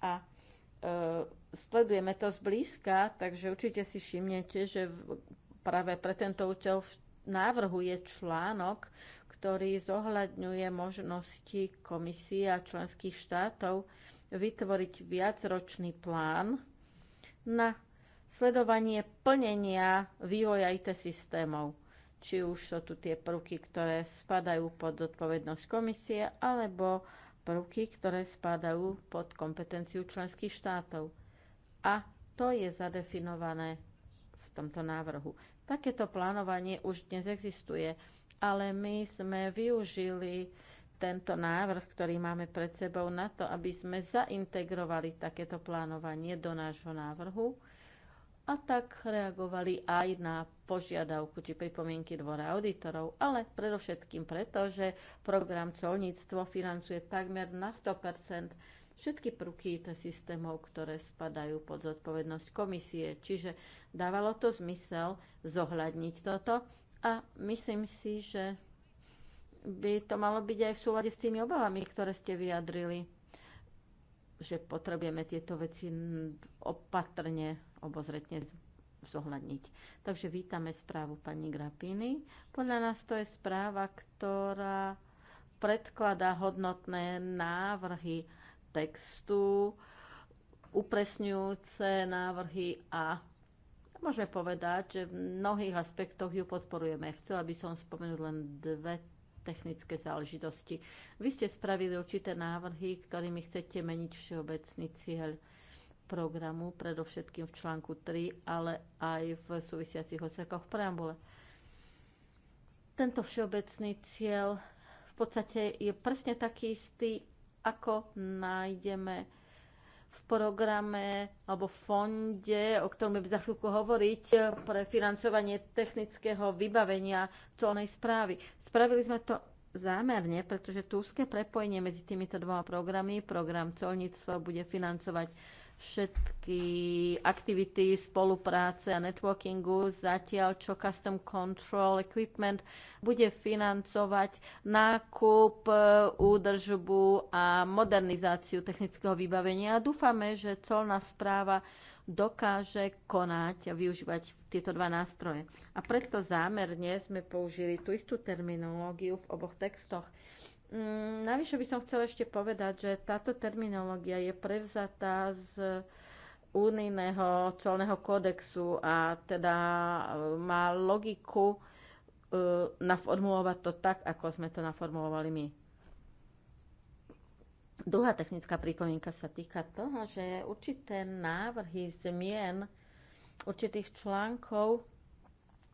a E, sledujeme to zblízka, takže určite si všimnete, že práve pre tento účel v návrhu je článok, ktorý zohľadňuje možnosti komisie a členských štátov vytvoriť viacročný plán na sledovanie plnenia vývoja IT systémov. Či už sú tu tie prvky, ktoré spadajú pod odpovednosť komisie, alebo prvky, ktoré spadajú pod kompetenciu členských štátov. A to je zadefinované v tomto návrhu. Takéto plánovanie už dnes existuje, ale my sme využili tento návrh, ktorý máme pred sebou na to, aby sme zaintegrovali takéto plánovanie do nášho návrhu a tak reagovali aj na požiadavku či pripomienky dvora auditorov, ale predovšetkým preto, že program colníctvo financuje takmer na 100 všetky prúky IT systémov, ktoré spadajú pod zodpovednosť komisie. Čiže dávalo to zmysel zohľadniť toto a myslím si, že by to malo byť aj v súlade s tými obavami, ktoré ste vyjadrili že potrebujeme tieto veci opatrne obozretne zohľadniť. Takže vítame správu pani Grapiny. Podľa nás to je správa, ktorá predkladá hodnotné návrhy textu, upresňujúce návrhy a môžeme povedať, že v mnohých aspektoch ju podporujeme. Chcela by som spomenúť len dve technické záležitosti. Vy ste spravili určité návrhy, ktorými chcete meniť všeobecný cieľ programu, predovšetkým v článku 3, ale aj v súvisiacich odsekoch v preambule. Tento všeobecný cieľ v podstate je presne taký istý, ako nájdeme v programe alebo fonde, o ktorom by za chvíľku hovoriť, pre financovanie technického vybavenia colnej správy. Spravili sme to zámerne, pretože tu úzke prepojenie medzi týmito dvoma programy, program colníctva bude financovať všetky aktivity spolupráce a networkingu, zatiaľ čo Custom Control Equipment bude financovať nákup, e, údržbu a modernizáciu technického vybavenia. A dúfame, že colná správa dokáže konať a využívať tieto dva nástroje. A preto zámerne sme použili tú istú terminológiu v oboch textoch. Mm, navyše by som chcela ešte povedať, že táto terminológia je prevzatá z únijného colného kódexu a teda e, má logiku e, naformulovať to tak, ako sme to naformulovali my. Druhá technická pripomienka sa týka toho, že určité návrhy zmien určitých článkov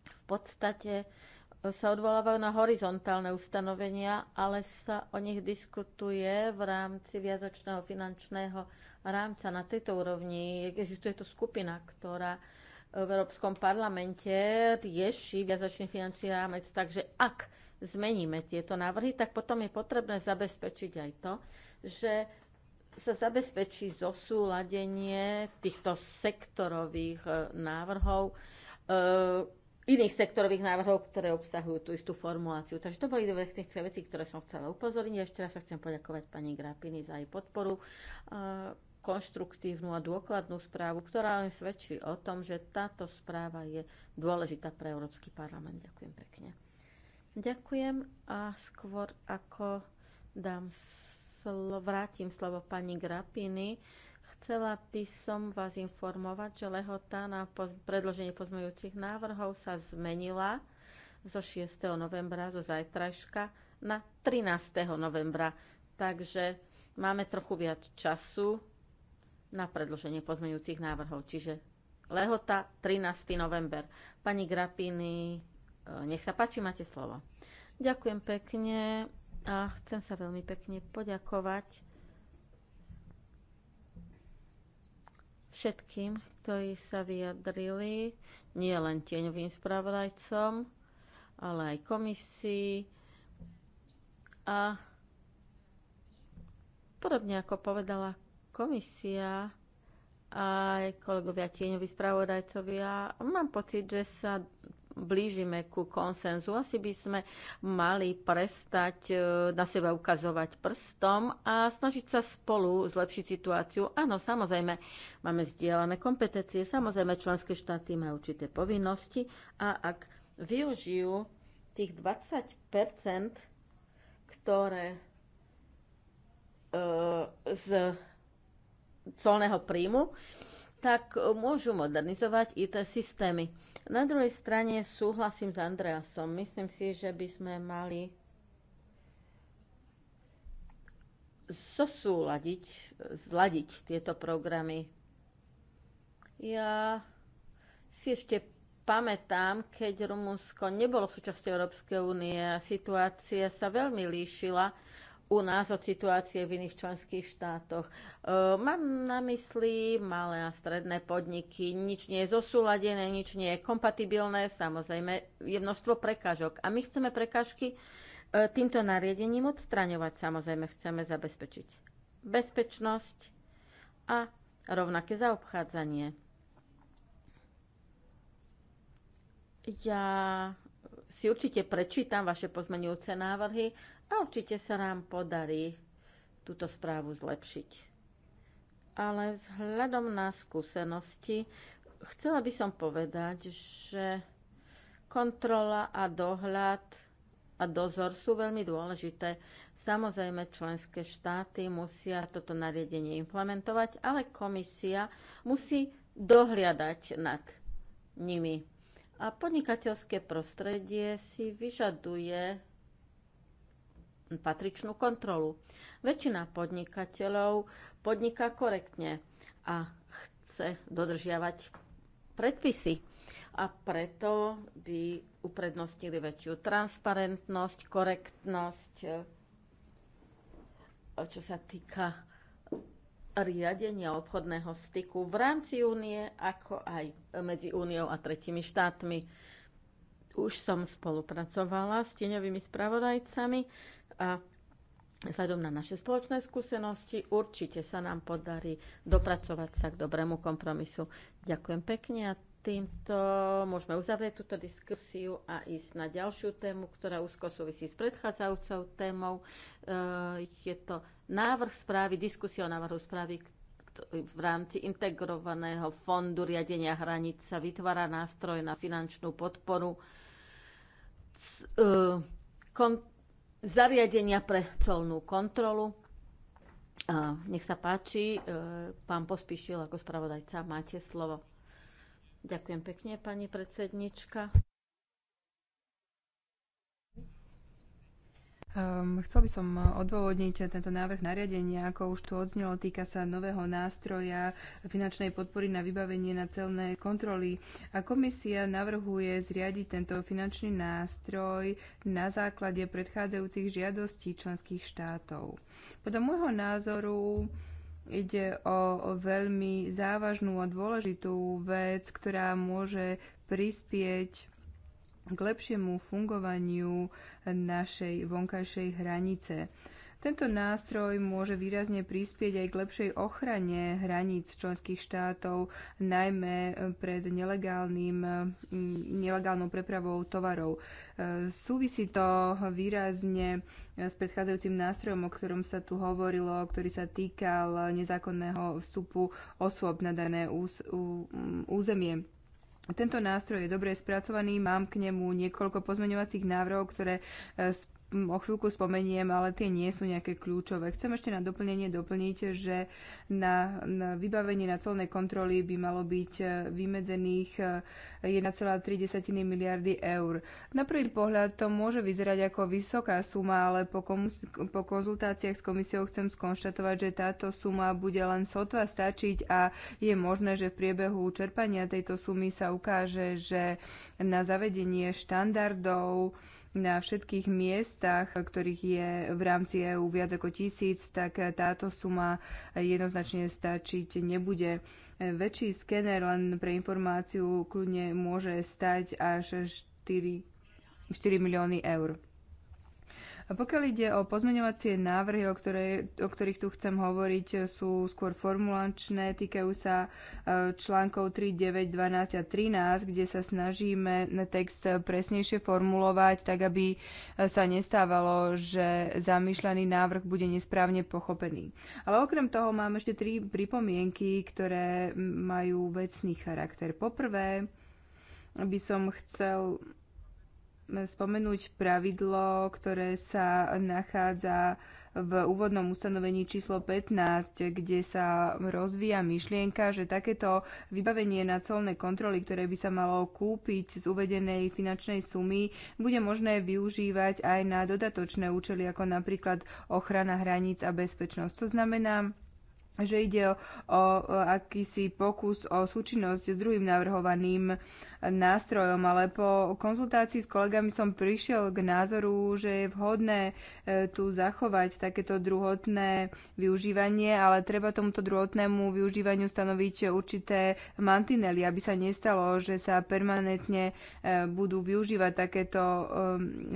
v podstate sa odvolávajú na horizontálne ustanovenia, ale sa o nich diskutuje v rámci viazočného finančného rámca na tejto úrovni. Existuje to skupina, ktorá e, v Európskom parlamente rieši viazočný finančný rámec, takže ak zmeníme tieto návrhy, tak potom je potrebné zabezpečiť aj to, že sa zabezpečí zosúladenie týchto sektorových e, návrhov, e, iných sektorových návrhov, ktoré obsahujú tú istú formuláciu. Takže to boli dve technické veci, ktoré som chcela upozorniť. Ešte raz sa chcem poďakovať pani Grapini za jej podporu konštruktívnu a dôkladnú správu, ktorá len svedčí o tom, že táto správa je dôležitá pre Európsky parlament. Ďakujem pekne. Ďakujem a skôr ako dám slo, vrátim slovo pani Grapini. Chcela by som vás informovať, že lehota na predloženie pozmejúcich návrhov sa zmenila zo 6. novembra, zo zajtrajška, na 13. novembra. Takže máme trochu viac času na predloženie pozmeňujúcich návrhov. Čiže lehota 13. november. Pani Grapiny, e, nech sa páči, máte slovo. Ďakujem pekne a chcem sa veľmi pekne poďakovať všetkým, ktorí sa vyjadrili, nie len tieňovým spravodajcom, ale aj komisii a podobne ako povedala komisia, aj kolegovia tieňoví spravodajcovia, mám pocit, že sa blížime ku konsenzu, asi by sme mali prestať e, na seba ukazovať prstom a snažiť sa spolu zlepšiť situáciu. Áno, samozrejme, máme zdieľané kompetencie, samozrejme, členské štáty majú určité povinnosti a ak využijú tých 20 ktoré e, z colného príjmu, tak môžu modernizovať IT systémy na druhej strane súhlasím s Andreasom. Myslím si, že by sme mali zosúladiť, zladiť tieto programy. Ja si ešte pamätám, keď Rumunsko nebolo súčasťou Európskej únie a situácia sa veľmi líšila u nás od situácie v iných členských štátoch. E, mám na mysli malé a stredné podniky. Nič nie je zosúladené, nič nie je kompatibilné. Samozrejme, je množstvo prekážok. A my chceme prekážky e, týmto nariadením odstraňovať. Samozrejme, chceme zabezpečiť bezpečnosť a rovnaké zaobchádzanie. Ja si určite prečítam vaše pozmenujúce návrhy a určite sa nám podarí túto správu zlepšiť. Ale vzhľadom na skúsenosti chcela by som povedať, že kontrola a dohľad a dozor sú veľmi dôležité. Samozrejme, členské štáty musia toto nariadenie implementovať, ale komisia musí dohliadať nad nimi. A podnikateľské prostredie si vyžaduje patričnú kontrolu. Väčšina podnikateľov podniká korektne a chce dodržiavať predpisy. A preto by uprednostnili väčšiu transparentnosť, korektnosť, e, čo sa týka riadenia obchodného styku v rámci únie, ako aj medzi úniou a tretimi štátmi. Už som spolupracovala s tieňovými spravodajcami a vzhľadom na naše spoločné skúsenosti určite sa nám podarí dopracovať sa k dobrému kompromisu. Ďakujem pekne a týmto môžeme uzavrieť túto diskusiu a ísť na ďalšiu tému, ktorá úzko súvisí s predchádzajúcou témou. E, je to návrh správy, diskusia o návrhu správy v rámci integrovaného fondu riadenia hraníc sa vytvára nástroj na finančnú podporu e, zariadenia pre colnú kontrolu. Nech sa páči, e, pán Pospíšil ako spravodajca, máte slovo. Ďakujem pekne, pani predsednička. Um, chcel by som eh, odôvodniť tento návrh nariadenia, ako už tu odznelo, týka sa nového nástroja finančnej podpory na vybavenie na celné kontroly. A komisia navrhuje zriadiť tento finančný nástroj na základe predchádzajúcich žiadostí členských štátov. Podľa môjho názoru ide o veľmi závažnú a dôležitú vec, ktorá môže prispieť k lepšiemu fungovaniu našej vonkajšej hranice. Tento nástroj môže výrazne prispieť aj k lepšej ochrane hraníc členských štátov, najmä pred nelegálnym, nelegálnou prepravou tovarov. Súvisí to výrazne s predchádzajúcim nástrojom, o ktorom sa tu hovorilo, ktorý sa týkal nezákonného vstupu osôb na dané úz, ú, územie. Tento nástroj je dobre spracovaný, mám k nemu niekoľko pozmeňovacích návrhov, ktoré e, o chvíľku spomeniem, ale tie nie sú nejaké kľúčové. Chcem ešte na doplnenie doplniť, že na, na vybavenie na colnej kontroly by malo byť e, vymedzených 1,3 e, miliardy eur. Na prvý pohľad to môže vyzerať ako vysoká suma, ale po, komus- po konzultáciách s komisiou chcem skonštatovať, že táto suma bude len sotva stačiť a je možné, že v priebehu čerpania tejto sumy sa ukáže, že na zavedenie štandardov, na všetkých miestach, ktorých je v rámci EÚ viac ako tisíc, tak táto suma jednoznačne stačiť nebude. Väčší skener len pre informáciu kľudne môže stať až 4, 4 milióny eur. A pokiaľ ide o pozmeňovacie návrhy, o, ktoré, o ktorých tu chcem hovoriť, sú skôr formulačné, týkajú sa e, článkov 3, 9, 12 a 13, kde sa snažíme text presnejšie formulovať, tak aby e, sa nestávalo, že zamýšľaný návrh bude nesprávne pochopený. Ale okrem toho mám ešte tri pripomienky, ktoré majú vecný charakter. Poprvé, by som chcel spomenúť pravidlo, ktoré sa nachádza v úvodnom ustanovení číslo 15, kde sa rozvíja myšlienka, že takéto vybavenie na colné kontroly, ktoré by sa malo kúpiť z uvedenej finančnej sumy, bude možné využívať aj na dodatočné účely, ako napríklad ochrana hraníc a bezpečnosť. To znamená, že ide o, o akýsi pokus o súčinnosť s druhým navrhovaným nástrojom, ale po konzultácii s kolegami som prišiel k názoru, že je vhodné e, tu zachovať takéto druhotné využívanie, ale treba tomuto druhotnému využívaniu stanoviť určité mantinely, aby sa nestalo, že sa permanentne e, budú využívať takéto e,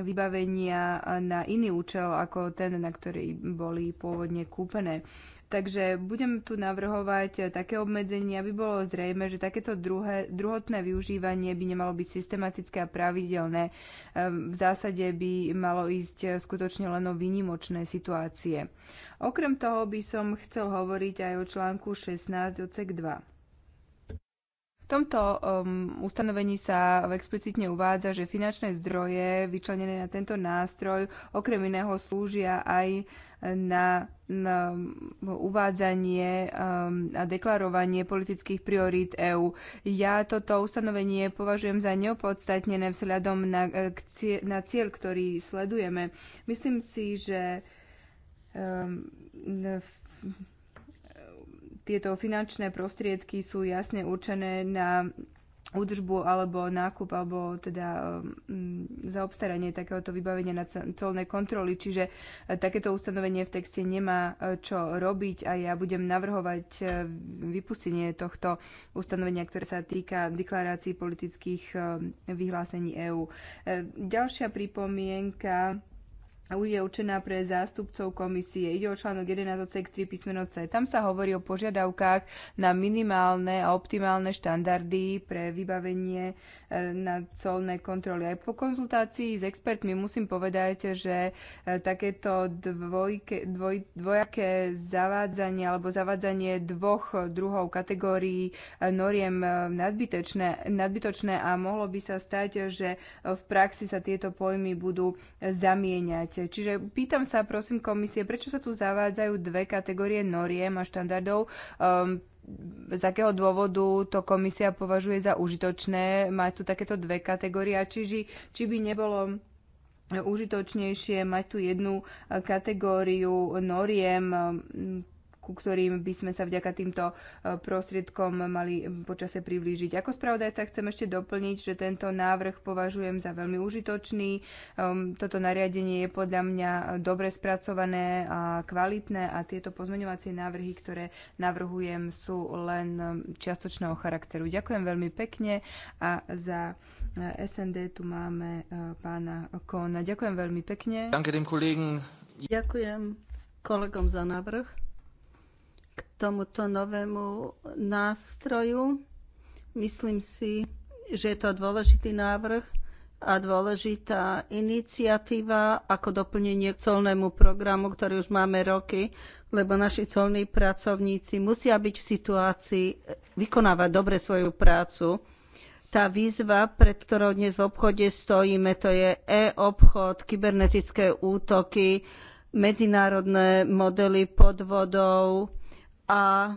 vybavenia na iný účel ako ten, na ktorý boli pôvodne kúpené. Takže budem tu navrhovať eh, také obmedzenie, aby bolo zrejme, že takéto druhé, druhotné využívanie by nemalo byť systematické a pravidelné. Eh, v zásade by malo ísť eh, skutočne len o výnimočné situácie. Okrem toho by som chcel hovoriť aj o článku 16 odsek 2. V tomto um, ustanovení sa explicitne uvádza, že finančné zdroje vyčlenené na tento nástroj okrem iného slúžia aj na, na um, uvádzanie um, a deklarovanie politických priorít EÚ. Ja toto ustanovenie považujem za neopodstatnené vzhľadom na, e, na cieľ, ktorý sledujeme. Myslím si, že um, tieto finančné prostriedky sú jasne určené na údržbu alebo nákup alebo teda mm, zaobstaranie takéhoto vybavenia na celné kontroly. Čiže e, takéto ustanovenie v texte nemá e, čo robiť a ja budem navrhovať e, vypustenie tohto ustanovenia, ktoré sa týka deklarácií politických vyhlásení EÚ. Ďalšia pripomienka bude určená pre zástupcov komisie. Ide o článok 11 odsek 3 písmeno C. Tam sa hovorí o požiadavkách na minimálne a optimálne štandardy pre vybavenie E, na colné kontroly. Aj po konzultácii s expertmi musím povedať, že e, takéto dvojke, dvoj, dvojaké zavádzanie alebo zavádzanie dvoch druhov kategórií e, noriem nadbytečné, nadbytočné a mohlo by sa stať, že v praxi sa tieto pojmy budú zamieňať. Čiže pýtam sa prosím komisie, prečo sa tu zavádzajú dve kategórie noriem a štandardov. Um, z akého dôvodu to komisia považuje za užitočné mať tu takéto dve kategórie, čiže či by nebolo užitočnejšie mať tu jednu eh, kategóriu noriem eh, ku ktorým by sme sa vďaka týmto e, prostriedkom mali počase priblížiť. Ako spravodajca chcem ešte doplniť, že tento návrh považujem za veľmi užitočný. Ehm, toto nariadenie je podľa mňa dobre spracované a kvalitné a tieto pozmeňovacie návrhy, ktoré navrhujem, sú len ehm, čiastočného charakteru. Ďakujem veľmi pekne a za e, SND tu máme e, pána Kona. Ďakujem veľmi pekne. Ďakujem kolegom za návrh k tomuto novému nástroju. Myslím si, že je to dôležitý návrh a dôležitá iniciatíva ako doplnenie k colnému programu, ktorý už máme roky, lebo naši colní pracovníci musia byť v situácii vykonávať dobre svoju prácu. Tá výzva, pred ktorou dnes v obchode stojíme, to je e-obchod, kybernetické útoky, medzinárodné modely podvodov, a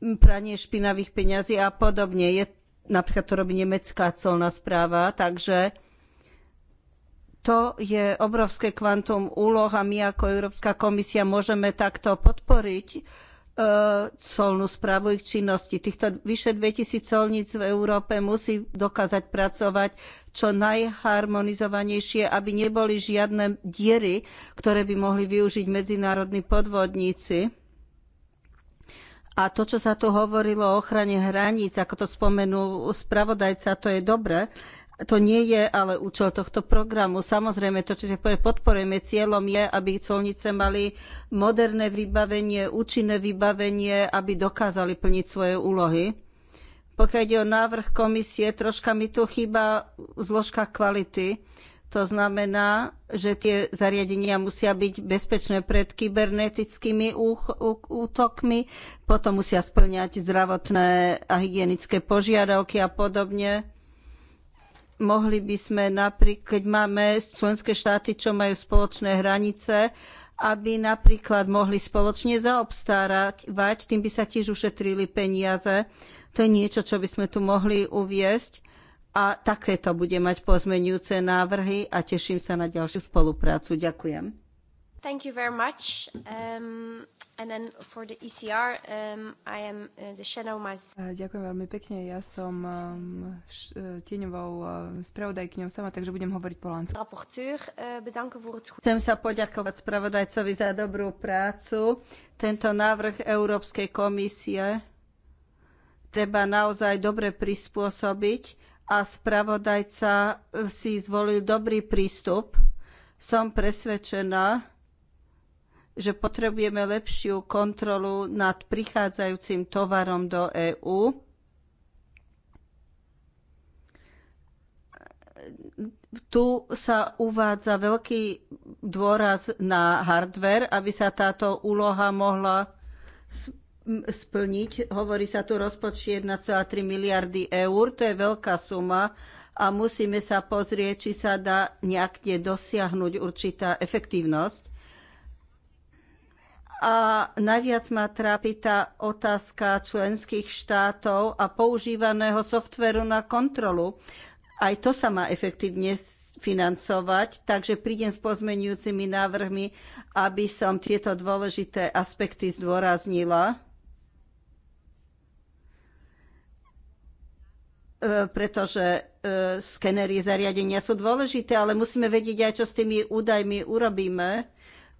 pranie špinavých peňazí a podobne. Je, napríklad to robí nemecká colná správa, takže to je obrovské kvantum úloh a my ako Európska komisia môžeme takto podporiť e, colnú správu ich činnosti. Týchto vyše 2000 colníc v Európe musí dokázať pracovať čo najharmonizovanejšie, aby neboli žiadne diery, ktoré by mohli využiť medzinárodní podvodníci a to, čo sa tu hovorilo o ochrane hraníc, ako to spomenul spravodajca, to je dobre. To nie je ale účel tohto programu. Samozrejme, to, čo podporujeme, cieľom je, aby colnice mali moderné vybavenie, účinné vybavenie, aby dokázali plniť svoje úlohy. Pokiaľ ide o návrh komisie, troška mi tu chýba zložka kvality to znamená, že tie zariadenia musia byť bezpečné pred kybernetickými útokmi, potom musia splňať zdravotné a hygienické požiadavky a podobne. Mohli by sme napríklad, keď máme členské štáty, čo majú spoločné hranice, aby napríklad mohli spoločne zaobstárať, tým by sa tiež ušetrili peniaze. To je niečo, čo by sme tu mohli uviesť a takéto bude mať pozmenujúce návrhy a teším sa na ďalšiu spoluprácu. Ďakujem. Thank you very much. Um, and then for the ECR, um, I am uh, the shadow Ďakujem veľmi pekne. Ja som um, š- e, tieňovou uh, e, spravodajkňou sama, takže budem hovoriť po lánsku. Uh, Chcem sa poďakovať spravodajcovi za dobrú prácu. Tento návrh Európskej komisie treba naozaj dobre prispôsobiť a spravodajca e, si zvolil dobrý prístup. Som presvedčená, že potrebujeme lepšiu kontrolu nad prichádzajúcim tovarom do EÚ. Tu sa uvádza veľký dôraz na hardware, aby sa táto úloha mohla splniť. Hovorí sa tu rozpočet 1,3 miliardy eur, to je veľká suma a musíme sa pozrieť, či sa dá nejakde dosiahnuť určitá efektívnosť. A najviac ma trápi tá otázka členských štátov a používaného softveru na kontrolu. Aj to sa má efektívne financovať, takže prídem s pozmenujúcimi návrhmi, aby som tieto dôležité aspekty zdôraznila. E, pretože e, skenery zariadenia sú dôležité, ale musíme vedieť aj, čo s tými údajmi urobíme.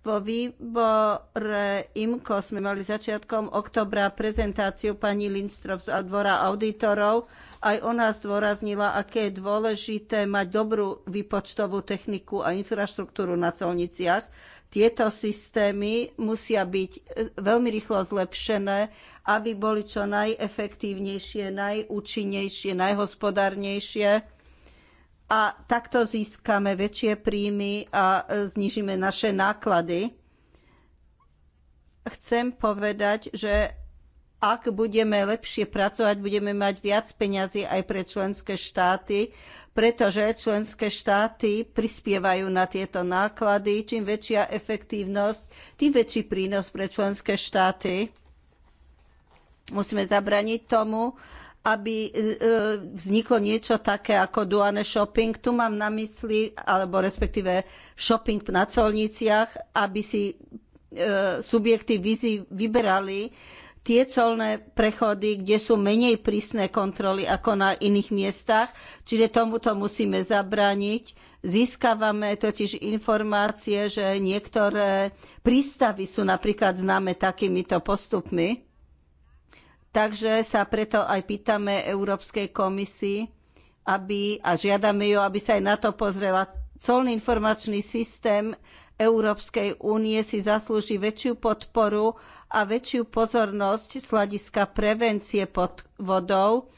Vo výbore IMCO sme mali začiatkom oktobra prezentáciu pani Lindstrov z dvora auditorov. Aj ona zdôraznila, aké je dôležité mať dobrú výpočtovú techniku a infraštruktúru na celniciach. Tieto systémy musia byť e, veľmi rýchlo zlepšené aby boli čo najefektívnejšie, najúčinnejšie, najhospodárnejšie. A takto získame väčšie príjmy a e, znižíme naše náklady. Chcem povedať, že ak budeme lepšie pracovať, budeme mať viac peňazí aj pre členské štáty, pretože členské štáty prispievajú na tieto náklady. Čím väčšia efektívnosť, tým väčší prínos pre členské štáty. Musíme zabraniť tomu, aby e, e, vzniklo niečo také ako duane shopping. Tu mám na mysli, alebo respektíve shopping na colniciach, aby si e, subjekty vizi vyberali tie colné prechody, kde sú menej prísne kontroly ako na iných miestach. Čiže tomuto musíme zabrániť. Získavame totiž informácie, že niektoré prístavy sú napríklad známe takýmito postupmi Takže sa preto aj pýtame Európskej komisii aby, a žiadame ju, aby sa aj na to pozrela. Colný informačný systém Európskej únie si zaslúži väčšiu podporu a väčšiu pozornosť z hľadiska prevencie podvodov,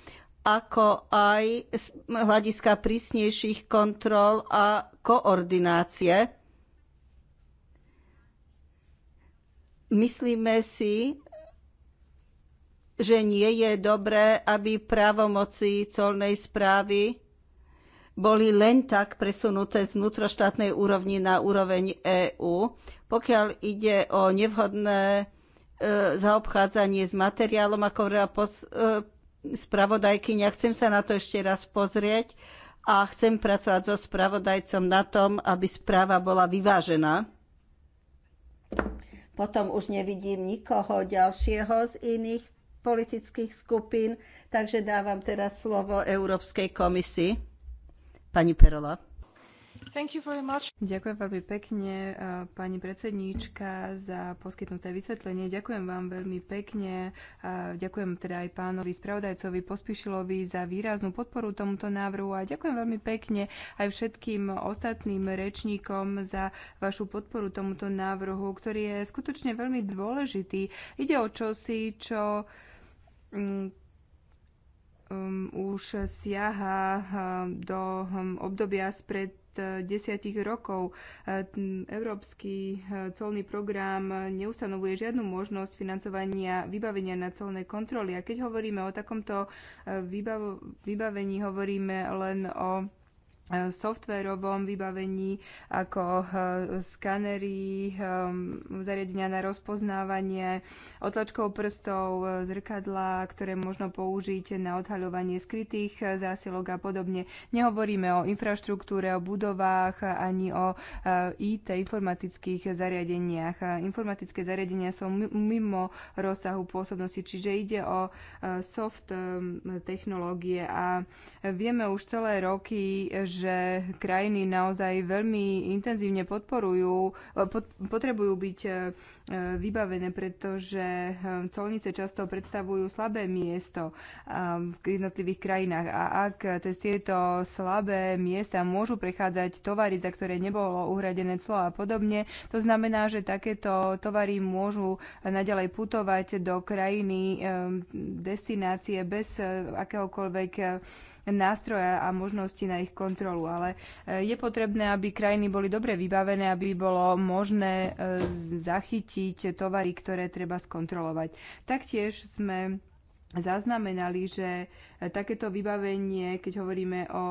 ako aj z hľadiska prísnejších kontrol a koordinácie. Myslíme si, že nie je dobré, aby právomoci colnej správy boli len tak presunuté z vnútroštátnej úrovni na úroveň EÚ. Pokiaľ ide o nevhodné e, zaobchádzanie s materiálom, ako hovorila pos, e, spravodajkyňa, chcem sa na to ešte raz pozrieť a chcem pracovať so spravodajcom na tom, aby správa bola vyvážená. Potom už nevidím nikoho ďalšieho z iných politických skupín, takže dávam teraz slovo Európskej komisii. Pani Perola. Ďakujem veľmi pekne, pani predsedníčka, za poskytnuté vysvetlenie. Ďakujem vám veľmi pekne. Ďakujem teda aj pánovi spravodajcovi Pospišilovi za výraznú podporu tomuto návrhu a ďakujem veľmi pekne aj všetkým ostatným rečníkom za vašu podporu tomuto návrhu, ktorý je skutočne veľmi dôležitý. Ide o čosi, čo Mm, um, už siaha um, do um, obdobia spred uh, desiatich rokov. Uh, Európsky uh, colný program neustanovuje žiadnu možnosť financovania vybavenia na colnej kontroly. A keď hovoríme o takomto vybavení, hovoríme len o softvérovom vybavení ako eh, skanery, eh, zariadenia na rozpoznávanie, otlačkov prstov, eh, zrkadla, ktoré možno použiť na odhaľovanie skrytých zásilok a podobne. Nehovoríme o infraštruktúre, o budovách ani o IT informatických zariadeniach. Informatické zariadenia sú mimo rozsahu pôsobnosti, čiže ide o soft technológie a vieme už celé roky, že že krajiny naozaj veľmi intenzívne podporujú, pod, potrebujú byť e, vybavené, pretože e, colnice často predstavujú slabé miesto e, v jednotlivých krajinách a ak cez tieto slabé miesta môžu prechádzať tovary, za ktoré nebolo uhradené clo a podobne, to znamená, že takéto tovary môžu naďalej putovať do krajiny destinácie bez akéhokoľvek nástroja a možnosti na ich kontrolu kontrolu, ale e, je potrebné, aby krajiny boli dobre vybavené, aby bolo možné e, zachytiť tovary, ktoré treba skontrolovať. Taktiež sme zaznamenali, že e, takéto vybavenie, keď hovoríme o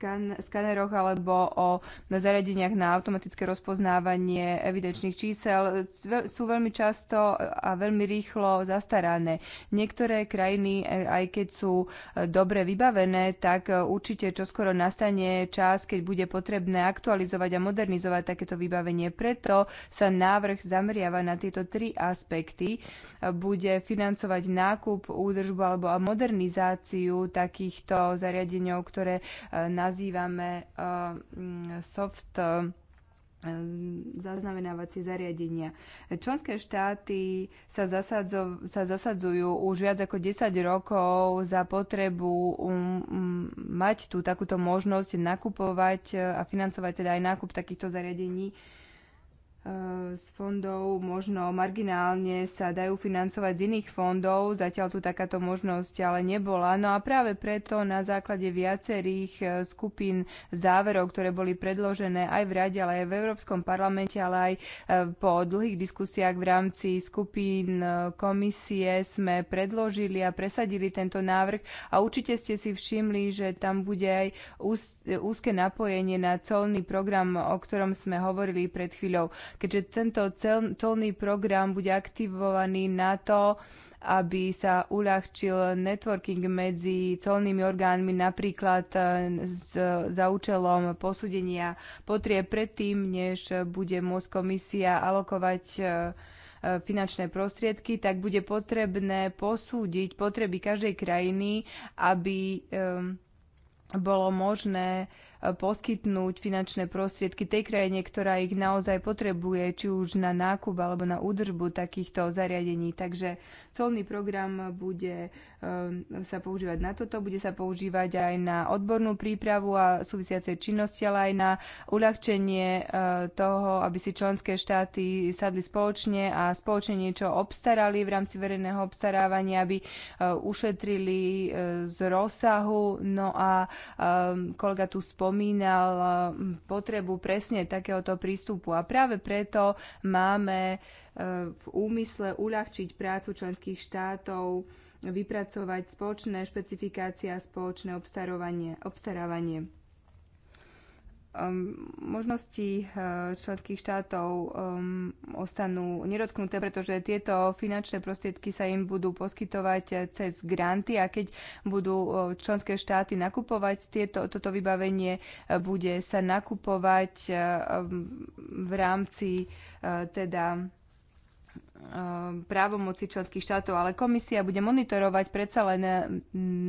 skan- skaneroch alebo o zariadeniach na automatické rozpoznávanie evidenčných čísel sú veľmi často a veľmi rýchlo zastarané. Niektoré krajiny, e, aj keď sú e, dobre vybavené, tak e, určite čoskoro nastane čas, keď bude potrebné aktualizovať a modernizovať takéto vybavenie. Preto sa návrh zameriava na tieto tri aspekty. Bude financovať nákup, údržbu alebo modernizáciu takýchto zariadeniov, ktoré na nazývame eh, mm, soft eh, zaznamenávacie zariadenia. Členské štáty sa, zasadzo, sa zasadzujú už viac ako 10 rokov za potrebu um, um, mať tú takúto možnosť nakupovať eh, a financovať teda aj nákup takýchto zariadení Eh, z fondov možno marginálne sa dajú financovať z iných fondov. Zatiaľ tu takáto možnosť ale nebola. No a práve preto na základe viacerých eh, skupín záverov, ktoré boli predložené aj v Rade, ale aj v Európskom parlamente, ale aj eh, po dlhých diskusiách v rámci skupín komisie sme predložili a presadili tento návrh a určite ste si všimli, že tam bude aj úzke napojenie na colný program, o ktorom sme hovorili pred chvíľou keďže tento cel, colný program bude aktivovaný na to, aby sa uľahčil networking medzi colnými orgánmi napríklad e, s, za účelom posúdenia potrieb predtým, než bude môcť komisia alokovať e, e, finančné prostriedky, tak bude potrebné posúdiť potreby každej krajiny, aby um, bolo možné uh, poskytnúť finančné prostriedky tej krajine, ktorá ich naozaj potrebuje, či už na nákup alebo na údržbu takýchto zariadení. Takže Colný program bude ehm, sa používať na toto, bude sa používať aj na odbornú prípravu a súvisiacej činnosti, ale aj na uľahčenie eh, toho, aby si členské štáty sadli spoločne a spoločne niečo obstarali v rámci verejného obstarávania, aby eh, ušetrili eh, z rozsahu. No a ehm, kolega tu spomínal ehm, potrebu presne takéhoto prístupu a práve preto máme v úmysle uľahčiť prácu členských štátov, vypracovať spoločné špecifikácie a spoločné obstarávanie. Um, možnosti eh, členských štátov um, ostanú nedotknuté, pretože tieto finančné prostriedky sa im budú poskytovať eh, cez granty a keď budú eh, členské štáty nakupovať tieto, toto vybavenie, bude sa nakupovať v rámci teda Eh, právomoci členských štátov, ale komisia bude monitorovať predsa len eh,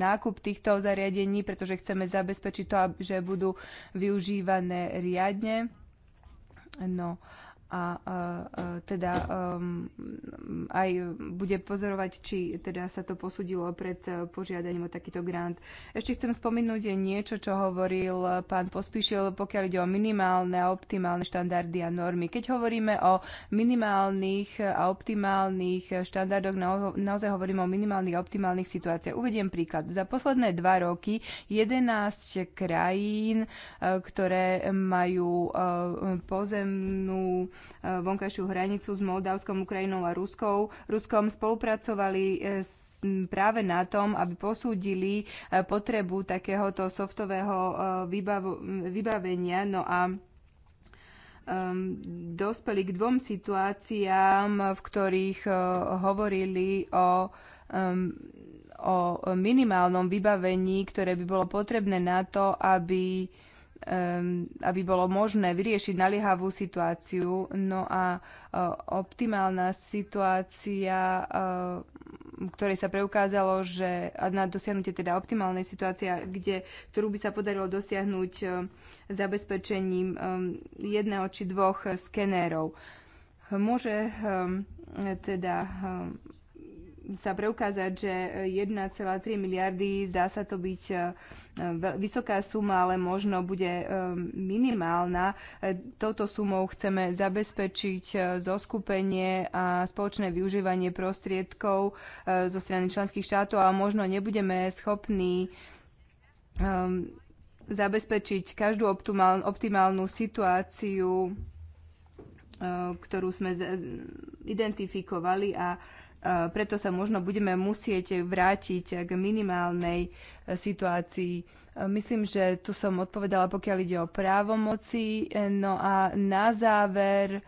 nákup týchto zariadení, pretože chceme zabezpečiť to, že budú využívané riadne. No a, a, e, a e, teda um, aj bude pozorovať, či teda sa to posudilo pred požiadaním o takýto grant. Ešte chcem spomenúť niečo, čo hovoril pán Pospíšil, pokiaľ ide o minimálne a optimálne štandardy a normy. Keď hovoríme o minimálnych a optimálnych štandardoch, naozaj hovoríme o minimálnych a optimálnych situáciách. Uvediem príklad. Za posledné dva roky 11 krajín, e, ktoré majú pozemnú Eh, vonkajšiu hranicu s Moldavskom, Ukrajinou a Ruskou, Ruskom spolupracovali eh, s práve na tom, aby posúdili eh, potrebu takéhoto softového vybav- vybavenia. No a um, dospeli k dvom situáciám, v ktorých uh, hovorili o, um, o minimálnom vybavení, ktoré by bolo potrebné na to, aby uh, aby bolo možné vyriešiť naliehavú situáciu. No a e, optimálna situácia, e, ktorej sa preukázalo, že na dosiahnutie teda optimálnej situácie, kde, ktorú by sa podarilo dosiahnuť e, zabezpečením jedného či dvoch skenérov. Môže teda sa preukázať, že 1,3 miliardy zdá sa to byť e, e, vysoká suma, ale možno bude e, minimálna. Touto sumou chceme zabezpečiť zoskupenie a spoločné využívanie prostriedkov zo strany členských štátov a možno nebudeme schopní um, zabezpečiť každú optimálnu situáciu, ktorú sme identifikovali a preto sa možno budeme musieť vrátiť k minimálnej e, situácii. E, myslím, že tu som odpovedala, pokiaľ ide o právomoci. E, no a na záver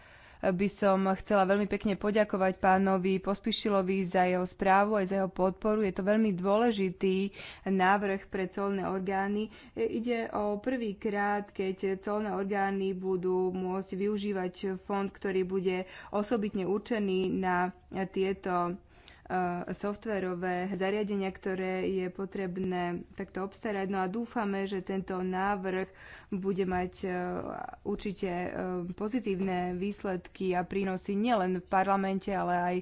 by som chcela veľmi pekne poďakovať pánovi Pospišilovi za jeho správu aj za jeho podporu. Je to veľmi dôležitý návrh pre colné orgány. E, ide o prvýkrát, keď colné orgány budú môcť využívať fond, ktorý bude osobitne určený na tieto Eh, softverové zariadenia, ktoré je potrebné takto obstarať. No a dúfame, že tento návrh bude mať eh, určite eh, pozitívne výsledky a prínosy nielen v parlamente, ale aj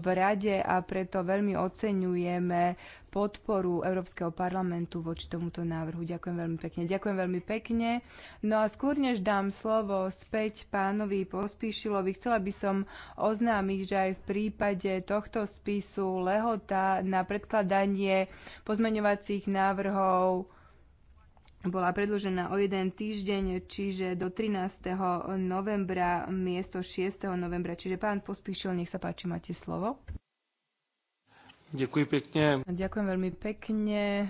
v rade a preto veľmi oceňujeme podporu Európskeho parlamentu voči tomuto návrhu. Ďakujem veľmi pekne. Ďakujem veľmi pekne. No a skôr než dám slovo späť pánovi Pospíšilovi, chcela by som oznámiť, že aj v prípade tohto spisu lehota na predkladanie pozmeňovacích návrhov bola predložená o jeden týždeň, čiže do 13. novembra miesto 6. novembra. Čiže pán Pospíšil, nech sa páči, máte slovo. Ďakujem pekne. Ďakujem veľmi pekne.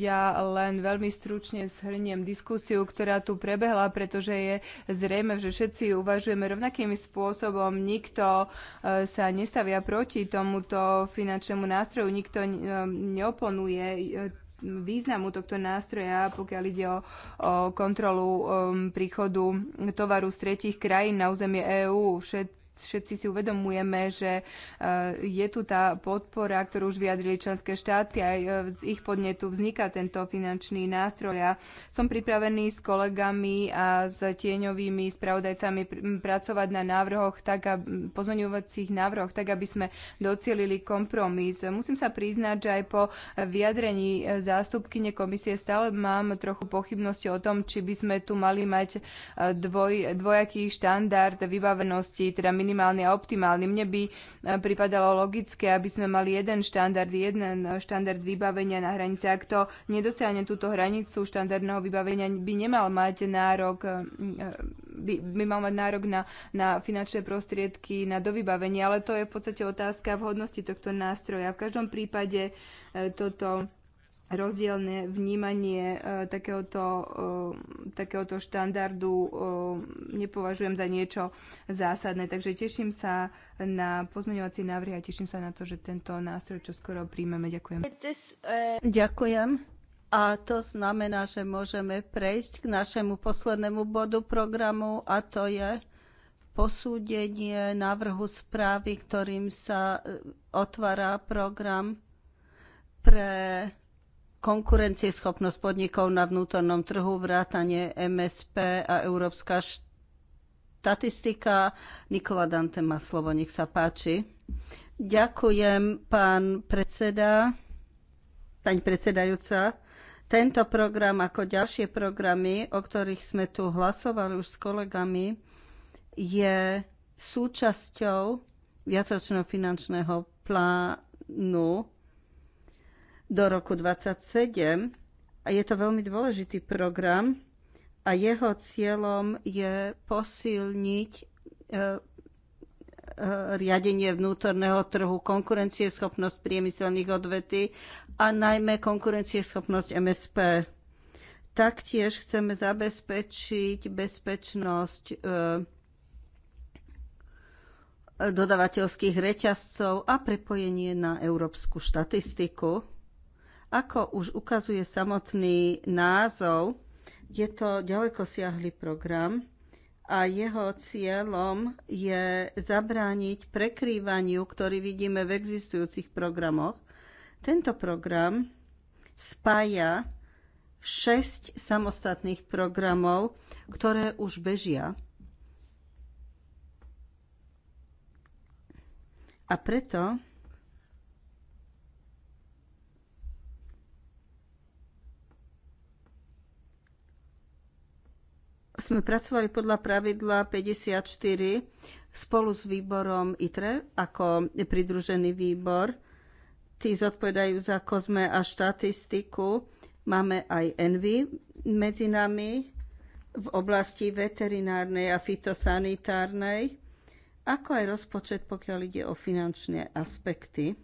Ja len veľmi stručne zhrniem diskusiu, ktorá tu prebehla, pretože je zrejme, že všetci uvažujeme rovnakým spôsobom. Nikto eh, sa nestavia proti tomuto finančnému nástroju, nikto eh, neoponuje eh, významu tohto nástroja, pokiaľ ide o, o kontrolu um, príchodu tovaru z tretich krajín na územie EÚ. Všet, všetci si uvedomujeme, že e, je tu tá podpora, ktorú už vyjadrili členské štáty, aj e, z ich podnetu vzniká tento finančný nástroj. Ja som pripravený s kolegami a s tieňovými spravodajcami pracovať na návrhoch, tak a pozmeňovacích návrhoch, tak aby sme docielili kompromis. Musím sa priznať, že aj po vyjadrení e, zástupkyne komisie stále mám trochu pochybnosti o tom, či by sme tu mali mať dvoj, dvojaký štandard vybavenosti, teda minimálne minimálny a optimálny. Mne by e, pripadalo logické, aby sme mali jeden štandard, jeden štandard vybavenia na hranici. Ak to nedosiahne túto hranicu štandardného vybavenia, by nemal mať nárok e, by, by mal mať nárok na, na finančné prostriedky, na dovybavenie, ale to je v podstate otázka vhodnosti tohto nástroja. V každom prípade e, toto rozdielne vnímanie e, takéhoto, e, takéhoto štandardu e, nepovažujem za niečo zásadné. Takže teším sa na pozmeňovací návrhy a teším sa na to, že tento nástroj čo skoro príjmeme. Ďakujem. Ďakujem. A to znamená, že môžeme prejsť k našemu poslednému bodu programu a to je posúdenie návrhu správy, ktorým sa otvára program pre konkurencieschopnosť podnikov na vnútornom trhu, vrátanie MSP a Európska štatistika. Nikola Dante má slovo, nech sa páči. Ďakujem, pán predseda, pani predsedajúca. Tento program, ako ďalšie programy, o ktorých sme tu hlasovali už s kolegami, je súčasťou viacročného finančného plánu do roku 27 a je to veľmi dôležitý program a jeho cieľom je posilniť e, e, riadenie vnútorného trhu, konkurencieschopnosť priemyselných odvety a najmä konkurencieschopnosť MSP. Taktiež chceme zabezpečiť bezpečnosť e, dodavateľských reťazcov a prepojenie na európsku štatistiku. Ako už ukazuje samotný názov, je to ďaleko siahly program a jeho cieľom je zabrániť prekrývaniu, ktorý vidíme v existujúcich programoch. Tento program spája 6 samostatných programov, ktoré už bežia. A preto sme pracovali podľa pravidla 54 spolu s výborom ITRE ako pridružený výbor. Tí zodpovedajú za kozme a štatistiku. Máme aj Envy medzi nami v oblasti veterinárnej a fitosanitárnej, ako aj rozpočet, pokiaľ ide o finančné aspekty.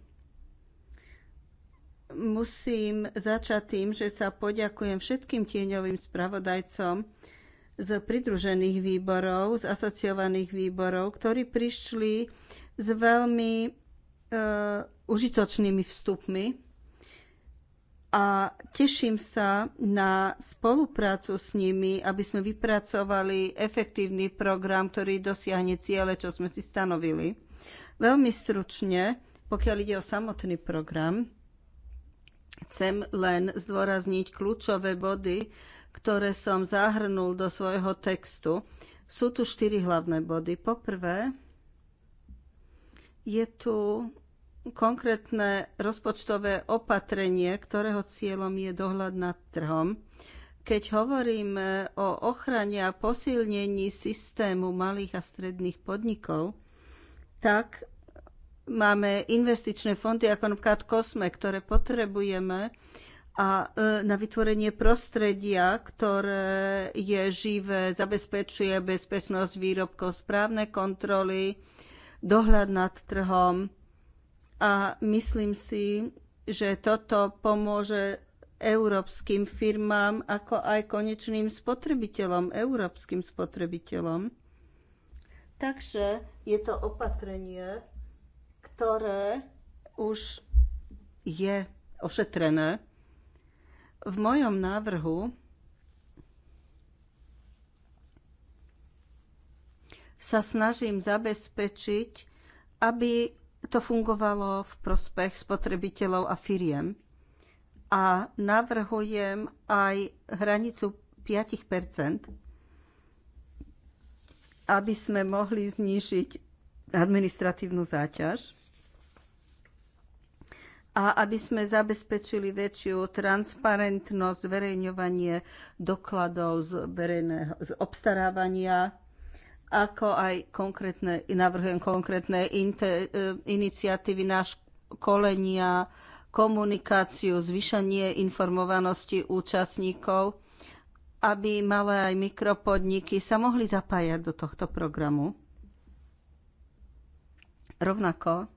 Musím začať tým, že sa poďakujem všetkým tieňovým spravodajcom, z pridružených výborov, z asociovaných výborov, ktorí prišli s veľmi e, užitočnými vstupmi. A teším sa na spoluprácu s nimi, aby sme vypracovali efektívny program, ktorý dosiahne ciele, čo sme si stanovili. Veľmi stručne, pokiaľ ide o samotný program, chcem len zdôrazniť kľúčové body, ktoré som zahrnul do svojho textu. Sú tu štyri hlavné body. Poprvé, je tu konkrétne rozpočtové opatrenie, ktorého cieľom je dohľad nad trhom. Keď hovoríme o ochrane a posilnení systému malých a stredných podnikov, tak máme investičné fondy ako napríklad COSME, ktoré potrebujeme a e, na vytvorenie prostredia, ktoré je živé, zabezpečuje bezpečnosť výrobkov, správne kontroly, dohľad nad trhom. A myslím si, že toto pomôže európskym firmám, ako aj konečným spotrebiteľom, európskym spotrebiteľom. Takže je to opatrenie, ktoré už je ošetrené v mojom návrhu sa snažím zabezpečiť, aby to fungovalo v prospech spotrebiteľov a firiem. A navrhujem aj hranicu 5 aby sme mohli znížiť administratívnu záťaž a aby sme zabezpečili väčšiu transparentnosť, zverejňovanie dokladov z, verejného, z obstarávania, ako aj konkrétne, navrhujem konkrétne inte, e, iniciatívy na školenia, komunikáciu, zvyšanie informovanosti účastníkov, aby malé aj mikropodniky sa mohli zapájať do tohto programu. Rovnako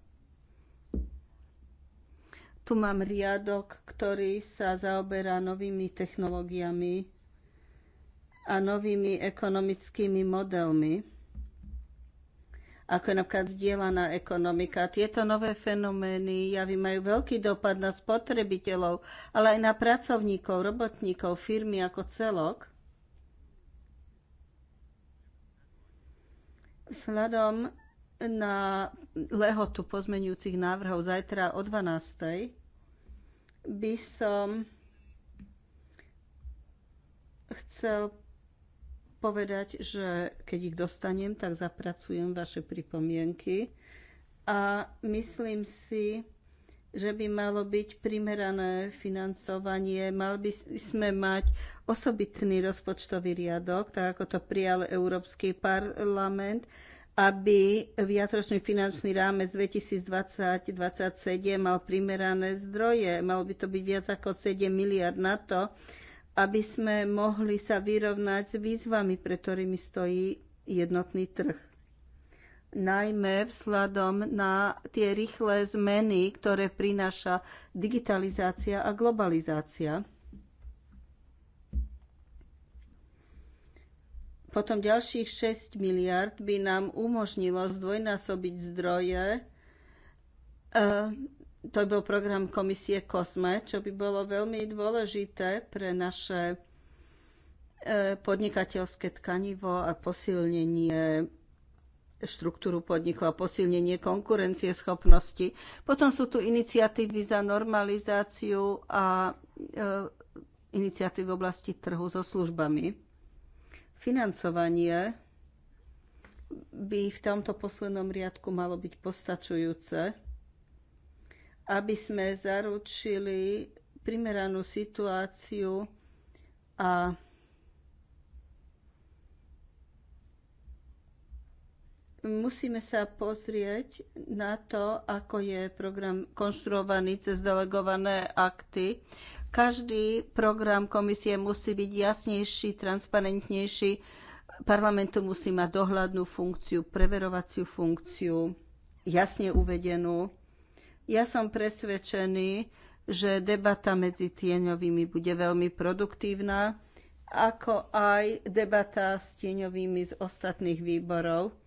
tu mám riadok, ktorý sa zaoberá novými technológiami a novými ekonomickými modelmi, ako je napríklad zdieľaná ekonomika. Tieto nové fenomény javy majú veľký dopad na spotrebiteľov, ale aj na pracovníkov, robotníkov, firmy ako celok. Vzhľadom na lehotu pozmenujúcich návrhov zajtra o 12 by som chcel povedať, že keď ich dostanem, tak zapracujem vaše pripomienky a myslím si, že by malo byť primerané financovanie, mal by sme mať osobitný rozpočtový riadok, tak ako to prijal Európsky parlament, aby viacročný finančný rámec 2020-2027 mal primerané zdroje. Malo by to byť viac ako 7 miliard na to, aby sme mohli sa vyrovnať s výzvami, pre ktorými stojí jednotný trh. Najmä vzhľadom na tie rýchle zmeny, ktoré prináša digitalizácia a globalizácia. Potom ďalších 6 miliard by nám umožnilo zdvojnásobiť zdroje. E, to bol program komisie COSME, čo by bolo veľmi dôležité pre naše e, podnikateľské tkanivo a posilnenie štruktúru podnikov a posilnenie konkurencie schopnosti. Potom sú tu iniciatívy za normalizáciu a e, iniciatívy v oblasti trhu so službami. Financovanie by v tomto poslednom riadku malo byť postačujúce, aby sme zaručili primeranú situáciu a musíme sa pozrieť na to, ako je program konštruovaný cez delegované akty. Každý program komisie musí byť jasnejší, transparentnejší. Parlamentu musí mať dohľadnú funkciu, preverovaciu funkciu, jasne uvedenú. Ja som presvedčený, že debata medzi tieňovými bude veľmi produktívna, ako aj debata s tieňovými z ostatných výborov.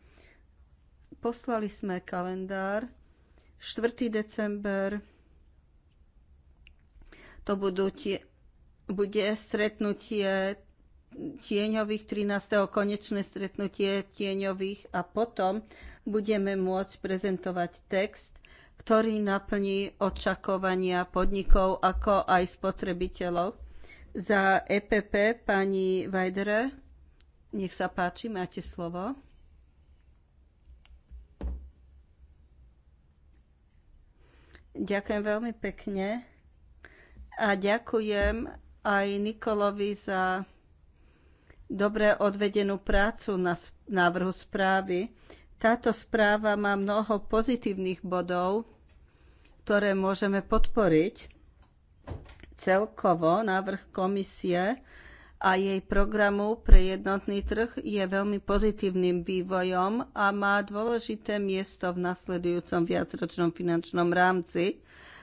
Poslali sme kalendár 4. december to budú tie, bude stretnutie tieňových 13. konečné stretnutie tieňových a potom budeme môcť prezentovať text, ktorý naplní očakovania podnikov ako aj spotrebiteľov. Za EPP pani Vajdere, nech sa páči, máte slovo. Ďakujem veľmi pekne. A ďakujem aj Nikolovi za dobre odvedenú prácu na návrhu správy. Táto správa má mnoho pozitívnych bodov, ktoré môžeme podporiť. Celkovo návrh komisie a jej programu pre jednotný trh je veľmi pozitívnym vývojom a má dôležité miesto v nasledujúcom viacročnom finančnom rámci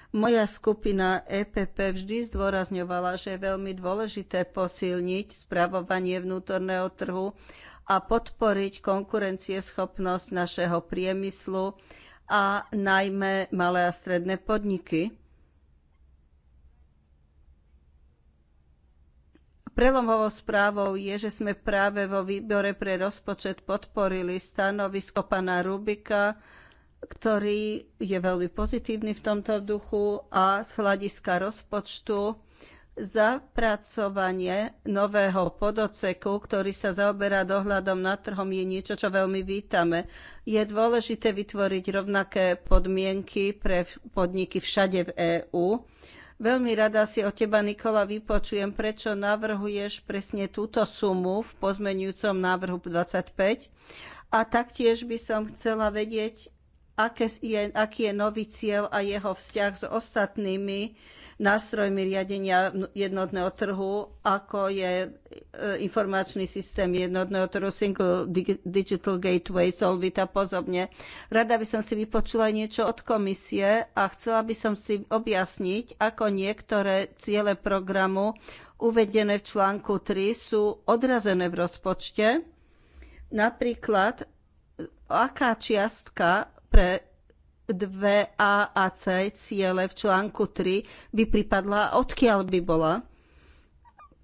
moja skupina EPP vždy zdôrazňovala, že je veľmi dôležité posilniť spravovanie vnútorného trhu a podporiť konkurencieschopnosť našeho priemyslu a najmä malé a stredné podniky. Prelomovou správou je, že sme práve vo výbore pre rozpočet podporili stanovisko pana Rubika, ktorý je veľmi pozitívny v tomto duchu a z hľadiska rozpočtu zapracovanie nového podoceku, ktorý sa zaoberá dohľadom nad trhom, je niečo, čo veľmi vítame. Je dôležité vytvoriť rovnaké podmienky pre podniky všade v EÚ. Veľmi rada si od teba, Nikola, vypočujem, prečo navrhuješ presne túto sumu v pozmenujúcom návrhu 25. A taktiež by som chcela vedieť, aké je, aký je nový cieľ a jeho vzťah s ostatnými nástrojmi riadenia jednotného trhu, ako je e, informačný systém jednotného trhu Single Digital Gateway, Solvit a podobne. Rada by som si vypočula niečo od komisie a chcela by som si objasniť, ako niektoré ciele programu uvedené v článku 3 sú odrazené v rozpočte. Napríklad, aká čiastka pre 2A a C ciele v článku 3 by pripadla, odkiaľ by bola.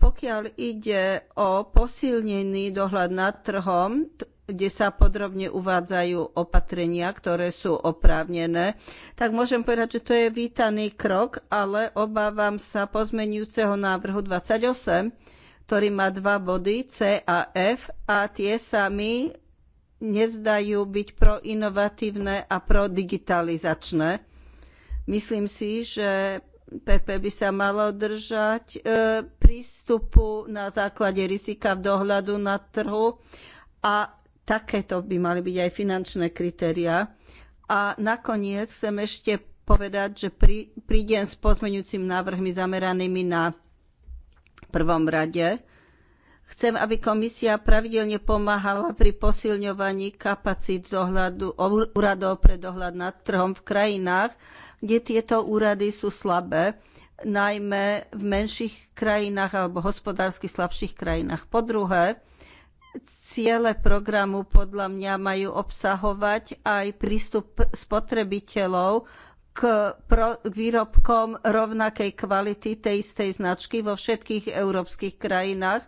Pokiaľ ide o posilnený dohľad nad trhom, kde sa podrobne uvádzajú opatrenia, ktoré sú oprávnené, tak môžem povedať, že to je vítaný krok, ale obávam sa pozmenujúceho návrhu 28, ktorý má dva body C a F a tie sa mi nezdajú byť proinovatívne a prodigitalizačné. Myslím si, že PP by sa malo držať e, prístupu na základe rizika v dohľadu na trhu a takéto by mali byť aj finančné kritéria. A nakoniec chcem ešte povedať, že prídem s pozmeňujúcim návrhmi zameranými na prvom rade Chcem, aby komisia pravidelne pomáhala pri posilňovaní kapacít dohľadu, úradov pre dohľad nad trhom v krajinách, kde tieto úrady sú slabé, najmä v menších krajinách alebo hospodársky slabších krajinách. Po druhé, ciele programu podľa mňa majú obsahovať aj prístup spotrebiteľov k, pro, k výrobkom rovnakej kvality tej istej značky vo všetkých európskych krajinách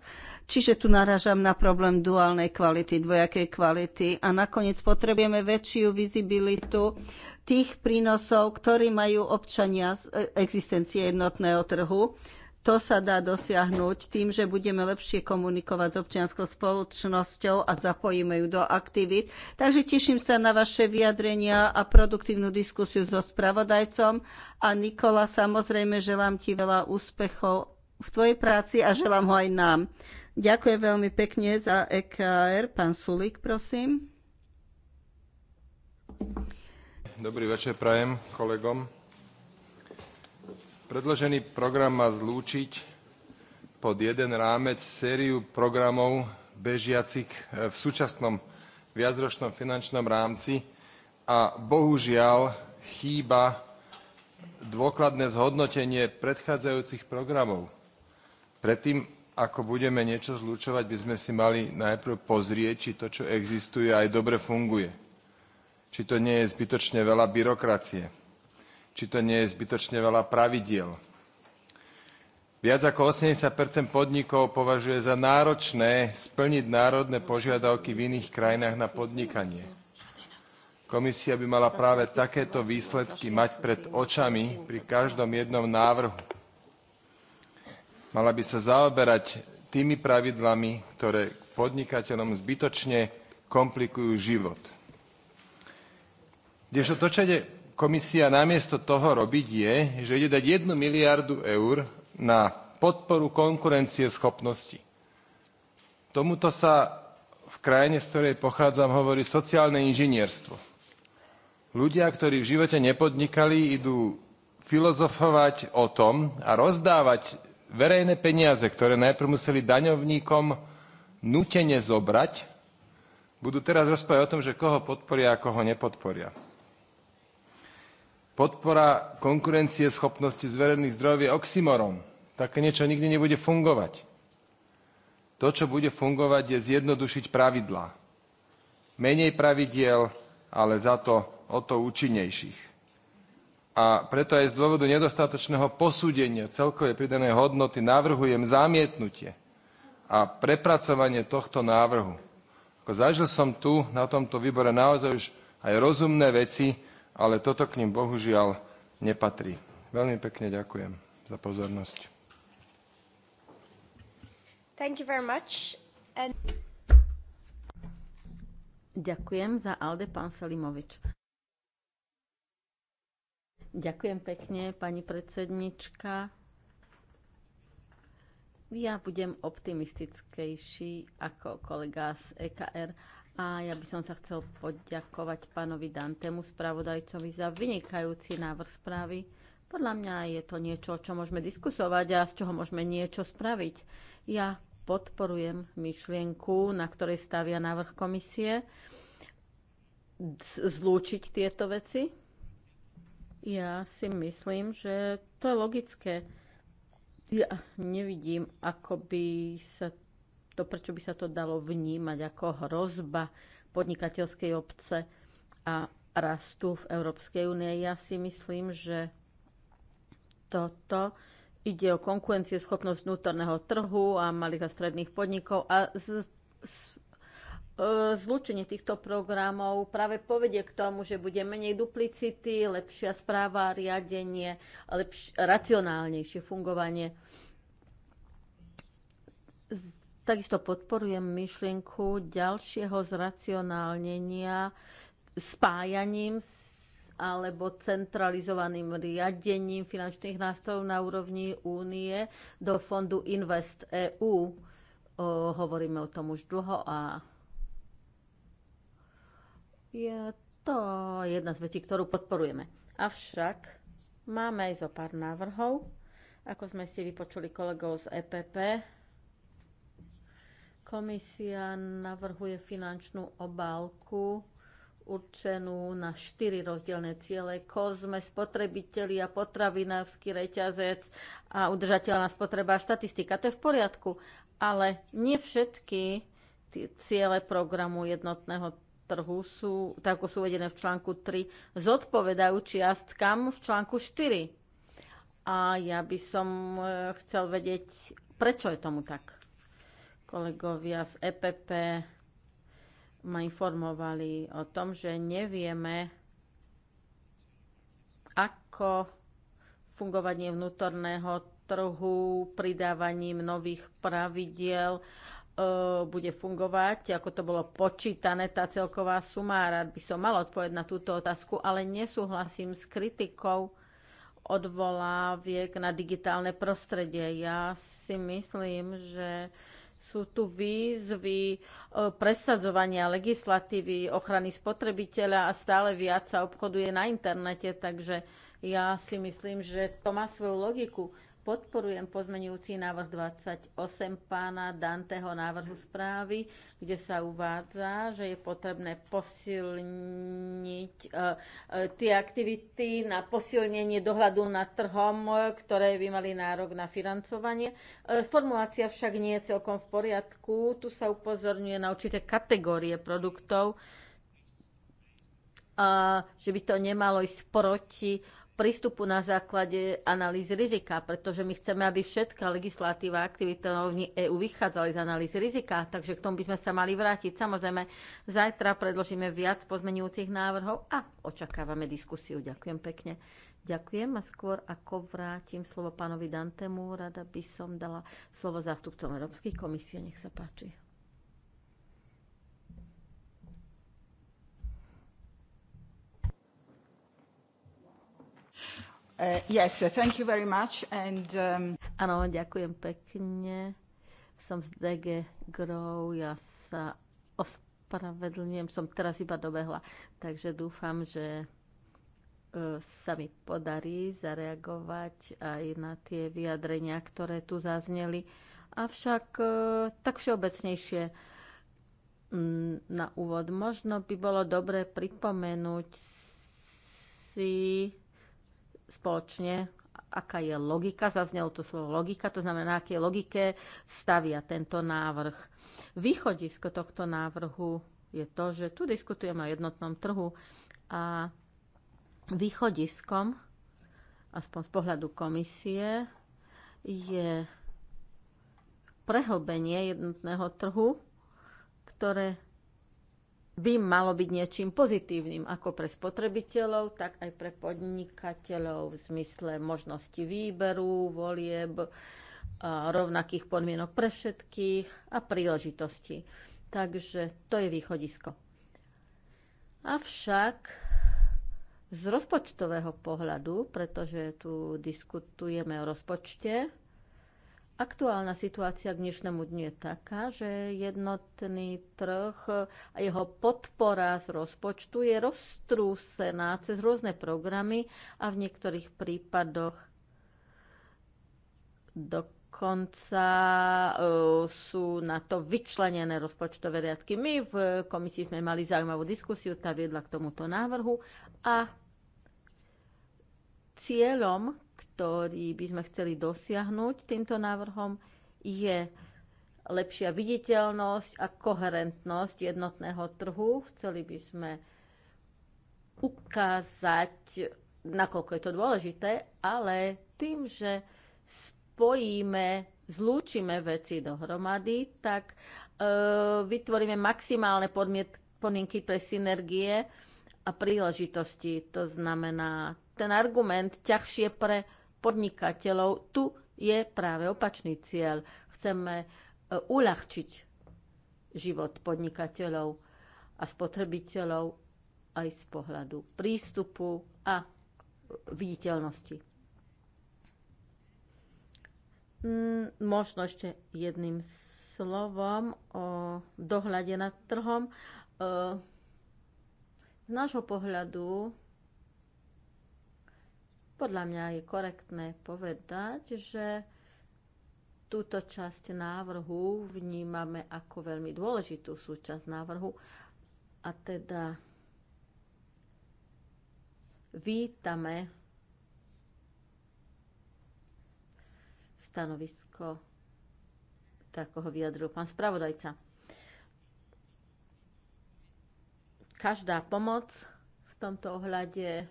Čiže tu naražam na problém duálnej kvality, dvojakej kvality a nakoniec potrebujeme väčšiu vizibilitu tých prínosov, ktorí majú občania z e, existencie jednotného trhu. To sa dá dosiahnuť tým, že budeme lepšie komunikovať s občianskou spoločnosťou a zapojíme ju do aktivít. Takže teším sa na vaše vyjadrenia a produktívnu diskusiu so spravodajcom. A Nikola, samozrejme, želám ti veľa úspechov v tvojej práci a želám ho aj nám. Ďakujem veľmi pekne za EKR. Pán Sulík, prosím. Dobrý večer prajem kolegom. Predložený program má zlúčiť pod jeden rámec sériu programov bežiacich e, v súčasnom viacročnom finančnom rámci a bohužiaľ chýba dôkladné zhodnotenie predchádzajúcich programov. Predtým ako budeme niečo zlučovať, by sme si mali najprv pozrieť, či to, čo existuje, aj dobre funguje. Či to nie je zbytočne veľa byrokracie. Či to nie je zbytočne veľa pravidiel. Viac ako 80 podnikov považuje za náročné splniť národné požiadavky v iných krajinách na podnikanie. Komisia by mala práve takéto výsledky mať pred očami pri každom jednom návrhu mala by sa zaoberať tými pravidlami, ktoré podnikateľom zbytočne komplikujú život. Kdežto to, čo ide komisia namiesto toho robiť, je, že ide dať jednu miliardu eur na podporu konkurencie schopnosti. Tomuto sa v krajine, z ktorej pochádzam, hovorí sociálne inžinierstvo. Ľudia, ktorí v živote nepodnikali, idú filozofovať o tom a rozdávať verejné peniaze, ktoré najprv museli daňovníkom nutene zobrať, budú teraz rozprávať o tom, že koho podporia a koho nepodporia. Podpora konkurencie schopnosti z verejných zdrojov je oxymoron. Také niečo nikdy nebude fungovať. To, čo bude fungovať, je zjednodušiť pravidlá. Menej pravidiel, ale za to o to účinnejších a preto aj z dôvodu nedostatočného posúdenia celkovej pridanej hodnoty navrhujem zamietnutie a prepracovanie tohto návrhu. Ako zažil som tu na tomto výbore naozaj už aj rozumné veci, ale toto k ním bohužiaľ nepatrí. Veľmi pekne ďakujem za pozornosť. Thank you very much. And... Ďakujem za Alde, pán Selimovič. Ďakujem pekne, pani predsednička. Ja budem optimistickejší ako kolega z EKR a ja by som sa chcel poďakovať pánovi Dantemu, spravodajcovi, za vynikajúci návrh správy. Podľa mňa je to niečo, čo môžeme diskusovať a z čoho môžeme niečo spraviť. Ja podporujem myšlienku, na ktorej stavia návrh komisie, zlúčiť tieto veci ja si myslím, že to je logické. Ja nevidím, ako by sa to, prečo by sa to dalo vnímať ako hrozba podnikateľskej obce a rastu v Európskej únie. Ja si myslím, že toto ide o konkurencieschopnosť vnútorného trhu a malých a stredných podnikov a z, z, E, zlučenie týchto programov práve povedie k tomu, že bude menej duplicity, lepšia správa, riadenie, lepš- racionálnejšie fungovanie. Takisto podporujem myšlienku ďalšieho zracionálnenia spájaním alebo centralizovaným riadením finančných nástrojov na úrovni únie do fondu Invest EU. O, hovoríme o tom už dlho a je to jedna z vecí, ktorú podporujeme. Avšak máme aj zo pár návrhov, ako sme si vypočuli kolegov z EPP. Komisia navrhuje finančnú obálku určenú na štyri rozdielne ciele. Kozme, a potravinársky reťazec a udržateľná spotreba a štatistika. To je v poriadku, ale nie všetky ciele programu jednotného trhu sú, tak ako sú uvedené v článku 3, zodpovedajú čiastkam v článku 4. A ja by som e, chcel vedieť, prečo je tomu tak. Kolegovia z EPP ma informovali o tom, že nevieme, ako fungovanie vnútorného trhu pridávaním nových pravidiel E, bude fungovať, ako to bolo počítané, tá celková suma. Rád by som mal odpovedť na túto otázku, ale nesúhlasím s kritikou odvoláviek na digitálne prostredie. Ja si myslím, že sú tu výzvy e, presadzovania legislatívy ochrany spotrebiteľa a stále viac sa obchoduje na internete, takže ja si myslím, že to má svoju logiku podporujem pozmenujúci návrh 28 pána Danteho návrhu správy, kde sa uvádza, že je potrebné posilniť e, e, tie aktivity na posilnenie dohľadu nad trhom, ktoré by mali nárok na financovanie. E, formulácia však nie je celkom v poriadku. Tu sa upozorňuje na určité kategórie produktov, že by to nemalo ísť proti prístupu na základe analýz rizika, pretože my chceme, aby všetká legislatíva aktivita na úrovni EÚ vychádzali z analýz rizika, takže k tomu by sme sa mali vrátiť. Samozrejme, zajtra predložíme viac pozmenujúcich návrhov a očakávame diskusiu. Ďakujem pekne. Ďakujem a skôr ako vrátim slovo pánovi Dantemu, rada by som dala slovo zástupcom Európskej komisie. Nech sa páči. Uh, yes, uh, thank you very much. And, um... Áno, ďakujem pekne. Som z DG Grow, ja sa ospravedlňujem, som teraz iba dobehla, takže dúfam, že uh, sa mi podarí zareagovať aj na tie vyjadrenia, ktoré tu zazneli. Avšak tak všeobecnejšie mm, na úvod. Možno by bolo dobre pripomenúť si spoločne, aká je logika, zaznelo to slovo logika, to znamená, aké logike stavia tento návrh. Východisko tohto návrhu je to, že tu diskutujeme o jednotnom trhu a východiskom, aspoň z pohľadu komisie, je prehlbenie jednotného trhu, ktoré by malo byť niečím pozitívnym ako pre spotrebiteľov, tak aj pre podnikateľov v zmysle možnosti výberu, volieb, rovnakých podmienok pre všetkých a príležitosti. Takže to je východisko. Avšak z rozpočtového pohľadu, pretože tu diskutujeme o rozpočte, Aktuálna situácia k dnešnému dňu je taká, že jednotný trh a jeho podpora z rozpočtu je roztrúsená cez rôzne programy a v niektorých prípadoch dokonca e, sú na to vyčlenené rozpočtové riadky. My v komisii sme mali zaujímavú diskusiu, tá viedla k tomuto návrhu a cieľom ktorý by sme chceli dosiahnuť týmto návrhom, je lepšia viditeľnosť a koherentnosť jednotného trhu. Chceli by sme ukázať, nakoľko je to dôležité, ale tým, že spojíme, zlúčime veci dohromady, tak e, vytvoríme maximálne podmienky pre synergie a príležitosti. To znamená ten argument ťažšie pre podnikateľov. Tu je práve opačný cieľ. Chceme e, uľahčiť život podnikateľov a spotrebiteľov aj z pohľadu prístupu a e, viditeľnosti. Mm, možno ešte jedným slovom o dohľade nad trhom. E, z nášho pohľadu podľa mňa je korektné povedať, že túto časť návrhu vnímame ako veľmi dôležitú súčasť návrhu a teda vítame stanovisko, tak ho vyjadril pán spravodajca. Každá pomoc v tomto ohľade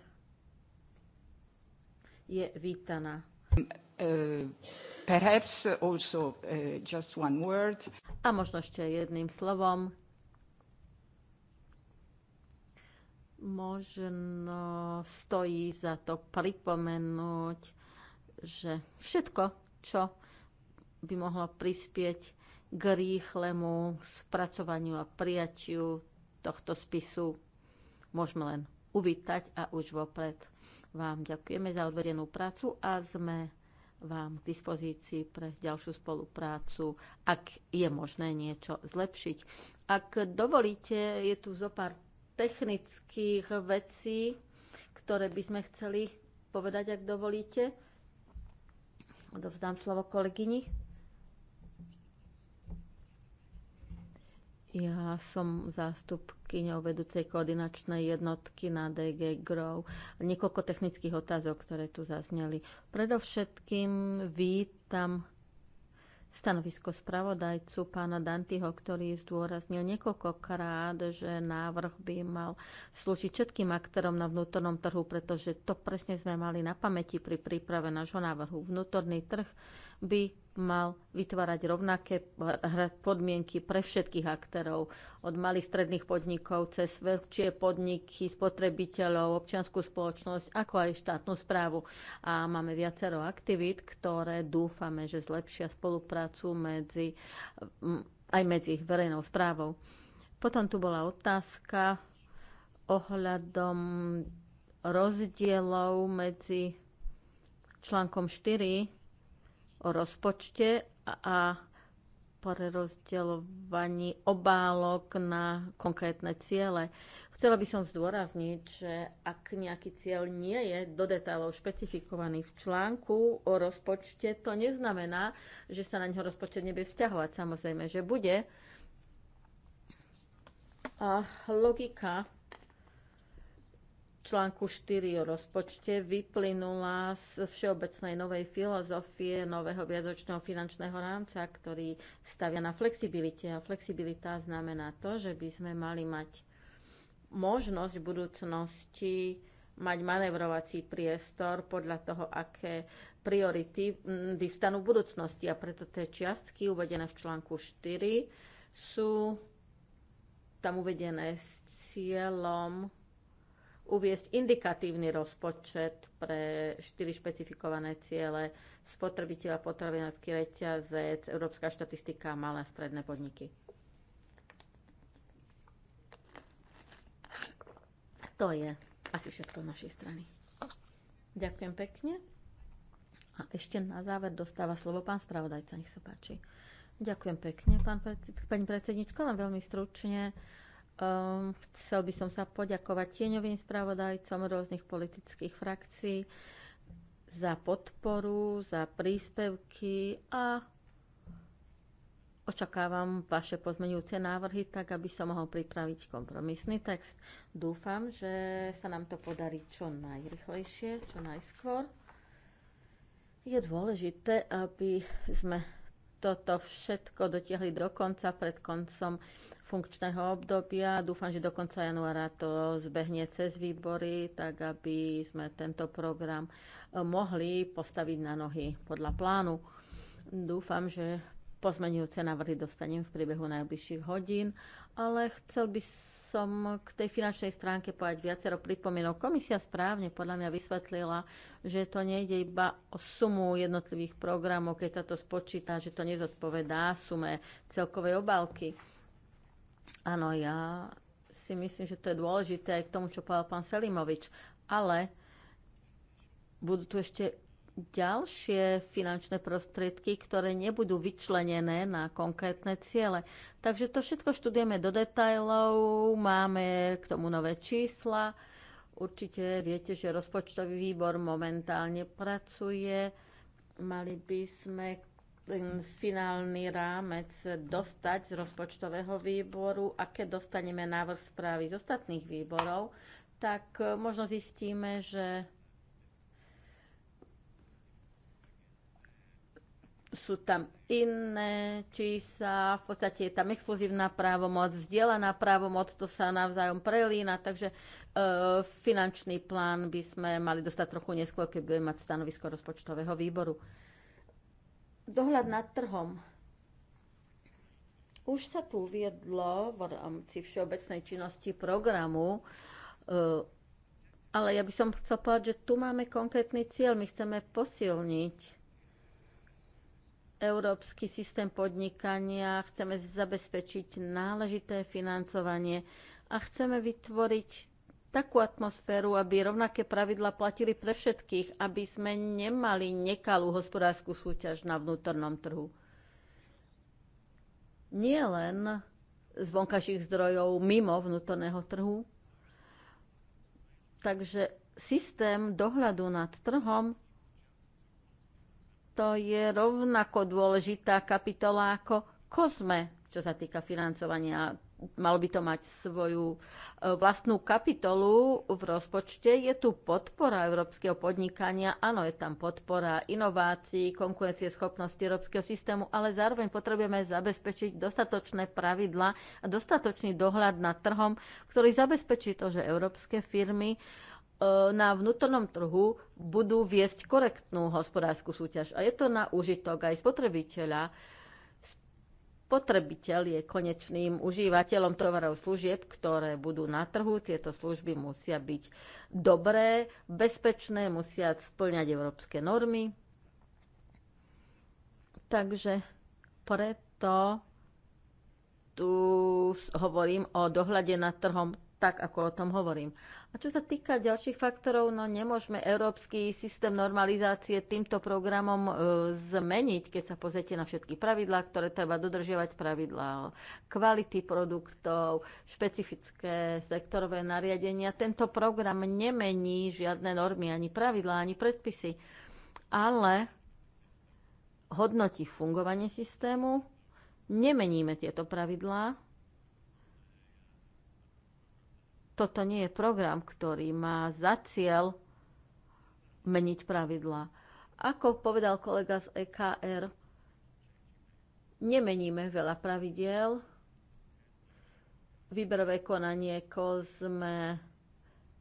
je vítaná. Eh, perhaps also eh, just one word. A možno ešte jedným slovom. Možno stojí za to pripomenúť, že všetko, čo by mohlo prispieť k rýchlemu spracovaniu a prijatiu tohto spisu, môžeme len uvítať a už vopred vám ďakujeme za odvedenú prácu a sme vám k dispozícii pre ďalšiu spoluprácu, ak je možné niečo zlepšiť. Ak dovolíte, je tu zo pár technických vecí, ktoré by sme chceli povedať, ak dovolíte. Odovzdám slovo kolegyni. Ja som zástupkyňou vedúcej koordinačnej jednotky na DG Grow. Niekoľko technických otázok, ktoré tu zazneli. Predovšetkým vítam stanovisko spravodajcu pána Dantyho, ktorý zdôraznil niekoľkokrát, že návrh by mal slúžiť všetkým aktérom na vnútornom trhu, pretože to presne sme mali na pamäti pri príprave nášho návrhu. Vnútorný trh by mal vytvárať rovnaké podmienky pre všetkých aktérov, od malých stredných podnikov cez väčšie podniky, spotrebiteľov, občianskú spoločnosť, ako aj štátnu správu. A máme viacero aktivít, ktoré dúfame, že zlepšia spoluprácu medzi, aj medzi verejnou správou. Potom tu bola otázka ohľadom rozdielov medzi článkom 4 o rozpočte a prerozdeľovaní obálok na konkrétne ciele. Chcela by som zdôrazniť, že ak nejaký cieľ nie je do detailov špecifikovaný v článku o rozpočte, to neznamená, že sa na ňo rozpočet nebude vzťahovať. Samozrejme, že bude. A logika článku 4 o rozpočte vyplynula z všeobecnej novej filozofie nového viazočného finančného rámca, ktorý stavia na flexibilite. A flexibilita znamená to, že by sme mali mať možnosť v budúcnosti mať manevrovací priestor podľa toho, aké priority mm, vyvstanú v budúcnosti. A preto tie čiastky uvedené v článku 4 sú tam uvedené s cieľom uviesť indikatívny rozpočet pre štyri špecifikované ciele spotrebiteľa, potravinársky reťazec, európska štatistika a malé a stredné podniky. To je asi všetko z našej strany. Ďakujem pekne. A ešte na záver dostáva slovo pán spravodajca, nech sa páči. Ďakujem pekne, pán pani predsedničko, len veľmi stručne. Um, chcel by som sa poďakovať tieňovým spravodajcom rôznych politických frakcií za podporu, za príspevky a očakávam vaše pozmeňujúce návrhy, tak aby som mohol pripraviť kompromisný text. Dúfam, že sa nám to podarí čo najrychlejšie, čo najskôr. Je dôležité, aby sme toto všetko dotiahli do konca pred koncom funkčného obdobia. Dúfam, že do konca januára to zbehne cez výbory, tak aby sme tento program e, mohli postaviť na nohy podľa plánu. Dúfam, že pozmenujúce návrhy dostanem v priebehu najbližších hodín ale chcel by som k tej finančnej stránke povedať viacero pripomienok. Komisia správne podľa mňa vysvetlila, že to nejde iba o sumu jednotlivých programov, keď sa to spočíta, že to nezodpovedá sume celkovej obálky. Áno, ja si myslím, že to je dôležité aj k tomu, čo povedal pán Selimovič, ale budú tu ešte ďalšie finančné prostriedky, ktoré nebudú vyčlenené na konkrétne ciele. Takže to všetko študujeme do detajlov, máme k tomu nové čísla. Určite viete, že rozpočtový výbor momentálne pracuje. Mali by sme ten finálny rámec dostať z rozpočtového výboru a keď dostaneme návrh správy z ostatných výborov, tak možno zistíme, že sú tam iné čísla, v podstate je tam exkluzívna právomoc, vzdielaná právomoc, to sa navzájom prelína, takže e, finančný plán by sme mali dostať trochu neskôr, keď budeme mať stanovisko rozpočtového výboru. Dohľad nad trhom. Už sa tu uviedlo v rámci všeobecnej činnosti programu e, ale ja by som chcel povedať, že tu máme konkrétny cieľ. My chceme posilniť európsky systém podnikania, chceme zabezpečiť náležité financovanie a chceme vytvoriť takú atmosféru, aby rovnaké pravidla platili pre všetkých, aby sme nemali nekalú hospodárskú súťaž na vnútornom trhu. Nie len z vonkajších zdrojov mimo vnútorného trhu. Takže systém dohľadu nad trhom to je rovnako dôležitá kapitola ako kozme, čo sa týka financovania. Malo by to mať svoju e, vlastnú kapitolu v rozpočte. Je tu podpora európskeho podnikania, áno, je tam podpora inovácií, konkurencie schopnosti európskeho systému, ale zároveň potrebujeme zabezpečiť dostatočné pravidla a dostatočný dohľad nad trhom, ktorý zabezpečí to, že európske firmy uh, E, na vnútornom trhu budú viesť korektnú hospodárskú súťaž. A je to na užitok aj spotrebiteľa. Spotrebiteľ je konečným užívateľom tovarov služieb, ktoré budú na trhu. Tieto služby musia byť dobré, bezpečné, musia splňať európske normy. Takže preto tu hovorím o dohľade nad trhom tak, ako o tom hovorím. A čo sa týka ďalších faktorov, no nemôžeme európsky systém normalizácie týmto programom e, zmeniť, keď sa pozrite na všetky pravidlá, ktoré treba dodržiavať, pravidlá kvality produktov, špecifické sektorové nariadenia. Tento program nemení žiadne normy, ani pravidlá, ani predpisy, ale hodnotí fungovanie systému, nemeníme tieto pravidlá, Toto nie je program, ktorý má za cieľ meniť pravidlá. Ako povedal kolega z EKR, nemeníme veľa pravidiel. Výberové konanie kozme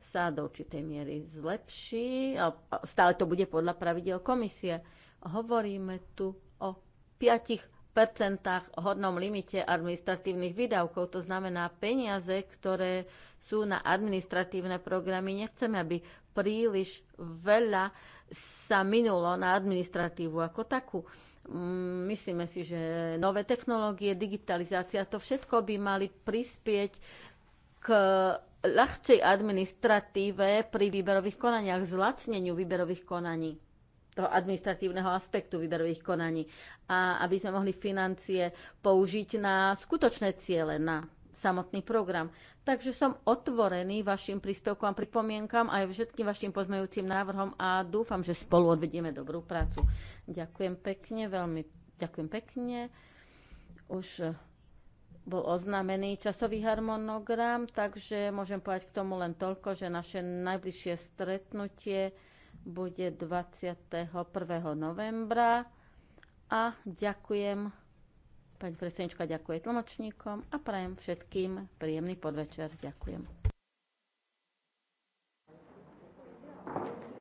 sa do určitej miery zlepší, stále to bude podľa pravidel komisie. Hovoríme tu o piatich percentách hodnom limite administratívnych výdavkov. To znamená peniaze, ktoré sú na administratívne programy. Nechceme, aby príliš veľa sa minulo na administratívu ako takú. Mm, myslíme si, že nové technológie, digitalizácia, to všetko by mali prispieť k ľahčej administratíve pri výberových konaniach, zlacneniu výberových konaní toho administratívneho aspektu výberových konaní a aby sme mohli financie použiť na skutočné ciele, na samotný program. Takže som otvorený vašim príspevkom a pripomienkam aj všetkým vašim pozmejúcim návrhom a dúfam, že spolu odvedieme dobrú prácu. Ďakujem pekne, veľmi ďakujem pekne. Už eh, bol oznámený časový harmonogram, takže môžem povedať k tomu len toľko, že naše najbližšie stretnutie bude 21. novembra a ďakujem pani predsednička, ďakujem tlmočníkom a prajem všetkým príjemný podvečer. Ďakujem.